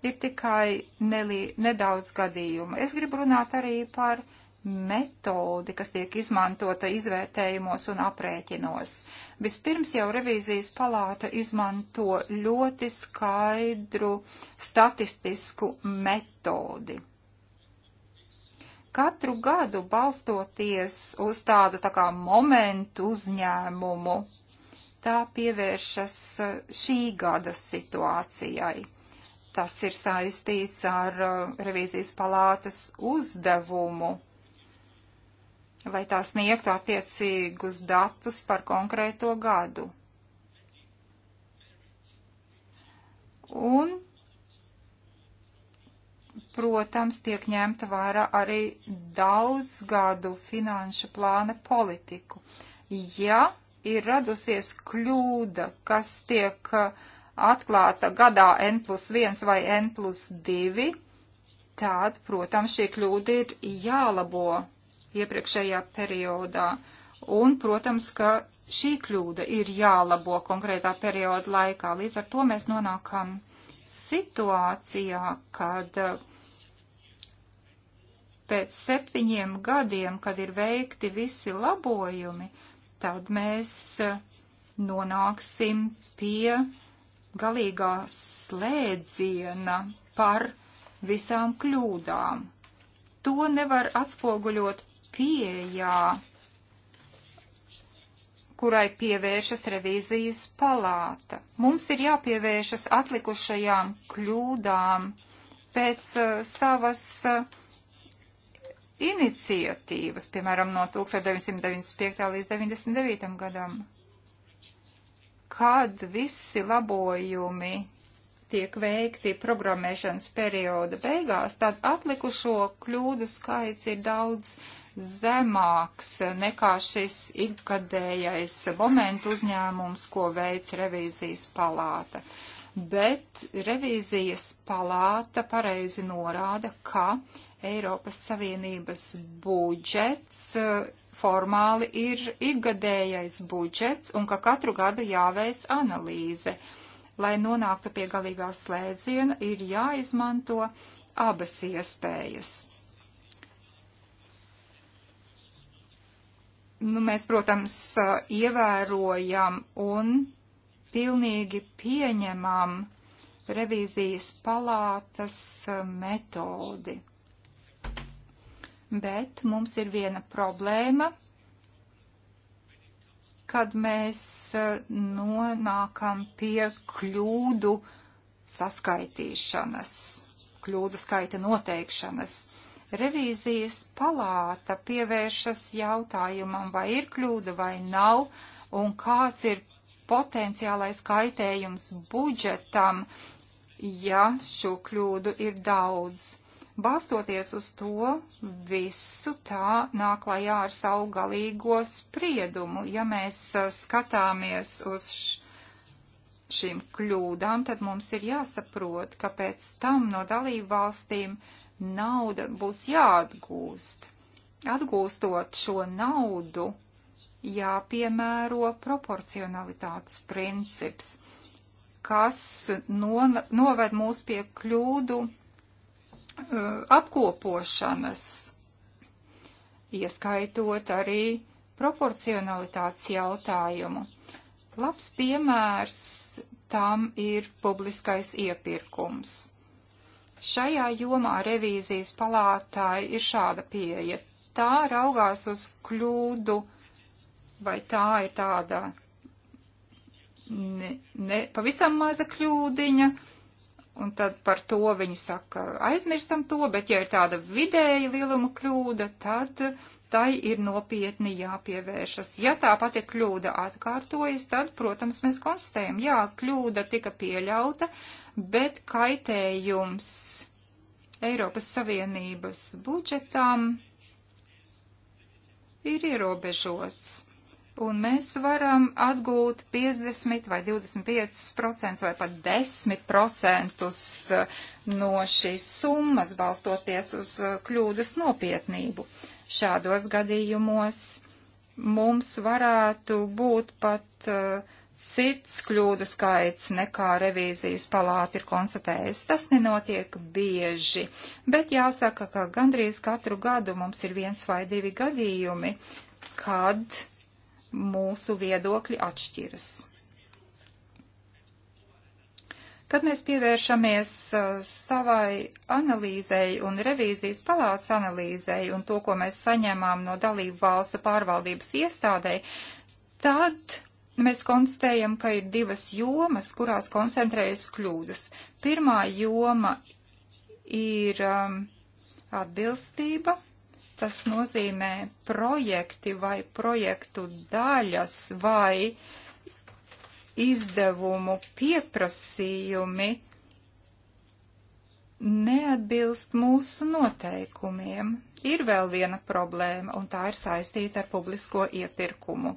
ir tikai nelī, nedaudz gadījumu. Es gribu runāt arī par uh, metodi, kas tiek izmantota izvērtējumos un aprēķinos. Vispirms jau revīzijas palāta izmanto ļoti skaidru statistisku metodi. Katru gadu balstoties uz tādu tā kā momentu uzņēmumu, tā pievēršas eh, šī gada situācijai. Tas ir saistīts ar eh, revīzijas palātas uzdevumu lai tā sniegtu attiecīgus datus par konkrēto gadu. Un, protams, tiek ņemta vērā arī daudz gadu finanšu plāna politiku. Ja ir radusies kļūda, kas tiek uh, atklāta gadā N plus 1 vai N plus 2, tad, protams, šī kļūda ir jālabo iepriekšējā periodā. Un, protams, ka šī kļūda ir jālabo konkrētā perioda laikā. Līdz ar to mēs nonākam situācijā, kad eh, pēc septiņiem gadiem, kad ir veikti visi labojumi, tad mēs eh, nonāksim pie galīgā slēdziena par visām kļūdām. To nevar atspoguļot pieejā, kurai pievēršas revīzijas palāta. Mums ir jāpievēršas atlikušajām kļūdām pēc uh, savas uh, iniciatīvas, piemēram, no 1995. līdz 1999. gadam, kad visi labojumi tiek veikti programmēšanas perioda beigās, tad atlikušo kļūdu skaits ir daudz zemāks nekā šis ikgadējais momentu uzņēmums, ko veic revīzijas palāta. Bet revīzijas palāta pareizi norāda, ka Eiropas Savienības budžets eh, formāli ir ikgadējais budžets un ka katru gadu jāveic analīze. Lai nonāktu pie galīgā slēdziena, ir jāizmanto abas iespējas. nu, mēs, protams, ievērojam un pilnīgi pieņemam revīzijas palātas metodi. Bet mums ir viena problēma, kad mēs nonākam pie kļūdu saskaitīšanas, kļūdu skaita noteikšanas. Revīzijas palāta pievēršas jautājumam, vai ir kļūda vai nav, un kāds ir potenciālais kaitējums budžetam, ja šo kļūdu ir daudz. Balstoties uz to, visu tā nāk lajā ar savu galīgo spriedumu. Ja mēs skatāmies uz šīm kļūdām, tad mums ir jāsaprot, ka pēc tam no dalību valstīm nauda būs jāatgūst. Atgūstot šo naudu, jāpiemēro proporcionalitātes princips, kas no, noved mūs pie kļūdu uh, apkopošanas, ieskaitot arī proporcionalitātes jautājumu. Labs piemērs tam ir publiskais iepirkums Šajā jomā revīzijas palātā ir šāda pieeja. Tā raugās uz kļūdu, vai tā ir tāda ne, ne, pavisam maza kļūdiņa, un tad par to viņi saka, aizmirstam to, bet ja ir tāda vidēja lieluma kļūda, tad uh, tai ir nopietni jāpievēršas. Ja tāpat ir kļūda atkārtojas, tad, protams, mēs konstatējam, jā, kļūda tika pieļauta, bet kaitējums Eiropas Savienības budžetām ir ierobežots. Un mēs varam atgūt 50 vai 25% vai pat 10% uh, no šīs summas, balstoties uz uh, kļūdas nopietnību. Uh, Šādos gadījumos mums varētu būt pat uh, cits kļūdu skaits nekā revīzijas palāta ir konstatējusi. Tas nenotiek bieži, bet jāsaka, ka gandrīz katru gadu mums ir viens vai divi gadījumi, kad mūsu viedokļi atšķiras. Kad mēs pievēršamies uh, savai analīzei un revīzijas palātas analīzei un to, ko mēs saņemām no dalību valstu pārvaldības iestādē, tad mēs konstatējam, ka ir divas jomas, kurās koncentrējas kļūdas. Pirmā joma ir um, atbilstība. Tas nozīmē projekti vai projektu daļas vai uh, izdevumu pieprasījumi neatbilst mūsu noteikumiem. Ir vēl viena problēma, un tā ir saistīta ar publisko iepirkumu.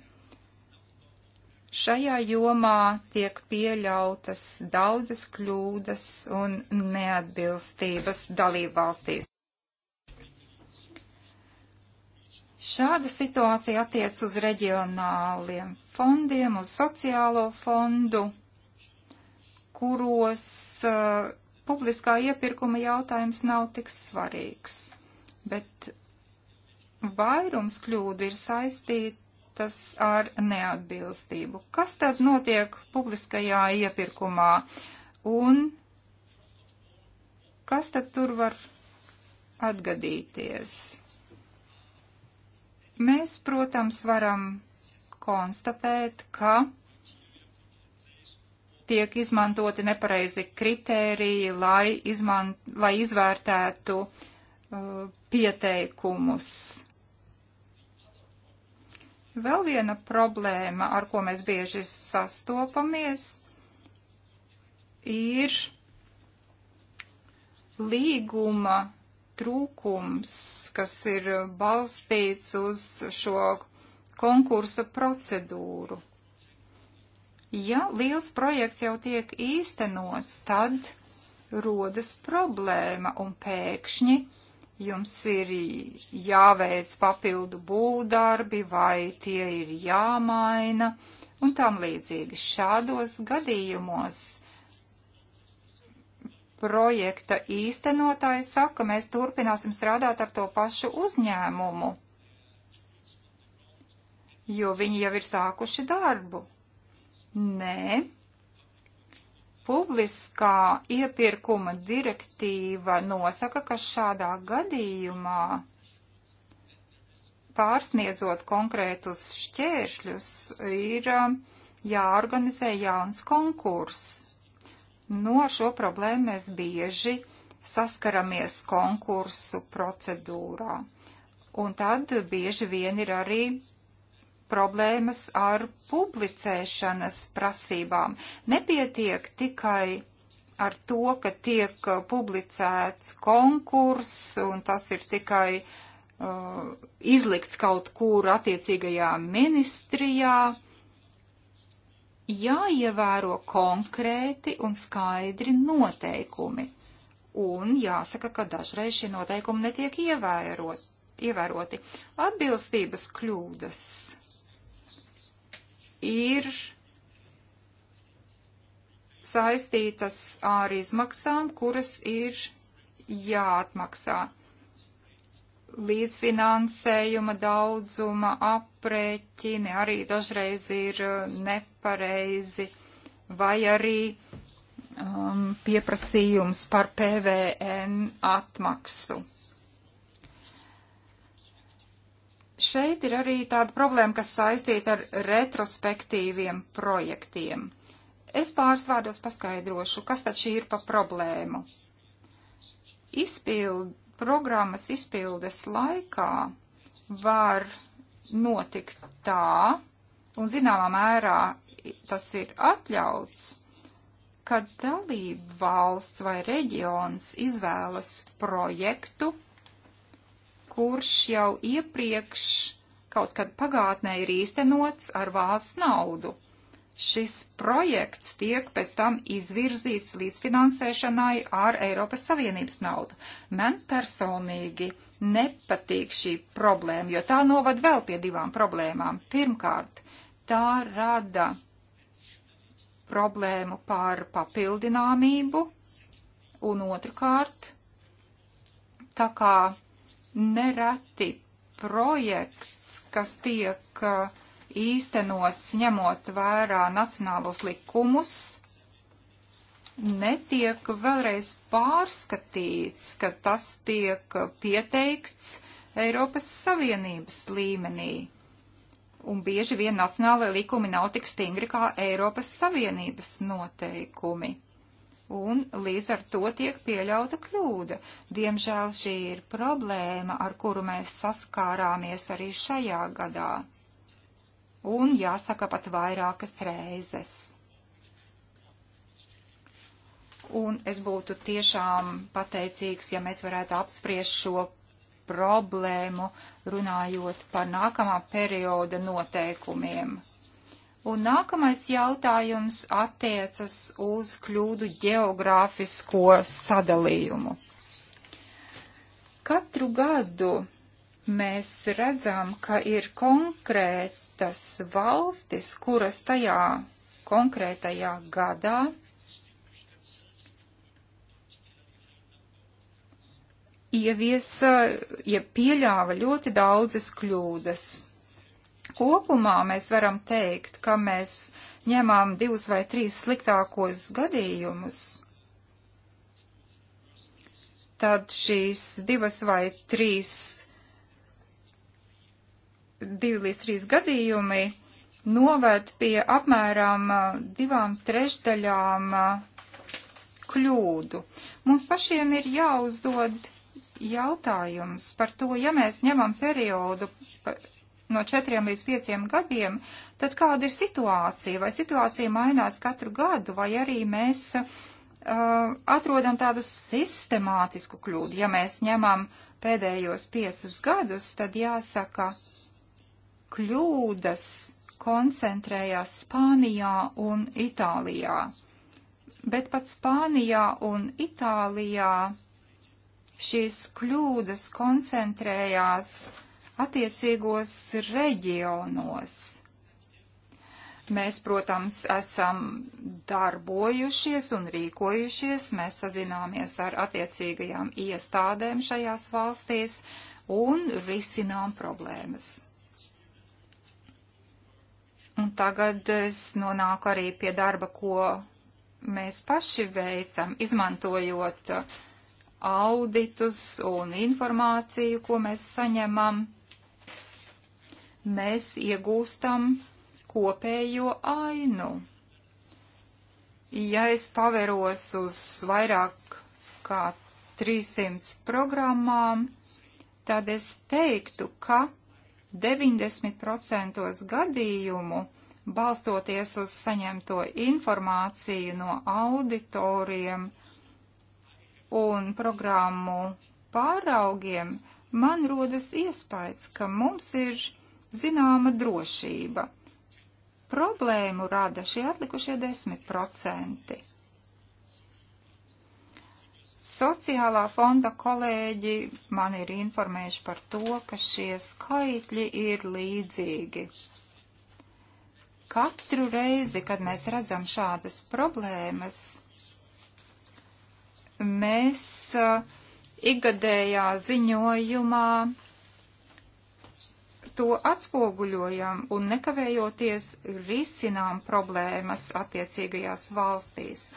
Šajā jomā tiek pieļautas daudzas kļūdas un neatbilstības dalībvalstīs. Šāda situācija attiec uz reģionāliem fondiem, uz sociālo fondu, kuros uh, publiskā iepirkuma jautājums nav tik svarīgs. Bet vairums kļūdu ir saistītas ar neatbilstību. Kas tad notiek publiskajā iepirkumā? Un kas tad tur var atgadīties? Mēs, protams, varam konstatēt, ka tiek izmantoti nepareizi kritēriji, lai, izman, lai izvērtētu uh, pieteikumus. Vēl viena problēma, ar ko mēs bieži sastopamies, ir līguma trūkums, kas ir balstīts uz šo konkursa procedūru. Ja liels projekts jau tiek īstenots, tad rodas problēma un pēkšņi jums ir jāveic papildu būvdarbi vai tie ir jāmaina un tam līdzīgi. Šādos gadījumos projekta īstenotāji saka, mēs turpināsim strādāt ar to pašu uzņēmumu, jo viņi jau ir sākuši darbu. Nē, publiskā iepirkuma direktīva nosaka, ka šādā gadījumā pārsniedzot konkrētus šķēršļus ir um, jāorganizē jauns konkurss No šo problēmu mēs bieži saskaramies konkursu procedūrā. Un tad bieži vien ir arī problēmas ar publicēšanas prasībām. Nepietiek tikai ar to, ka tiek publicēts konkurss un tas ir tikai uh, izlikts kaut kur attiecīgajā ministrijā jāievēro konkrēti un skaidri noteikumi. Un jāsaka, ka dažreiz šie noteikumi netiek ievērot, ievēroti. Atbilstības kļūdas ir saistītas ar izmaksām, kuras ir jāatmaksā līdzfinansējuma daudzuma aprēķini arī dažreiz ir uh, nepareizi, vai arī um, pieprasījums par PVN atmaksu. Šeit ir arī tāda problēma, kas saistīta ar retrospektīviem projektiem. Es pāris vārdos paskaidrošu, kas tad šī ir pa problēmu. Izpild, programmas izpildes laikā var notikt tā, un zināmā mērā tas ir atļauts, ka dalība valsts vai reģions izvēlas projektu, kurš jau iepriekš kaut kad pagātnē ir īstenots ar valsts naudu šis projekts tiek pēc tam izvirzīts līdzfinansēšanai ar Eiropas Savienības naudu. Man personīgi nepatīk šī problēma, jo tā novad vēl pie divām problēmām. Pirmkārt, tā rada problēmu par papildināmību, un otrkārt, tā kā nereti projekts, kas tiek uh, īstenots ņemot vērā nacionālos likumus, netiek vēlreiz pārskatīts, ka tas tiek pieteikts Eiropas Savienības līmenī. Un bieži vien nacionālajie likumi nav tik stingri kā Eiropas Savienības noteikumi. Un līdz ar to tiek pieļauta kļūda. Diemžēl šī ir problēma, ar kuru mēs saskārāmies arī šajā gadā un jāsaka pat vairākas reizes. Un es būtu tiešām pateicīgs, ja mēs varētu apspriest šo problēmu, runājot par nākamā perioda noteikumiem. Un nākamais jautājums attiecas uz kļūdu geogrāfisko sadalījumu. Katru gadu mēs redzam, ka ir konkrēti citas valstis, kuras tajā konkrētajā gadā ieviesa, ja pieļāva ļoti daudzas kļūdas. Kopumā mēs varam teikt, ka mēs ņemām divus vai trīs sliktākos gadījumus, tad šīs divas vai trīs divi līdz trīs gadījumi noved pie apmēram divām trešdaļām kļūdu. Mums pašiem ir jāuzdod jautājums par to, ja mēs ņemam periodu no četriem līdz pieciem gadiem, tad kāda ir situācija? Vai situācija mainās katru gadu, vai arī mēs uh, atrodam tādu sistemātisku kļūdu? Ja mēs ņemam pēdējos piecus gadus, tad jāsaka, uh, kļūdas koncentrējās Spānijā un Itālijā. Bet pat Spānijā un Itālijā šīs kļūdas koncentrējās attiecīgos reģionos. Mēs, protams, esam darbojušies un rīkojušies, mēs sazināmies ar attiecīgajām iestādēm šajās valstīs un risinām problēmas. Un tagad es nonāku arī pie darba, ko mēs paši veicam, izmantojot uh, auditus un informāciju, ko mēs saņemam. Mēs iegūstam kopējo ainu. Ja es paveros uz vairāk kā 300 programmām, tad es teiktu, ka 90% gadījumu, balstoties uz saņemto informāciju no auditoriem un programmu pāraugiem, man rodas iespējas, ka mums ir zināma drošība. Problēmu rada šie atlikušie 10%. Sociālā fonda kolēģi man ir informējuši par to, ka šie skaitļi ir līdzīgi. Katru reizi, kad mēs redzam šādas problēmas, mēs eh, ikgadējā ziņojumā to atspoguļojam un nekavējoties risinām problēmas attiecīgajās valstīs.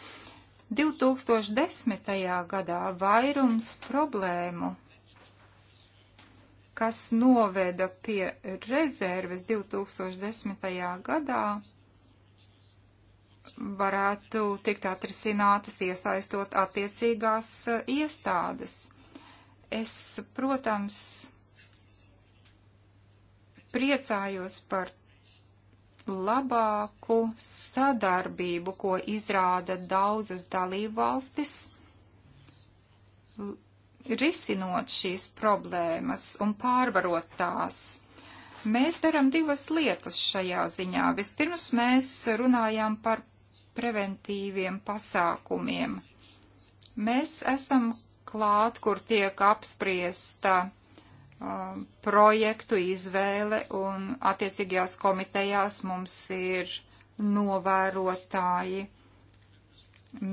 2010. gadā vairums problēmu, kas noveda pie rezerves 2010. gadā, varētu tikt atrisinātas iesaistot attiecīgās e, iestādes. Es, protams, priecājos par labāku sadarbību, ko izrāda daudzas dalībvalstis, risinot šīs problēmas un pārvarot tās. Mēs darām divas lietas šajā ziņā. Vispirms mēs runājām par preventīviem pasākumiem. Mēs esam klāt, kur tiek apspriesta uh, um, projektu izvēle un attiecīgajās komitejās mums ir novērotāji.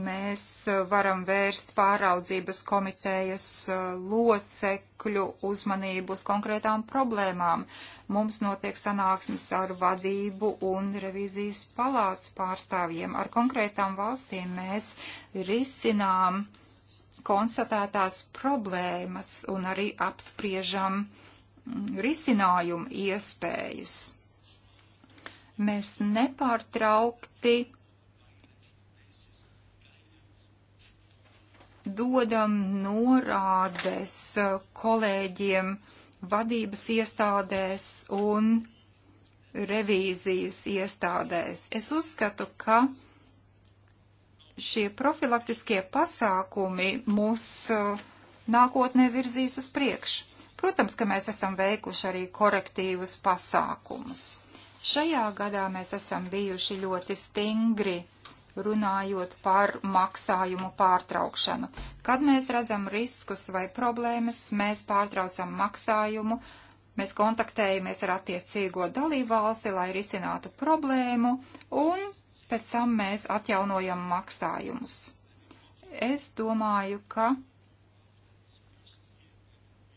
Mēs uh, varam vērst pāraudzības komitejas uh, locekļu uzmanību uz konkrētām problēmām. Mums notiek sanāksmes ar vadību un revizijas palāts pārstāvjiem. Ar konkrētām valstīm mēs risinām uh, konstatētās problēmas un arī apspriežam mm, risinājumu iespējas. Mēs nepārtraukti dodam norādes eh, kolēģiem vadības iestādēs un revīzijas iestādēs. Es uzskatu, ka šie profilaktiskie pasākumi mūs uh, nākotnē virzīs uz priekšu. Protams, ka mēs esam veikuši arī korektīvus pasākumus. Šajā gadā mēs esam bijuši ļoti stingri runājot par maksājumu pārtraukšanu. Kad mēs redzam riskus vai problēmas, mēs pārtraucam maksājumu, mēs kontaktējamies ar attiecīgo dalībvalsti, lai risinātu problēmu, un pēc tam mēs atjaunojam maksājumus. Es domāju, ka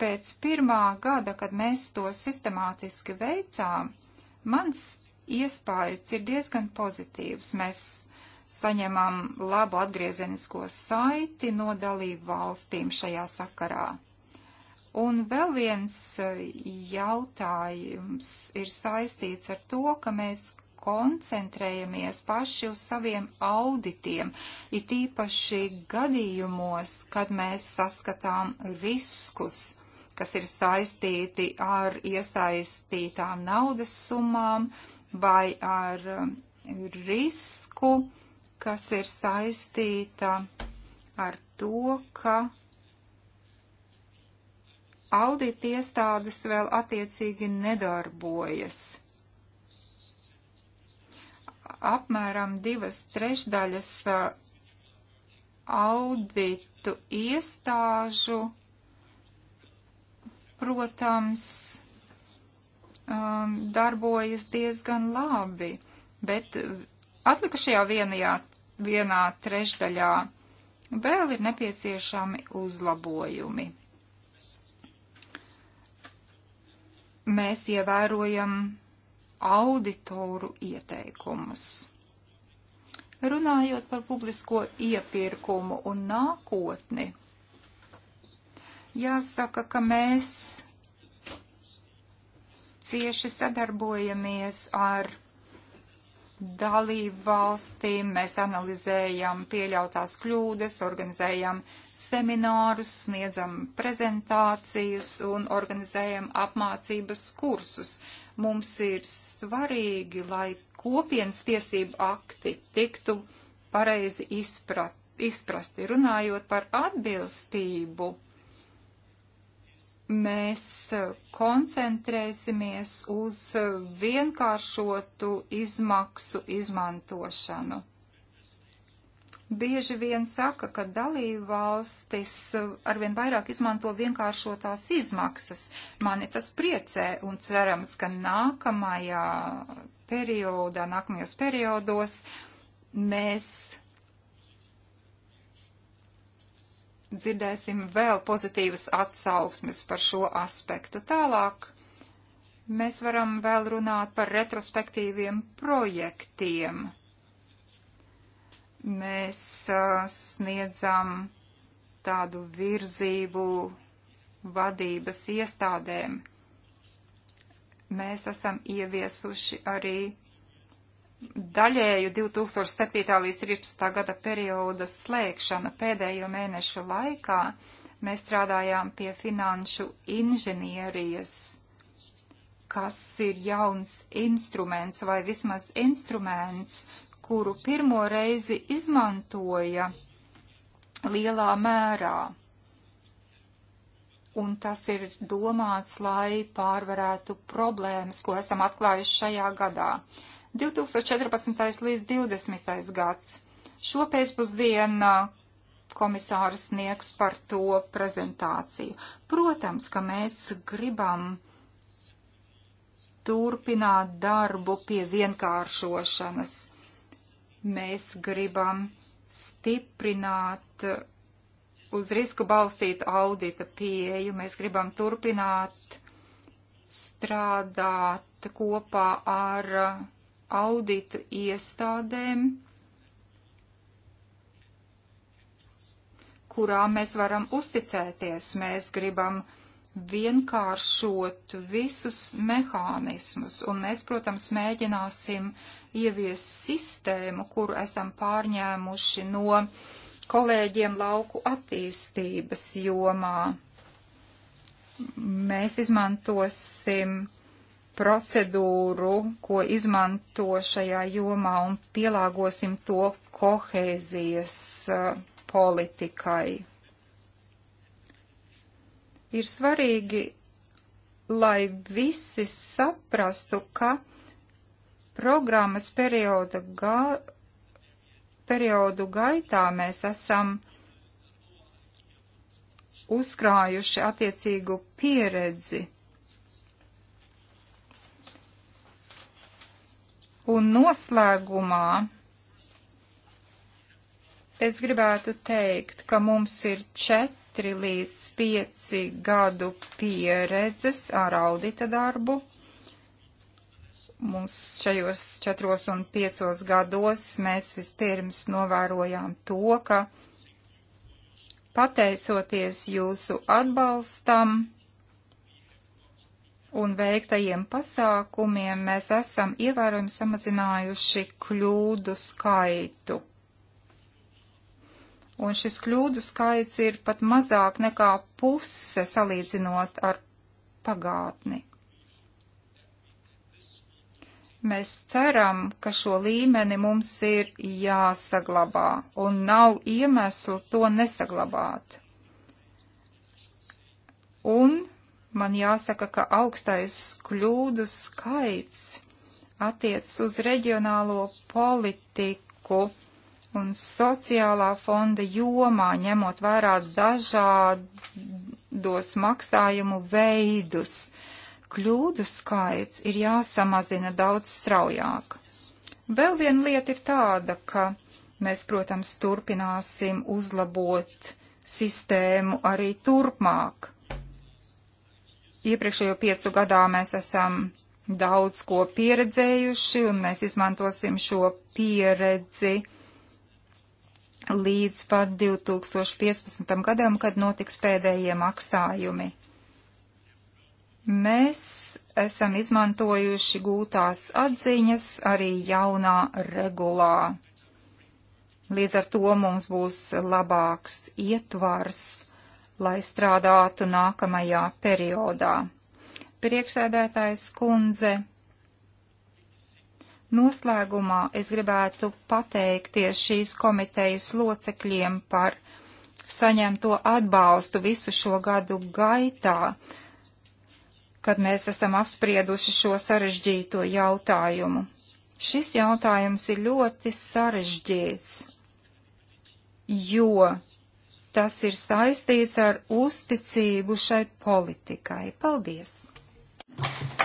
pēc pirmā gada, kad mēs to sistemātiski veicām, mans iespējas ir diezgan pozitīvas. Mēs saņemam labu atgriezenisko saiti no dalību valstīm šajā sakarā. Un vēl viens eh, jautājums ir saistīts ar to, ka mēs koncentrējamies paši uz saviem auditiem, it īpaši gadījumos, kad mēs saskatām riskus, kas ir saistīti ar iesaistītām naudas summām vai ar um, risku, kas ir saistīta ar to, ka audit iestādes vēl attiecīgi nedarbojas apmēram divas trešdaļas auditu iestāžu, protams, um, darbojas diezgan labi, bet atlikušajā vienajā, vienā trešdaļā vēl ir nepieciešami uzlabojumi. Mēs ievērojam auditoru ieteikumus. Runājot par publisko iepirkumu un nākotni, jāsaka, ka mēs cieši sadarbojamies ar dalību valstīm, mēs analizējam pieļautās kļūdas, organizējam seminārus, sniedzam prezentācijas un organizējam apmācības kursus. Mums ir svarīgi, lai kopienas tiesību akti tiktu pareizi izprat, izprasti. Runājot par atbilstību, mēs eh, koncentrēsimies uz eh, vienkāršotu izmaksu izmantošanu bieži vien saka, ka dalībvalstis eh, arvien vairāk izmanto vienkāršotās izmaksas. Mani tas priecē un cerams, ka nākamajā periodā, nākamajos periodos mēs dzirdēsim vēl pozitīvas atsauksmes par šo aspektu. Tālāk mēs varam vēl runāt par retrospektīviem projektiem mēs sniedzam tādu virzību vadības iestādēm. Mēs esam ieviesuši arī daļēju 2007. līdz 13. gada perioda slēgšanu pēdējo mēnešu laikā. Mēs strādājām pie finanšu inženierijas, kas ir jauns instruments vai vismaz instruments, kuru pirmo reizi izmantoja lielā mērā. Un tas ir domāts, lai pārvarētu problēmas, ko esam atklājuši šajā gadā. 2014. līdz 2020. gads. Šo pēcpusdienu uh, komisārs sniegs par to prezentāciju. Protams, ka mēs gribam turpināt darbu pie vienkāršošanas Mēs gribam stiprināt uz risku balstītu audita pieeju. Mēs gribam turpināt strādāt kopā ar auditu iestādēm, kurām mēs varam uzticēties. Mēs gribam vienkāršot visus mehānismus, un mēs, protams, mēģināsim ievies sistēmu, kuru esam pārņēmuši no kolēģiem lauku attīstības jomā. Mēs izmantosim procedūru, ko izmanto šajā jomā un pielāgosim to kohēzijas uh, politikai. Ir svarīgi, lai visi saprastu, ka programmas perioda ga, periodu gaitā mēs esam uzkrājuši attiecīgu pieredzi. Un noslēgumā es gribētu teikt, ka mums ir četri četri līdz pieci gadu pieredzes ar audita darbu. Mums šajos četros un piecos gados mēs vispirms novērojām to, ka pateicoties jūsu atbalstam un veiktajiem pasākumiem, mēs esam ievērojami samazinājuši kļūdu skaitu un šis kļūdu skaits ir pat mazāk nekā puse salīdzinot ar pagātni. Mēs ceram, ka šo līmeni mums ir jāsaglabā un nav iemeslu to nesaglabāt. Un man jāsaka, ka augstais kļūdu skaits attiec uz reģionālo politiku un sociālā fonda jomā, ņemot vērā dažādos maksājumu veidus. Kļūdu skaits ir jāsamazina daudz straujāk. Vēl viena lieta ir tāda, ka mēs, protams, turpināsim uzlabot sistēmu arī turpmāk. Iepriekšējo piecu gadā mēs esam daudz ko pieredzējuši, un mēs izmantosim šo pieredzi līdz pat 2015. gadam, kad notiks pēdējie maksājumi. Mēs esam izmantojuši gūtās atziņas arī jaunā regulā. Līdz ar to mums būs labāks ietvars, lai strādātu nākamajā periodā. Priekšsēdētājs kundze Noslēgumā es gribētu pateikties šīs komitejas locekļiem par saņemto atbalstu visu šo gadu gaitā, kad mēs esam apsprieduši šo sarežģīto jautājumu. Šis jautājums ir ļoti sarežģīts, jo tas ir saistīts ar uzticību šai politikai. Paldies! Thank you.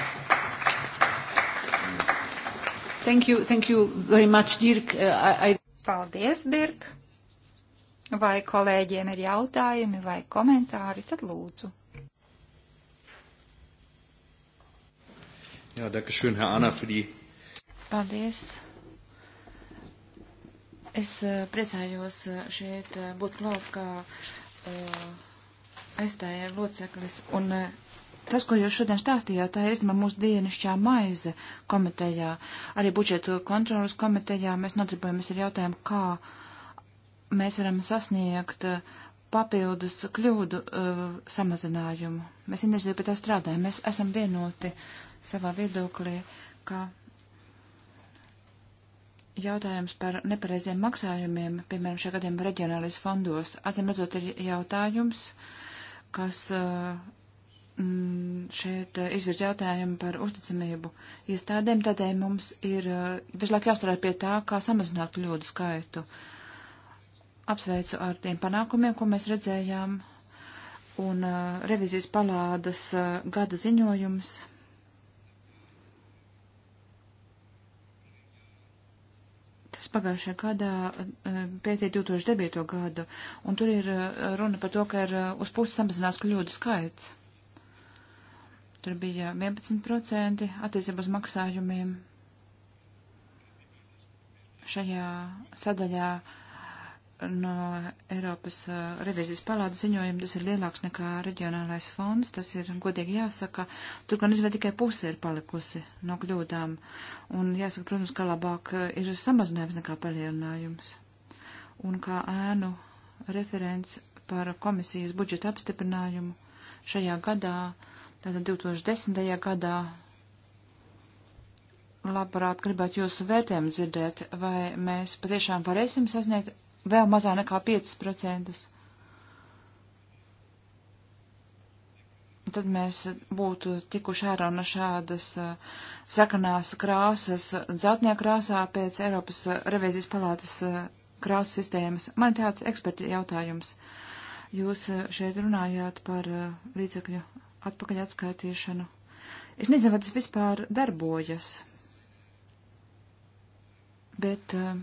Thank you, thank you very much, Dirk. Uh, I... Paldies, Dirk. Vai kolēģiem ir jautājumi vai komentāri, tad lūdzu. Jā, danke schön, Herr Anna, für die. Paldies. Es uh, priecājos uh, šeit uh, būt klāt kā uh, aizstājēja loceklis un uh, Tas, ko jūs šodien stāstījāt, tā ir īstenībā mūsu dienišķā maize komitejā. Arī budžetu kontrolas komitejā mēs nodarbojamies ar jautājumu, kā mēs varam sasniegt uh, papildus kļūdu uh, samazinājumu. Mēs intensīvi pie tā strādājam. Mēs esam vienoti savā viedoklī, ka jautājums par nepareiziem maksājumiem, piemēram, šajā gadījumā reģionālais fondos, atcīm redzot, ir jautājums, kas uh, Mm, šeit eh, izvirz jautājumu par uzticamību iestādēm, tādēļ mums ir eh, vislāk jāstrādā pie tā, kā samazināt kļūdu skaitu. Apsveicu ar tiem panākumiem, ko mēs redzējām, un uh, revizijas palādas uh, gada ziņojums. Tas pagājušajā gadā uh, pētīja 2009. gadu, un tur ir runa par to, ka ir uz pusi samazinās kļūdu skaits tur bija 11% attiecībā uz maksājumiem. Šajā sadaļā no Eiropas uh, revizijas palātas ziņojuma tas ir lielāks nekā reģionālais fonds, tas ir godīgi jāsaka. Tur gan izvēl tikai puse ir palikusi no kļūdām. Un jāsaka, protams, ka labāk uh, ir samazinājums nekā palielinājums. Un kā ēnu referents par komisijas budžeta apstiprinājumu šajā gadā uh, Tātad 2010. gadā labprāt gribētu jūsu vērtējumu dzirdēt, vai mēs patiešām varēsim sasniegt vēl mazā nekā 5%. Tad mēs būtu tikuši ārā no šādas uh, sakanās krāsas, dzeltnie krāsā pēc Eiropas uh, revīzijas palātas uh, krāsas sistēmas. Man tāds eksperti jautājums. Jūs šeit runājāt par līdzekļu atpakaļ atskaitīšanu. Es nezinu, vai tas vispār darbojas, bet, eh,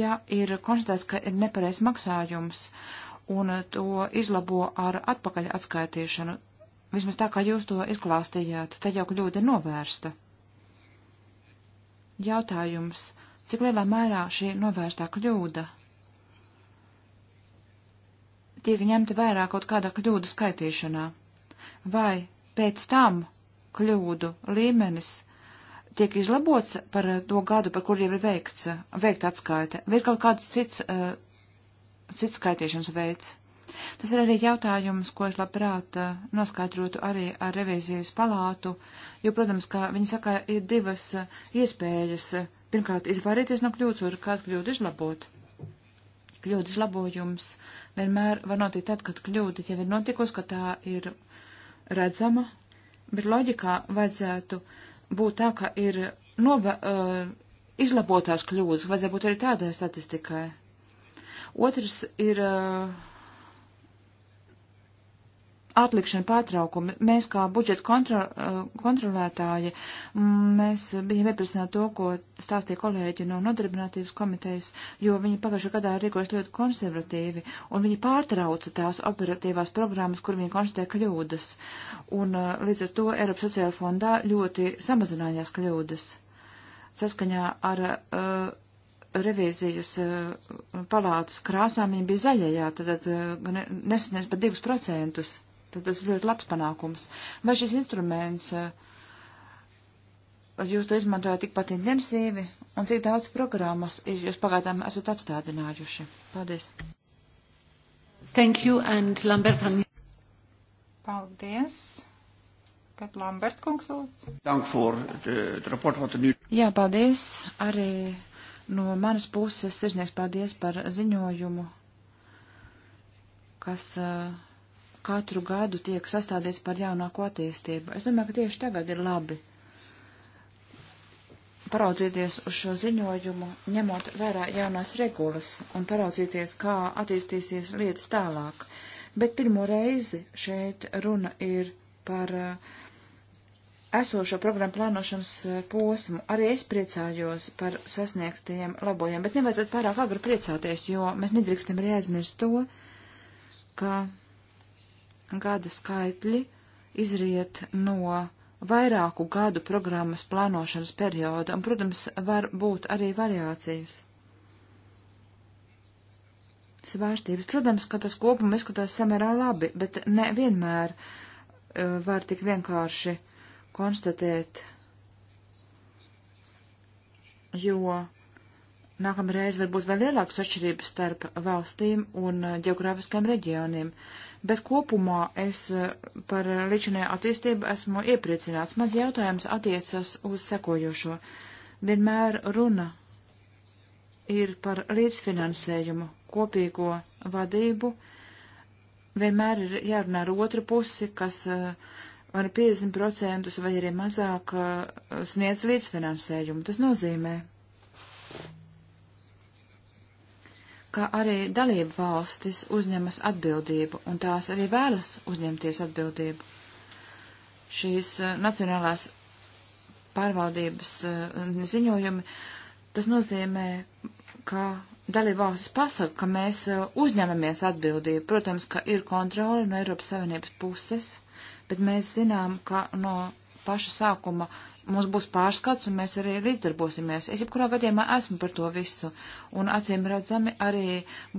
ja ir konstatēts, ka ir nepareizs maksājums un eh, to izlabo ar atpakaļ atskaitīšanu, vismaz tā kā jūs to izklāstījāt, tad jau kļūda ir novērsta. Jautājums, cik lielā mērā šī novērstā kļūda tiek ņemta vērā kaut kādā kļūdu skaitīšanā? vai pēc tam kļūdu līmenis tiek izlabots par to gadu, par kuriem ir veikts, veikt atskaite, vai ir kaut kāds cits, uh, cits skaitīšanas veids. Tas ir arī jautājums, ko es labprāt uh, noskaidrotu arī ar revīzijas palātu, jo, protams, kā viņi saka, ir divas uh, iespējas. Pirmkārt, izvairīties no kļūdas, otrkārt, kļūdu izlabot. Kļūdas labojums vienmēr var notikt tad, kad kļūda jau ir notikusi, ka tā ir redzama, bet loģikā vajadzētu būt tā, ka ir nova, uh, izlabotās kļūdas, vajadzētu būt arī tādai statistikai. Otrs ir uh, atlikšana pārtraukumi. Mēs kā budžeta kontro, eh, kontrolētāji, mm, mēs bijām iepriecināti to, ko stāstīja kolēģi no nodarbinātības komitejas, jo viņi pagājušajā gadā rīkojas ļoti konservatīvi, un viņi pārtrauca tās operatīvās programmas, kur viņi konstatē kļūdas. Un eh, līdz ar to Eiropas sociāla fondā ļoti samazinājās kļūdas. Saskaņā ar uh, revīzijas uh, palātas krāsām viņi bija zaļajā, tad uh, nesanies pat divus procentus tad tas ir ļoti labs panākums. Vai šis instruments, eh, jūs to izmantojat tikpat intensīvi, un cik daudz programmas jūs pagaidām esat apstādinājuši? Paldies. Thank you and Lambert van. Paldies. Kad Lambert kungs lūdzu. Dank for the, the report what the er new. Nu- Jā, paldies. Arī no manas puses sirsnieks paldies par ziņojumu, kas uh, katru gadu tiek sastādīts par jaunāko attīstību. Es domāju, ka tieši tagad ir labi paraudzīties uz šo ziņojumu, ņemot vērā jaunās regulas un paraudzīties, kā attīstīsies lietas tālāk. Bet pirmo reizi šeit runa ir par eh, esošo programmu plānošanas eh, posmu. Arī es priecājos par sasniegtajiem labojiem, bet nevajadzētu pārāk agri priecāties, jo mēs nedrīkstam arī aizmirst to, ka gada skaitļi izriet no vairāku gadu programmas plānošanas perioda, un, protams, var būt arī variācijas. Svārstības. Protams, ka tas kopumā izskatās samērā labi, bet ne vienmēr uh, e, var tik vienkārši konstatēt, jo nākamreiz var būt vēl lielākas atšķirības starp valstīm un ģeogrāfiskiem e, reģioniem. Uh, bet kopumā es eh, par ličinē attīstību esmu iepriecināts. Mans jautājums attiecas uz sekojošo. Vienmēr runa ir par līdzfinansējumu, kopīgo vadību. Vienmēr ir jārunā ar otru pusi, kas eh, ar 50% vai arī mazāk eh, sniedz līdzfinansējumu. Tas nozīmē, ka arī dalību valstis uzņemas atbildību, un tās arī vēlas uzņemties atbildību. Šīs uh, nacionālās pārvaldības uh, ziņojumi, tas nozīmē, ka dalību valstis pasaka, ka mēs uh, uzņemamies atbildību. Protams, ka ir kontroli no Eiropas Savienības puses, bet mēs zinām, ka no paša sākuma uh, mums būs pārskats, un mēs arī līdzdarbosimies. Es jebkurā gadījumā esmu par to visu, un acīm redzami arī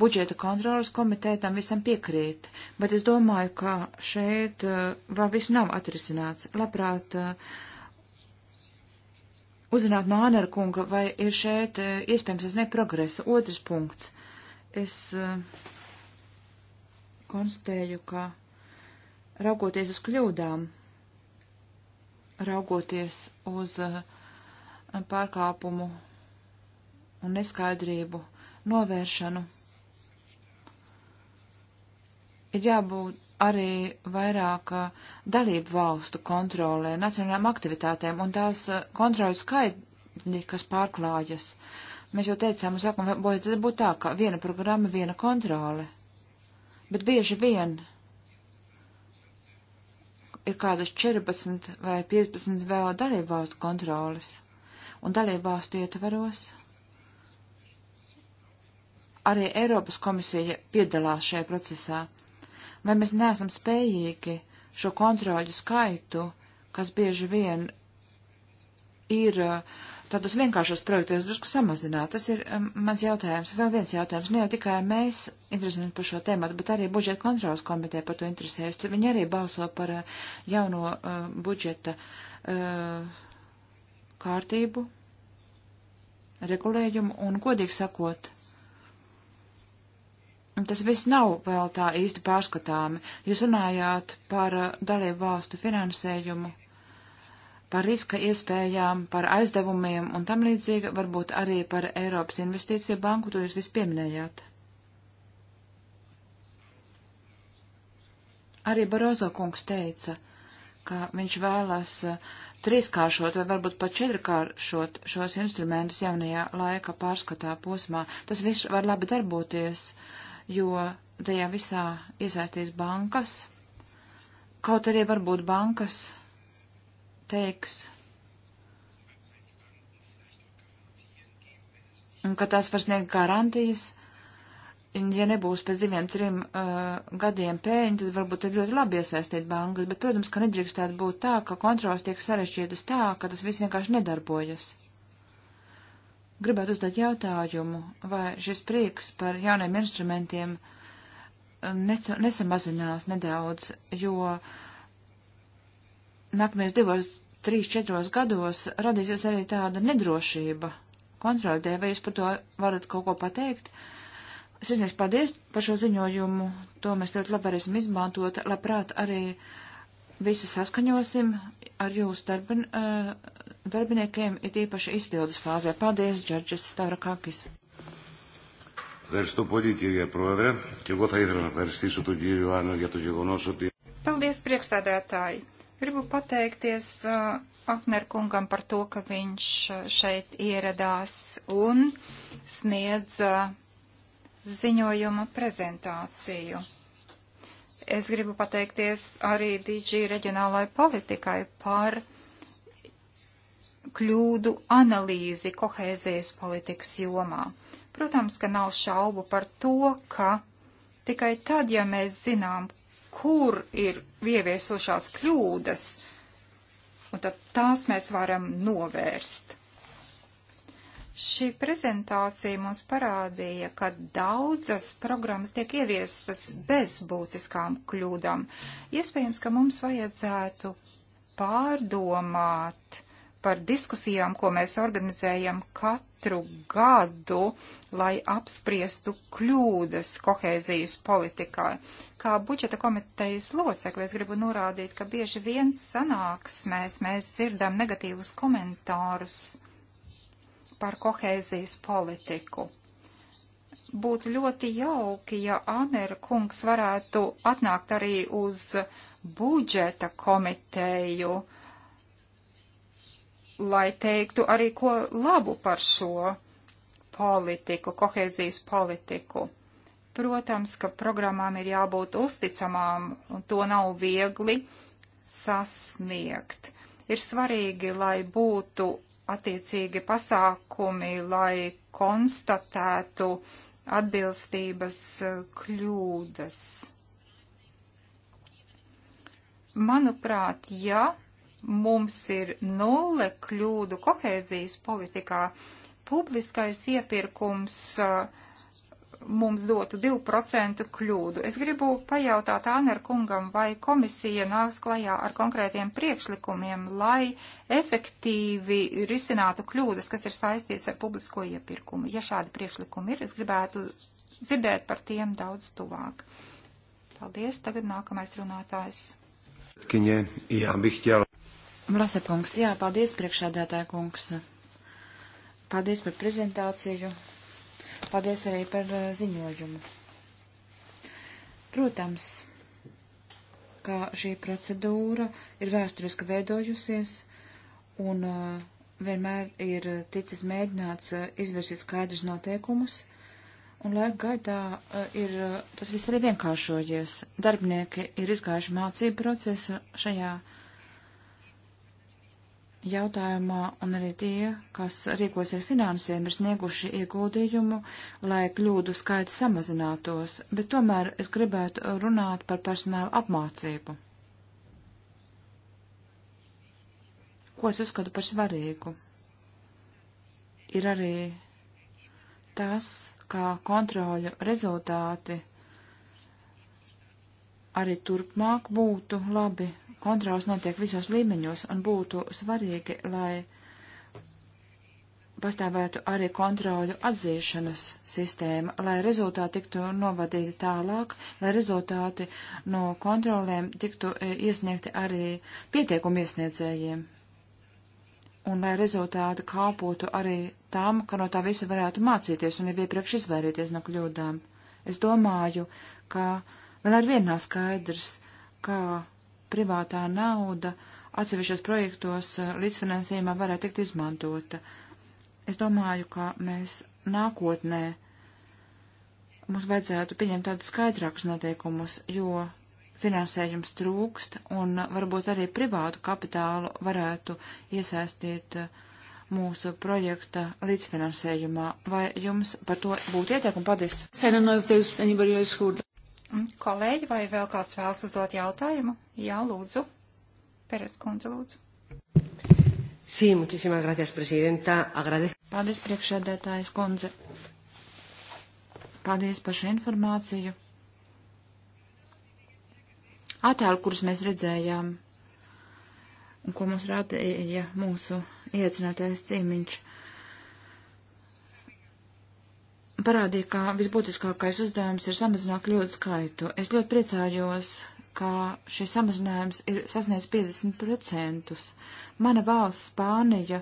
budžeta kontrolas komiteja tam visam piekrīt, bet es domāju, ka šeit uh, vēl viss nav atrisināts. Labprāt, uh, uzzināt no Anera kunga, vai ir šeit uh, iespējams es neprogresa. Otrs punkts. Es konstatēju, ka raugoties uz kļūdām, raugoties uz eh, pārkāpumu un neskaidrību novēršanu, ir jābūt arī vairāk eh, dalību valstu kontrolē, nacionālām aktivitātēm un tās eh, kontrolu skaidri, kas pārklājas. Mēs jau teicām, sākumā vajadzētu būt tā, ka viena programma, viena kontrole. Bet bieži vien ir kādas 14 vai 15 vēl dalībvalstu kontrolas, un dalībvalstu ietvaros arī Eiropas komisija piedalās šajā procesā. Vai mēs neesam spējīgi šo kontroļu skaitu, kas bieži vien ir uh, tad uz vienkāršos projektos drusku samazināt. Tas ir um, mans jautājums. Vēl viens jautājums. Nu, ne jau tikai mēs interesējamies par šo tēmu, bet arī budžeta kontrolas komiteja par to interesējas. Tur viņi arī balso par uh, jauno uh, budžeta uh, kārtību, regulējumu un, godīgi sakot, tas viss nav vēl tā īsti pārskatāmi. Jūs runājāt par uh, dalību valstu finansējumu par riska iespējām, par aizdevumiem un tam līdzīgi, varbūt arī par Eiropas investīciju banku, to jūs viss pieminējāt. Arī Barozo kungs teica, ka viņš vēlas uh, trīskāršot vai varbūt pat četrkāršot šos instrumentus jaunajā laika pārskatā posmā. Tas viss var labi darboties, jo tajā visā iesaistīs bankas, kaut arī varbūt bankas teiks, ka tās var sniegt garantijas. Ja nebūs pēc diviem, trim uh, gadiem pēļņi, tad varbūt ir ļoti labi iesaistīt bankas, bet, protams, ka nedrīkstētu būt tā, ka kontrols tiek sarežģītas tā, ka tas viss vienkārši nedarbojas. Gribētu uzdot jautājumu, vai šis prieks par jauniem instrumentiem uh, net, nesamazinās nedaudz, jo nākamajos divos trīs, četros gados radīsies arī tāda nedrošība kontrolē, vai jūs par to varat kaut ko pateikt? Sinies, paldies par šo ziņojumu, to mēs ļoti labi varēsim izmantot, labprāt arī visu saskaņosim ar jūsu darbin, eh, darbiniekiem, it īpaši izpildes fāzē. Paldies, Džordžis Stavrakakis. Ευχαριστώ πολύ κύριε Πρόεδρε και εγώ θα ήθελα να ευχαριστήσω τον κύριο Άννα για το γεγονός ότι... Paldies, priekšstādātāji! Gribu pateikties uh, Akner kungam par to, ka viņš uh, šeit ieradās un sniedz uh, ziņojuma prezentāciju. Es gribu pateikties arī DG reģionālai politikai par kļūdu analīzi kohēzijas politikas jomā. Protams, ka nav šaubu par to, ka tikai tad, ja mēs zinām, kur ir ieviesušās kļūdas, un tad tās mēs varam novērst. Šī prezentācija mums parādīja, ka daudzas programmas tiek ieviestas bez būtiskām kļūdām. Iespējams, ka mums vajadzētu pārdomāt par diskusijām, ko mēs organizējam katru gadu lai apspriestu kļūdas kohēzijas politikā. Kā budžeta komitejas locekli es gribu norādīt, ka bieži vien sanāksmēs mēs dzirdam negatīvus komentārus par kohēzijas politiku. Būtu ļoti jauki, ja Aner kungs varētu atnākt arī uz budžeta komiteju, lai teiktu arī ko labu par šo politiku, kohēzijas politiku. Protams, ka programmām ir jābūt uzticamām, un to nav viegli sasniegt. Ir svarīgi, lai būtu attiecīgi pasākumi, lai konstatētu atbilstības eh, kļūdas. Manuprāt, ja mums ir nulle kļūdu kohēzijas politikā, publiskais iepirkums uh, mums dotu 2% kļūdu. Es gribu pajautāt Āner kungam, vai komisija nāks klajā ar konkrētiem priekšlikumiem, lai efektīvi risinātu kļūdas, kas ir saistīts ar publisko iepirkumu. Ja šādi priekšlikumi ir, es gribētu dzirdēt par tiem daudz tuvāk. Paldies. Tagad nākamais runātājs. Kiņē, jā, bija ķēla. Vlasekungs, jā, paldies priekšādētāja kungs. Jā, Paldies par prezentāciju. Paldies arī par eh, ziņojumu. Protams, ka šī procedūra ir vēsturiski veidojusies un eh, vienmēr ir ticis mēģināts eh, izvirsīt skaidrus noteikumus, un laika gaitā ir tas viss arī vienkāršojies. Darbinieki ir izgājuši mācību procesu šajā jautājumā, un arī tie, kas rīkos ar finansēm, ir snieguši ieguldījumu, lai kļūdu skaits samazinātos, bet tomēr es gribētu runāt par personāla apmācību. Ko es uzskatu par svarīgu? Ir arī tas, kā kontroļu rezultāti arī turpmāk būtu labi kontrols notiek visos līmeņos un būtu svarīgi, lai pastāvētu arī kontroļu atzīšanas sistēma, lai rezultāti tiktu novadīti tālāk, lai rezultāti no kontrolēm tiktu e, iesniegti arī pieteikumu iesniedzējiem. Un lai rezultāti kalpotu arī tam, ka no tā visa varētu mācīties un jau iepriekš izvairīties no kļūdām. Es domāju, ka vēl ar vien nav skaidrs, kā privātā nauda atsevišķos projektos eh, līdzfinansējumā varētu tikt izmantota. Es domāju, ka mēs nākotnē mums vajadzētu pieņemt tādus skaidrākus noteikumus, jo finansējums trūkst un varbūt arī privātu kapitālu varētu iesaistīt eh, mūsu projekta līdzfinansējumā. Vai jums par to būtu ieteikumi? Paldies! Mm, kolēģi, vai vēl kāds vēlas uzdot jautājumu? Jā, lūdzu. Peres kundze, lūdzu. Sí, muchísimas gracias, presidenta. Agradez... Paldies, priekšsēdētājas kundze. Paldies par šo informāciju. Attēlu, kurus mēs redzējām, un ko mums rādīja mūsu iecinātais cīmiņš. Uh, parādīja, ka visbūtiskākais uzdevums ir samazināt kļūdu skaitu. Es ļoti priecājos, ka šis samazinājums ir sasniedz 50%. Mana valsts Spānija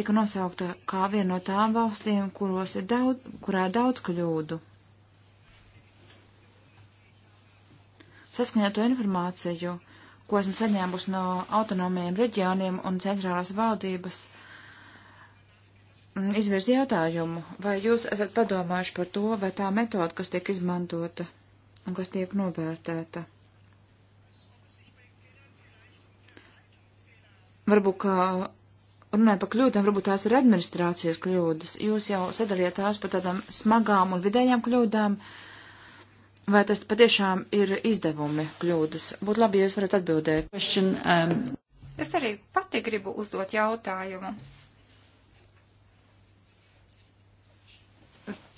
tika nosaukta kā viena no tām valstīm, kuros ir daudz, kurā ir daudz kļūdu. Saskaņā to informāciju, ko esmu saņēmusi no autonomiem reģioniem un centrālās valdības, uh, izvirzi jautājumu, vai jūs esat padomājuši par to, vai tā metoda, kas tiek izmantota un kas tiek novērtēta. Varbūt, kā runāja par kļūdām, varbūt tās ir administrācijas kļūdas. Jūs jau sadalījāt tās par tādām smagām un vidējām kļūdām. Vai tas patiešām ir izdevumi kļūdas? Būtu labi, ja jūs varat atbildēt. Question, um... Es arī pati gribu uzdot jautājumu.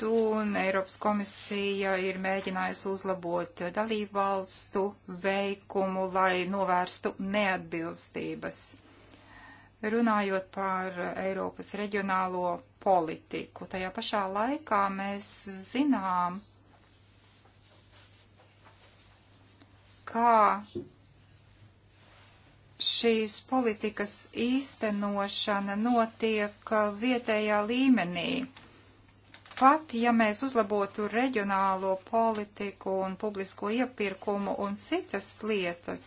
un Eiropas komisija ir mēģinājusi uzlabot dalību valstu veikumu, lai novērstu neatbilstības. Runājot par Eiropas reģionālo politiku, tajā pašā laikā mēs zinām, kā šīs politikas īstenošana notiek vietējā līmenī Pat ja mēs uzlabotu reģionālo politiku un publisko iepirkumu un citas lietas,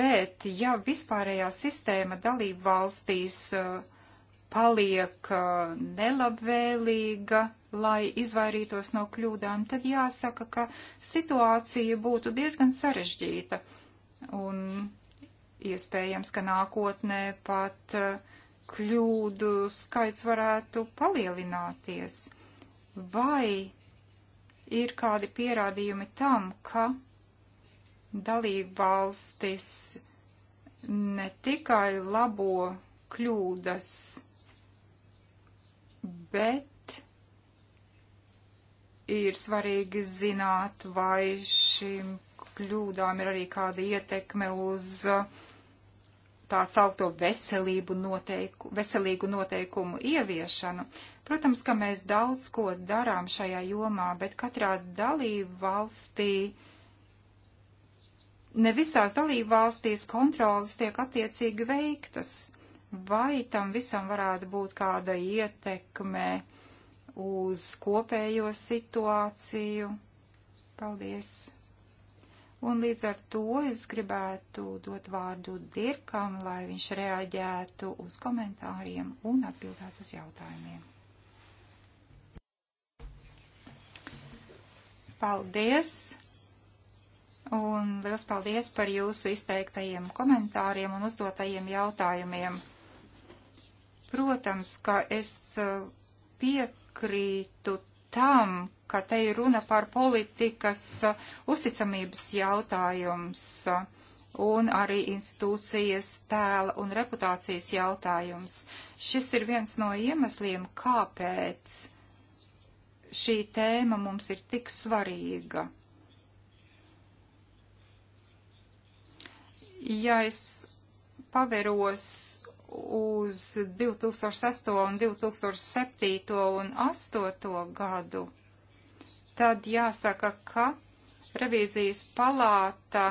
bet ja vispārējā sistēma dalību valstīs eh, paliek eh, nelabvēlīga, lai izvairītos no kļūdām, tad jāsaka, ka situācija būtu diezgan sarežģīta. Un iespējams, ka nākotnē pat uh, kļūdu skaits varētu palielināties? Vai ir kādi pierādījumi tam, ka dalību valstis ne tikai labo kļūdas, bet ir svarīgi zināt, vai šīm kļūdām ir arī kāda ietekme uz uh, tā saukto veselību noteiku, veselīgu noteikumu ieviešanu. Protams, ka mēs daudz ko darām šajā jomā, bet katrā dalību valstī, ne visās dalību valstīs kontrolas tiek attiecīgi veiktas. Vai tam visam varētu būt kāda ietekme uz kopējo situāciju? Paldies! Un līdz ar to es gribētu dot vārdu Dirkam, lai viņš reaģētu uz komentāriem un atbildētu uz jautājumiem. Paldies! Un liels paldies par jūsu izteiktajiem komentāriem un uzdotajiem jautājumiem. Protams, ka es uh, piekrītu tam, ka te ir runa par politikas uh, uzticamības jautājums uh, un arī institūcijas tēla un reputācijas jautājums. Šis ir viens no iemesliem, kāpēc šī tēma mums ir tik svarīga. Ja es paveros uz 2006. un 2007. un 2008. gadu, tad jāsaka, ka revīzijas palāta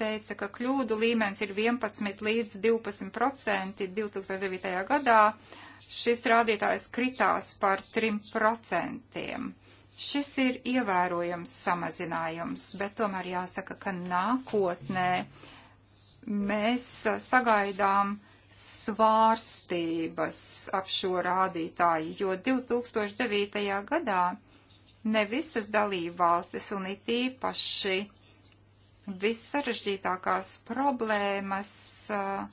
teica, ka kļūdu līmenis ir 11 līdz 12 procenti 2009. gadā. Šis rādītājs kritās par 3 procentiem. Šis ir ievērojams samazinājums, bet tomēr jāsaka, ka nākotnē mēs sagaidām uh, svārstības ap šo rādītāju, jo 2009. gadā ne visas dalībvalstis un it īpaši vissarežģītākās problēmas uh,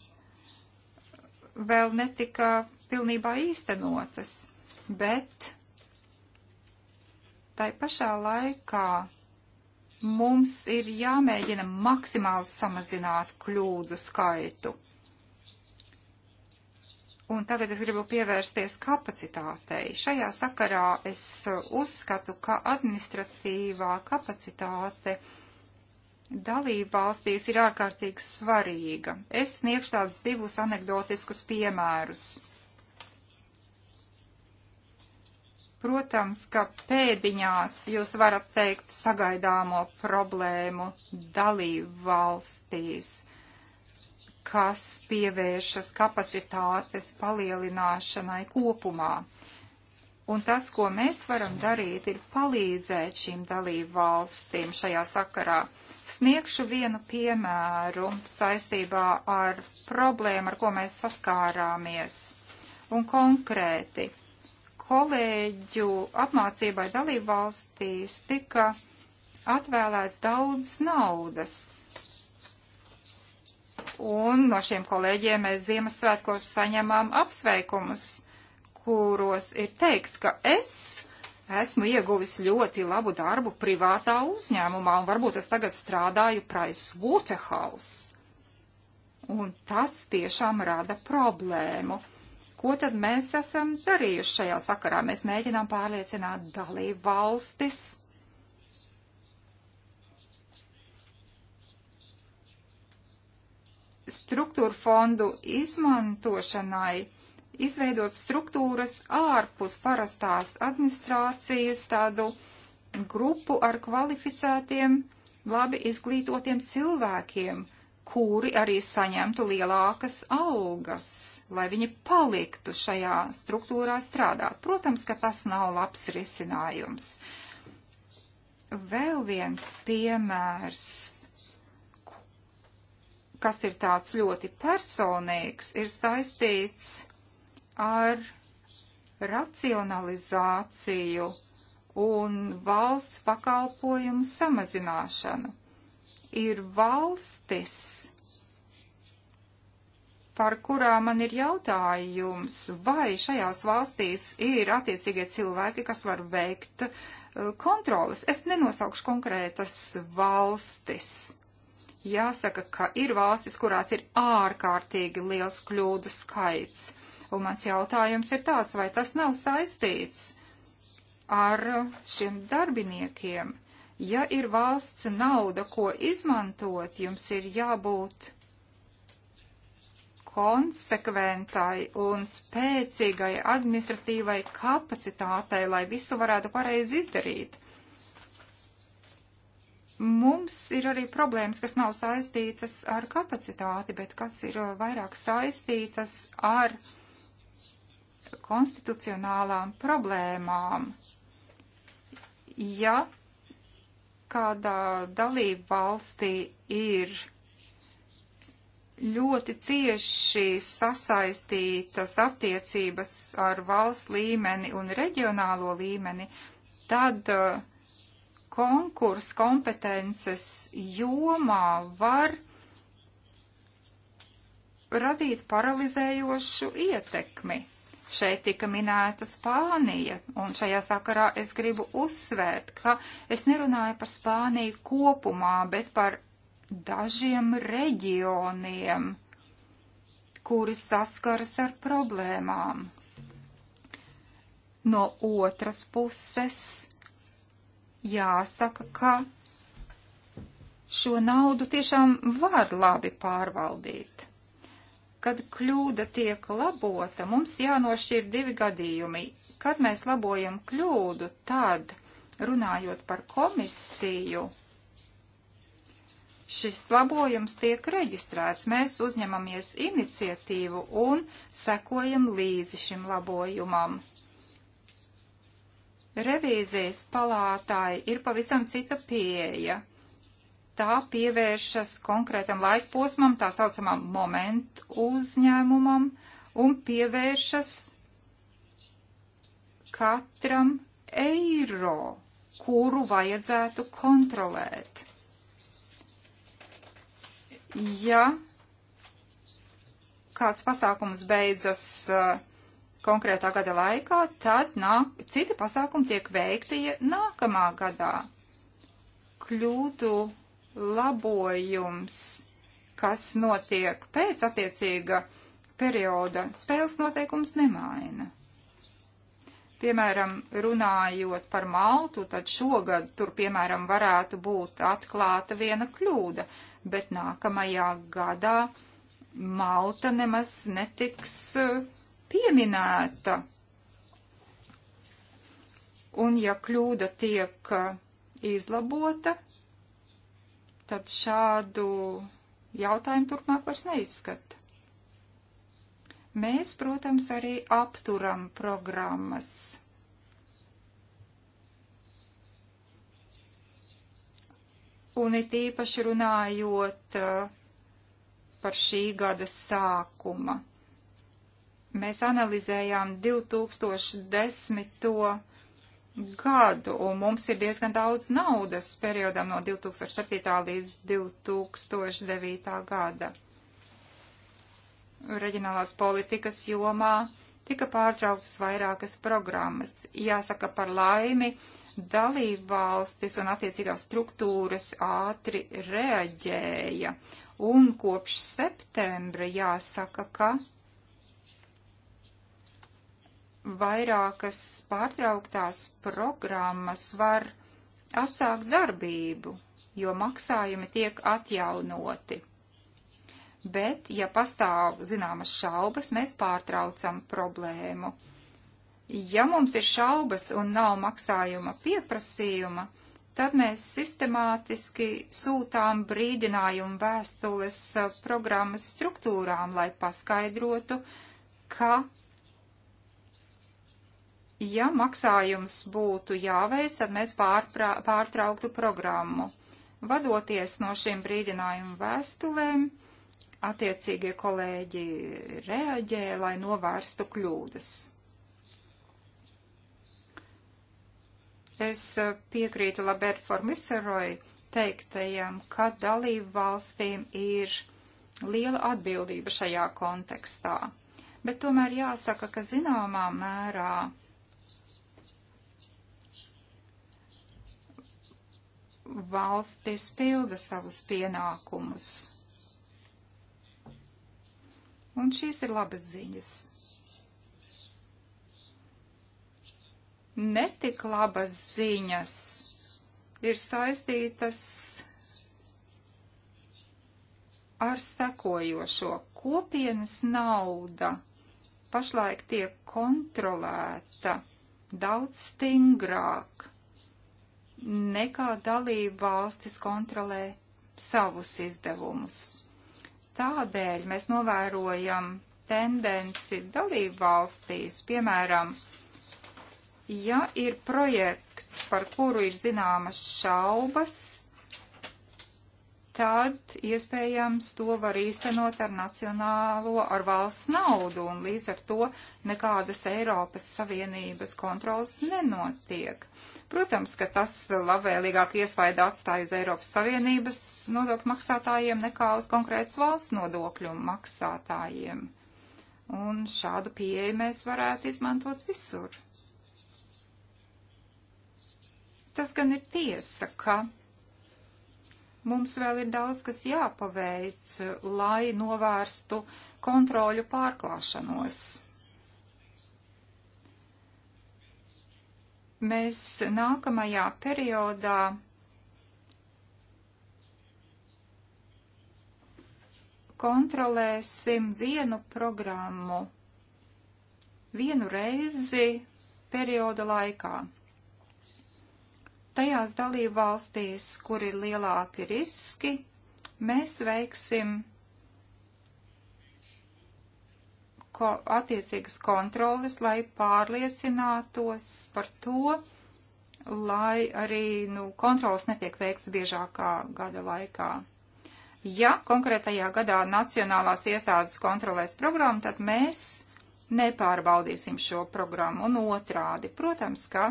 vēl netika pilnībā īstenotas, bet tai pašā laikā mums ir jāmēģina maksimāli samazināt kļūdu skaitu. Un tagad es gribu pievērsties kapacitātei. Šajā sakarā es uh, uzskatu, ka administratīvā kapacitāte dalību valstīs ir ārkārtīgi svarīga. Es sniegšu tādus divus anegdotiskus piemērus. Protams, ka pēdiņās jūs varat teikt sagaidāmo problēmu dalību valstīs kas pievēršas kapacitātes palielināšanai kopumā. Un tas, ko mēs varam darīt, ir palīdzēt šīm dalību valstīm šajā sakarā. Sniegšu vienu piemēru saistībā ar problēmu, ar ko mēs saskārāmies. Un konkrēti, kolēģu apmācībai dalību valstīs tika atvēlēts daudz naudas, un no šiem kolēģiem mēs Ziemassvētkos saņemām apsveikumus, kuros ir teikts, ka es esmu ieguvis ļoti labu darbu privātā uzņēmumā, un varbūt es tagad strādāju Price Waterhouse. Un tas tiešām rada problēmu. Ko tad mēs esam darījuši šajā sakarā? Mēs mēģinām pārliecināt dalību valstis struktūra fondu izmantošanai izveidot struktūras ārpus parastās administrācijas tādu grupu ar kvalificētiem, labi izglītotiem cilvēkiem, kuri arī saņemtu lielākas algas, lai viņi paliktu šajā struktūrā strādāt. Protams, ka tas nav labs risinājums. Vēl viens piemērs kas ir tāds ļoti personīgs, ir saistīts ar racionalizāciju un valsts pakalpojumu samazināšanu. Ir valstis, par kurām man ir jautājums, vai šajās valstīs ir attiecīgie cilvēki, kas var veikt eh, kontrolas. Es nenosaukšu konkrētas valstis. Jāsaka, ka ir valstis, kurās ir ārkārtīgi liels kļūdu skaits. Un mans jautājums ir tāds, vai tas nav saistīts ar šiem darbiniekiem. Ja ir valsts nauda, ko izmantot, jums ir jābūt konsekventai un spēcīgai administratīvai kapacitātei, lai visu varētu pareizi izdarīt. Mums ir arī problēmas, kas nav saistītas ar kapacitāti, bet kas ir uh, vairāk saistītas ar konstitucionālām problēmām. Ja kādā dalība valstī ir ļoti cieši sasaistītas attiecības ar valsts līmeni un reģionālo līmeni, tad uh, konkurss kompetences jomā var radīt paralizējošu ietekmi. Šeit tika minēta Spānija, un šajā sakarā es gribu uzsvērt, ka es nerunāju par Spāniju kopumā, bet par dažiem reģioniem, kuri saskaras ar problēmām. No otras puses, jāsaka, ka šo naudu tiešām var labi pārvaldīt. Kad kļūda tiek labota, mums jānošķir divi gadījumi. Kad mēs labojam kļūdu, tad, runājot par komisiju, šis labojums tiek reģistrēts. Mēs uzņemamies iniciatīvu un sekojam līdzi šim labojumam. Revīzijas palātāji ir pavisam cita pieeja. Tā pievēršas konkrētam laikposmam, tā saucamam momentu uzņēmumam, un pievēršas katram eiro, kuru vajadzētu kontrolēt. Ja kāds pasākums beidzas uh, konkrētā gada laikā, tad nāk, citi pasākumi tiek veikti ja nākamā gadā. Kļūtu labojums, kas notiek pēc attiecīga perioda, spēles noteikums nemaina. Piemēram, runājot par Maltu, tad šogad tur, piemēram, varētu būt atklāta viena kļūda, bet nākamajā gadā Malta nemaz netiks eh, pieminēta, un ja kļūda tiek uh, izlabota, tad šādu jautājumu turpmāk vairs neizskata. Mēs, protams, arī apturam programmas. Un it īpaši runājot uh, par šī gada sākuma mēs analizējām 2010. gadu, un mums ir diezgan daudz naudas periodam no 2007. līdz 2009. gada. Reģionālās politikas jomā tika pārtrauktas vairākas programmas. Jāsaka par laimi, dalībvalstis un attiecīgās struktūras ātri reaģēja. Un kopš septembra jāsaka, ka vairākas pārtrauktās programmas var atsākt darbību, jo maksājumi tiek atjaunoti. Bet, ja pastāv zināmas šaubas, mēs pārtraucam problēmu. Ja mums ir šaubas un nav maksājuma pieprasījuma, tad mēs sistemātiski sūtām brīdinājumu vēstules programmas struktūrām, lai paskaidrotu, ka Ja maksājums būtu jāveic, tad mēs pārprā, pārtrauktu programmu. Vadoties no šiem brīdinājumu vēstulēm, attiecīgie kolēģi reaģē, lai novērstu kļūdas. Es piekrītu Labert Formiseroju teiktajam, ka dalību valstīm ir liela atbildība šajā kontekstā. Bet tomēr jāsaka, ka zināmā mērā valstis pilda savus pienākumus. Un šīs ir labas ziņas. Netik labas ziņas ir saistītas ar sekojošo. Kopienas nauda pašlaik tiek kontrolēta daudz stingrāk nekā dalība valstis kontrolē savus izdevumus. Tādēļ mēs novērojam tendenci dalību valstīs, piemēram, ja ir projekts, par kuru ir zināmas šaubas, tad iespējams to var īstenot ar nacionālo, ar valsts naudu, un līdz ar to nekādas Eiropas Savienības kontrolas nenotiek. Protams, ka tas labvēlīgāk iesvaidu atstāja uz Eiropas Savienības nodokļu maksātājiem nekā uz konkrētas valsts nodokļu maksātājiem. Un šādu pieeju mēs varētu izmantot visur. Tas gan ir tiesa, ka Mums vēl ir daudz, kas jāpaveic, lai novērstu kontroļu pārklāšanos. Mēs nākamajā periodā kontrolēsim vienu programmu vienu reizi perioda laikā. Tajās dalībvalstīs, kur ir lielāki riski, mēs veiksim ko, attiecīgas kontroles, lai pārliecinātos par to, lai arī nu, kontrols netiek veikts biežākā gada laikā. Ja konkrētajā gadā nacionālās iestādes kontrolēs programmu, tad mēs nepārbaudīsim šo programmu un otrādi. Protams, ka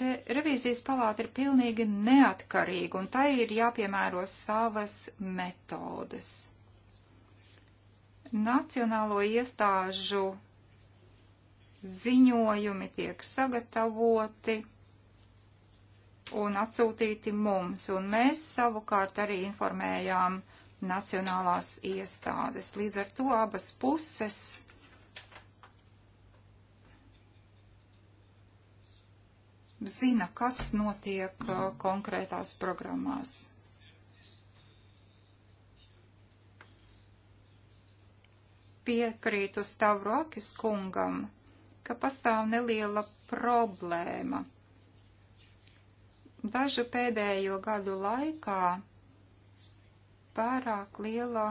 Re, revīzijas palāta ir pilnīgi neatkarīga, un tai ir jāpiemēro savas metodas. Nacionālo iestāžu ziņojumi tiek sagatavoti un atsūtīti mums, un mēs savukārt arī informējām nacionālās iestādes. Līdz ar to abas puses zina, kas notiek uh, konkrētās programmās. Piekrītu Stavroakis kungam, ka pastāv neliela problēma. Dažu pēdējo gadu laikā pārāk liela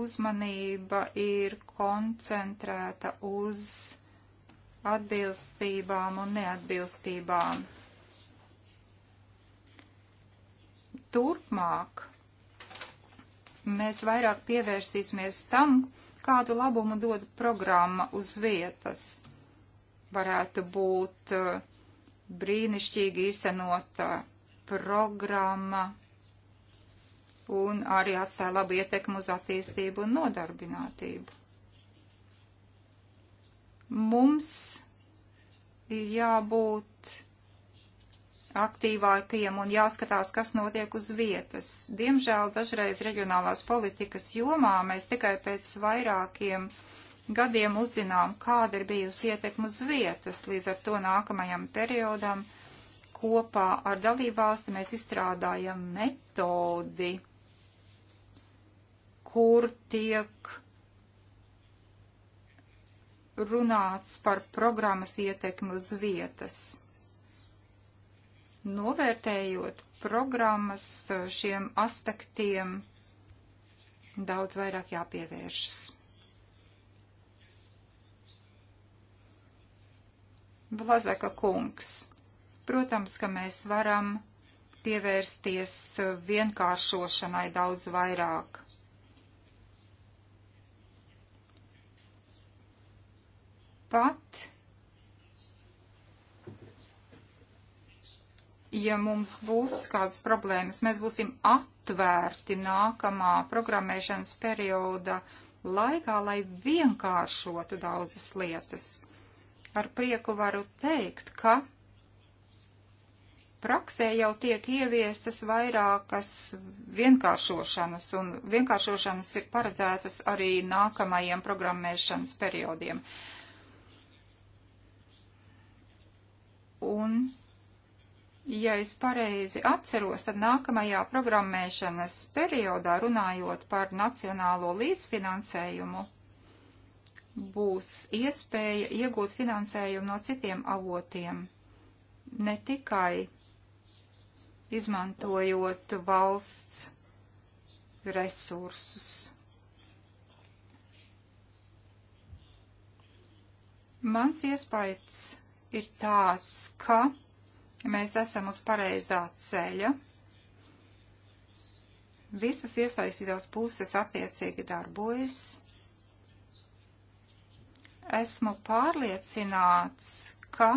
uzmanība ir koncentrēta uz atbilstībām un neatbilstībām. Turpmāk mēs vairāk pievērsīsimies tam, kādu labumu dod programma uz vietas. Varētu būt uh, brīnišķīgi īstenota programma un arī atstāja labu ietekmu uz attīstību un nodarbinātību. Mums ir jābūt aktīvākajiem un jāskatās, kas notiek uz vietas. Diemžēl dažreiz reģionālās politikas jomā mēs tikai pēc vairākiem gadiem uzzinām, kāda ir bijusi ietekma uz vietas. Līdz ar to nākamajam periodam kopā ar dalībvalsti mēs izstrādājam metodi, kur tiek runāts par programmas ietekmi uz vietas. Novērtējot programmas e, šiem aspektiem, daudz vairāk jāpievēršas. Blazaka kungs. Protams, ka mēs varam pievērsties e, vienkāršošanai daudz vairāk pat ja mums būs kādas problēmas, mēs būsim atvērti nākamā programmēšanas perioda laikā, lai vienkāršotu daudzas lietas. Ar prieku varu teikt, ka praksē jau tiek ieviestas vairākas vienkāršošanas, un vienkāršošanas ir paredzētas arī nākamajiem programmēšanas periodiem. Uh, Ja es pareizi atceros, tad nākamajā programmēšanas periodā runājot par nacionālo līdzfinansējumu, būs iespēja iegūt finansējumu no citiem avotiem, ne tikai izmantojot valsts resursus. Mans iespējas ir tāds, ka Mēs esam uz pareizā ceļa. Visas iesaistītās puses attiecīgi darbojas. Esmu pārliecināts, ka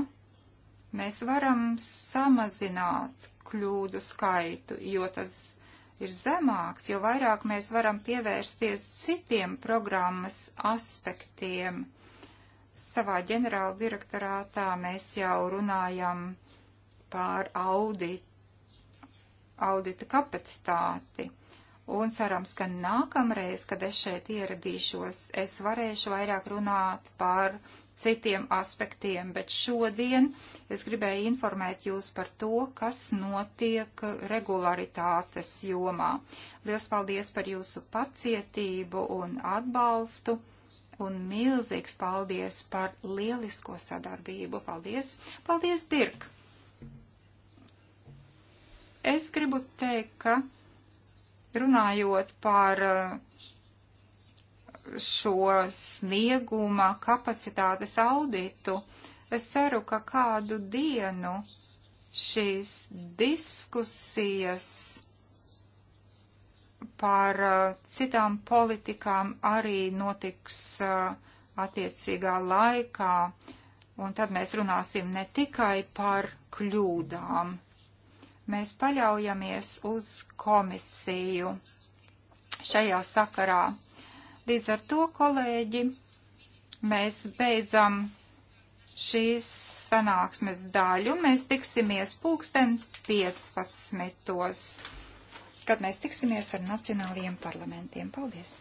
mēs varam samazināt kļūdu skaitu, jo tas ir zemāks, jo vairāk mēs varam pievērsties citiem programmas aspektiem. Savā ģenerāla direktorātā mēs jau runājam par pār audi, audita kapacitāti. Un cerams, ka nākamreiz, kad es šeit ieradīšos, es varēšu vairāk runāt par citiem aspektiem, bet šodien es gribēju informēt jūs par to, kas notiek regularitātes jomā. Lielas paldies par jūsu pacietību un atbalstu un milzīgs paldies par lielisko sadarbību. Paldies! Paldies, Dirk! Es gribu teikt, ka runājot par uh, šo snieguma kapacitātes auditu, es ceru, ka kādu dienu šīs diskusijas par uh, citām politikām arī notiks uh, attiecīgā laikā, un tad mēs runāsim ne tikai par kļūdām Mēs paļaujamies uz komisiju šajā sakarā. Līdz ar to, kolēģi, mēs beidzam šīs sanāksmes daļu. Mēs tiksimies pulksten 15. kad mēs tiksimies ar nacionālajiem parlamentiem. Paldies!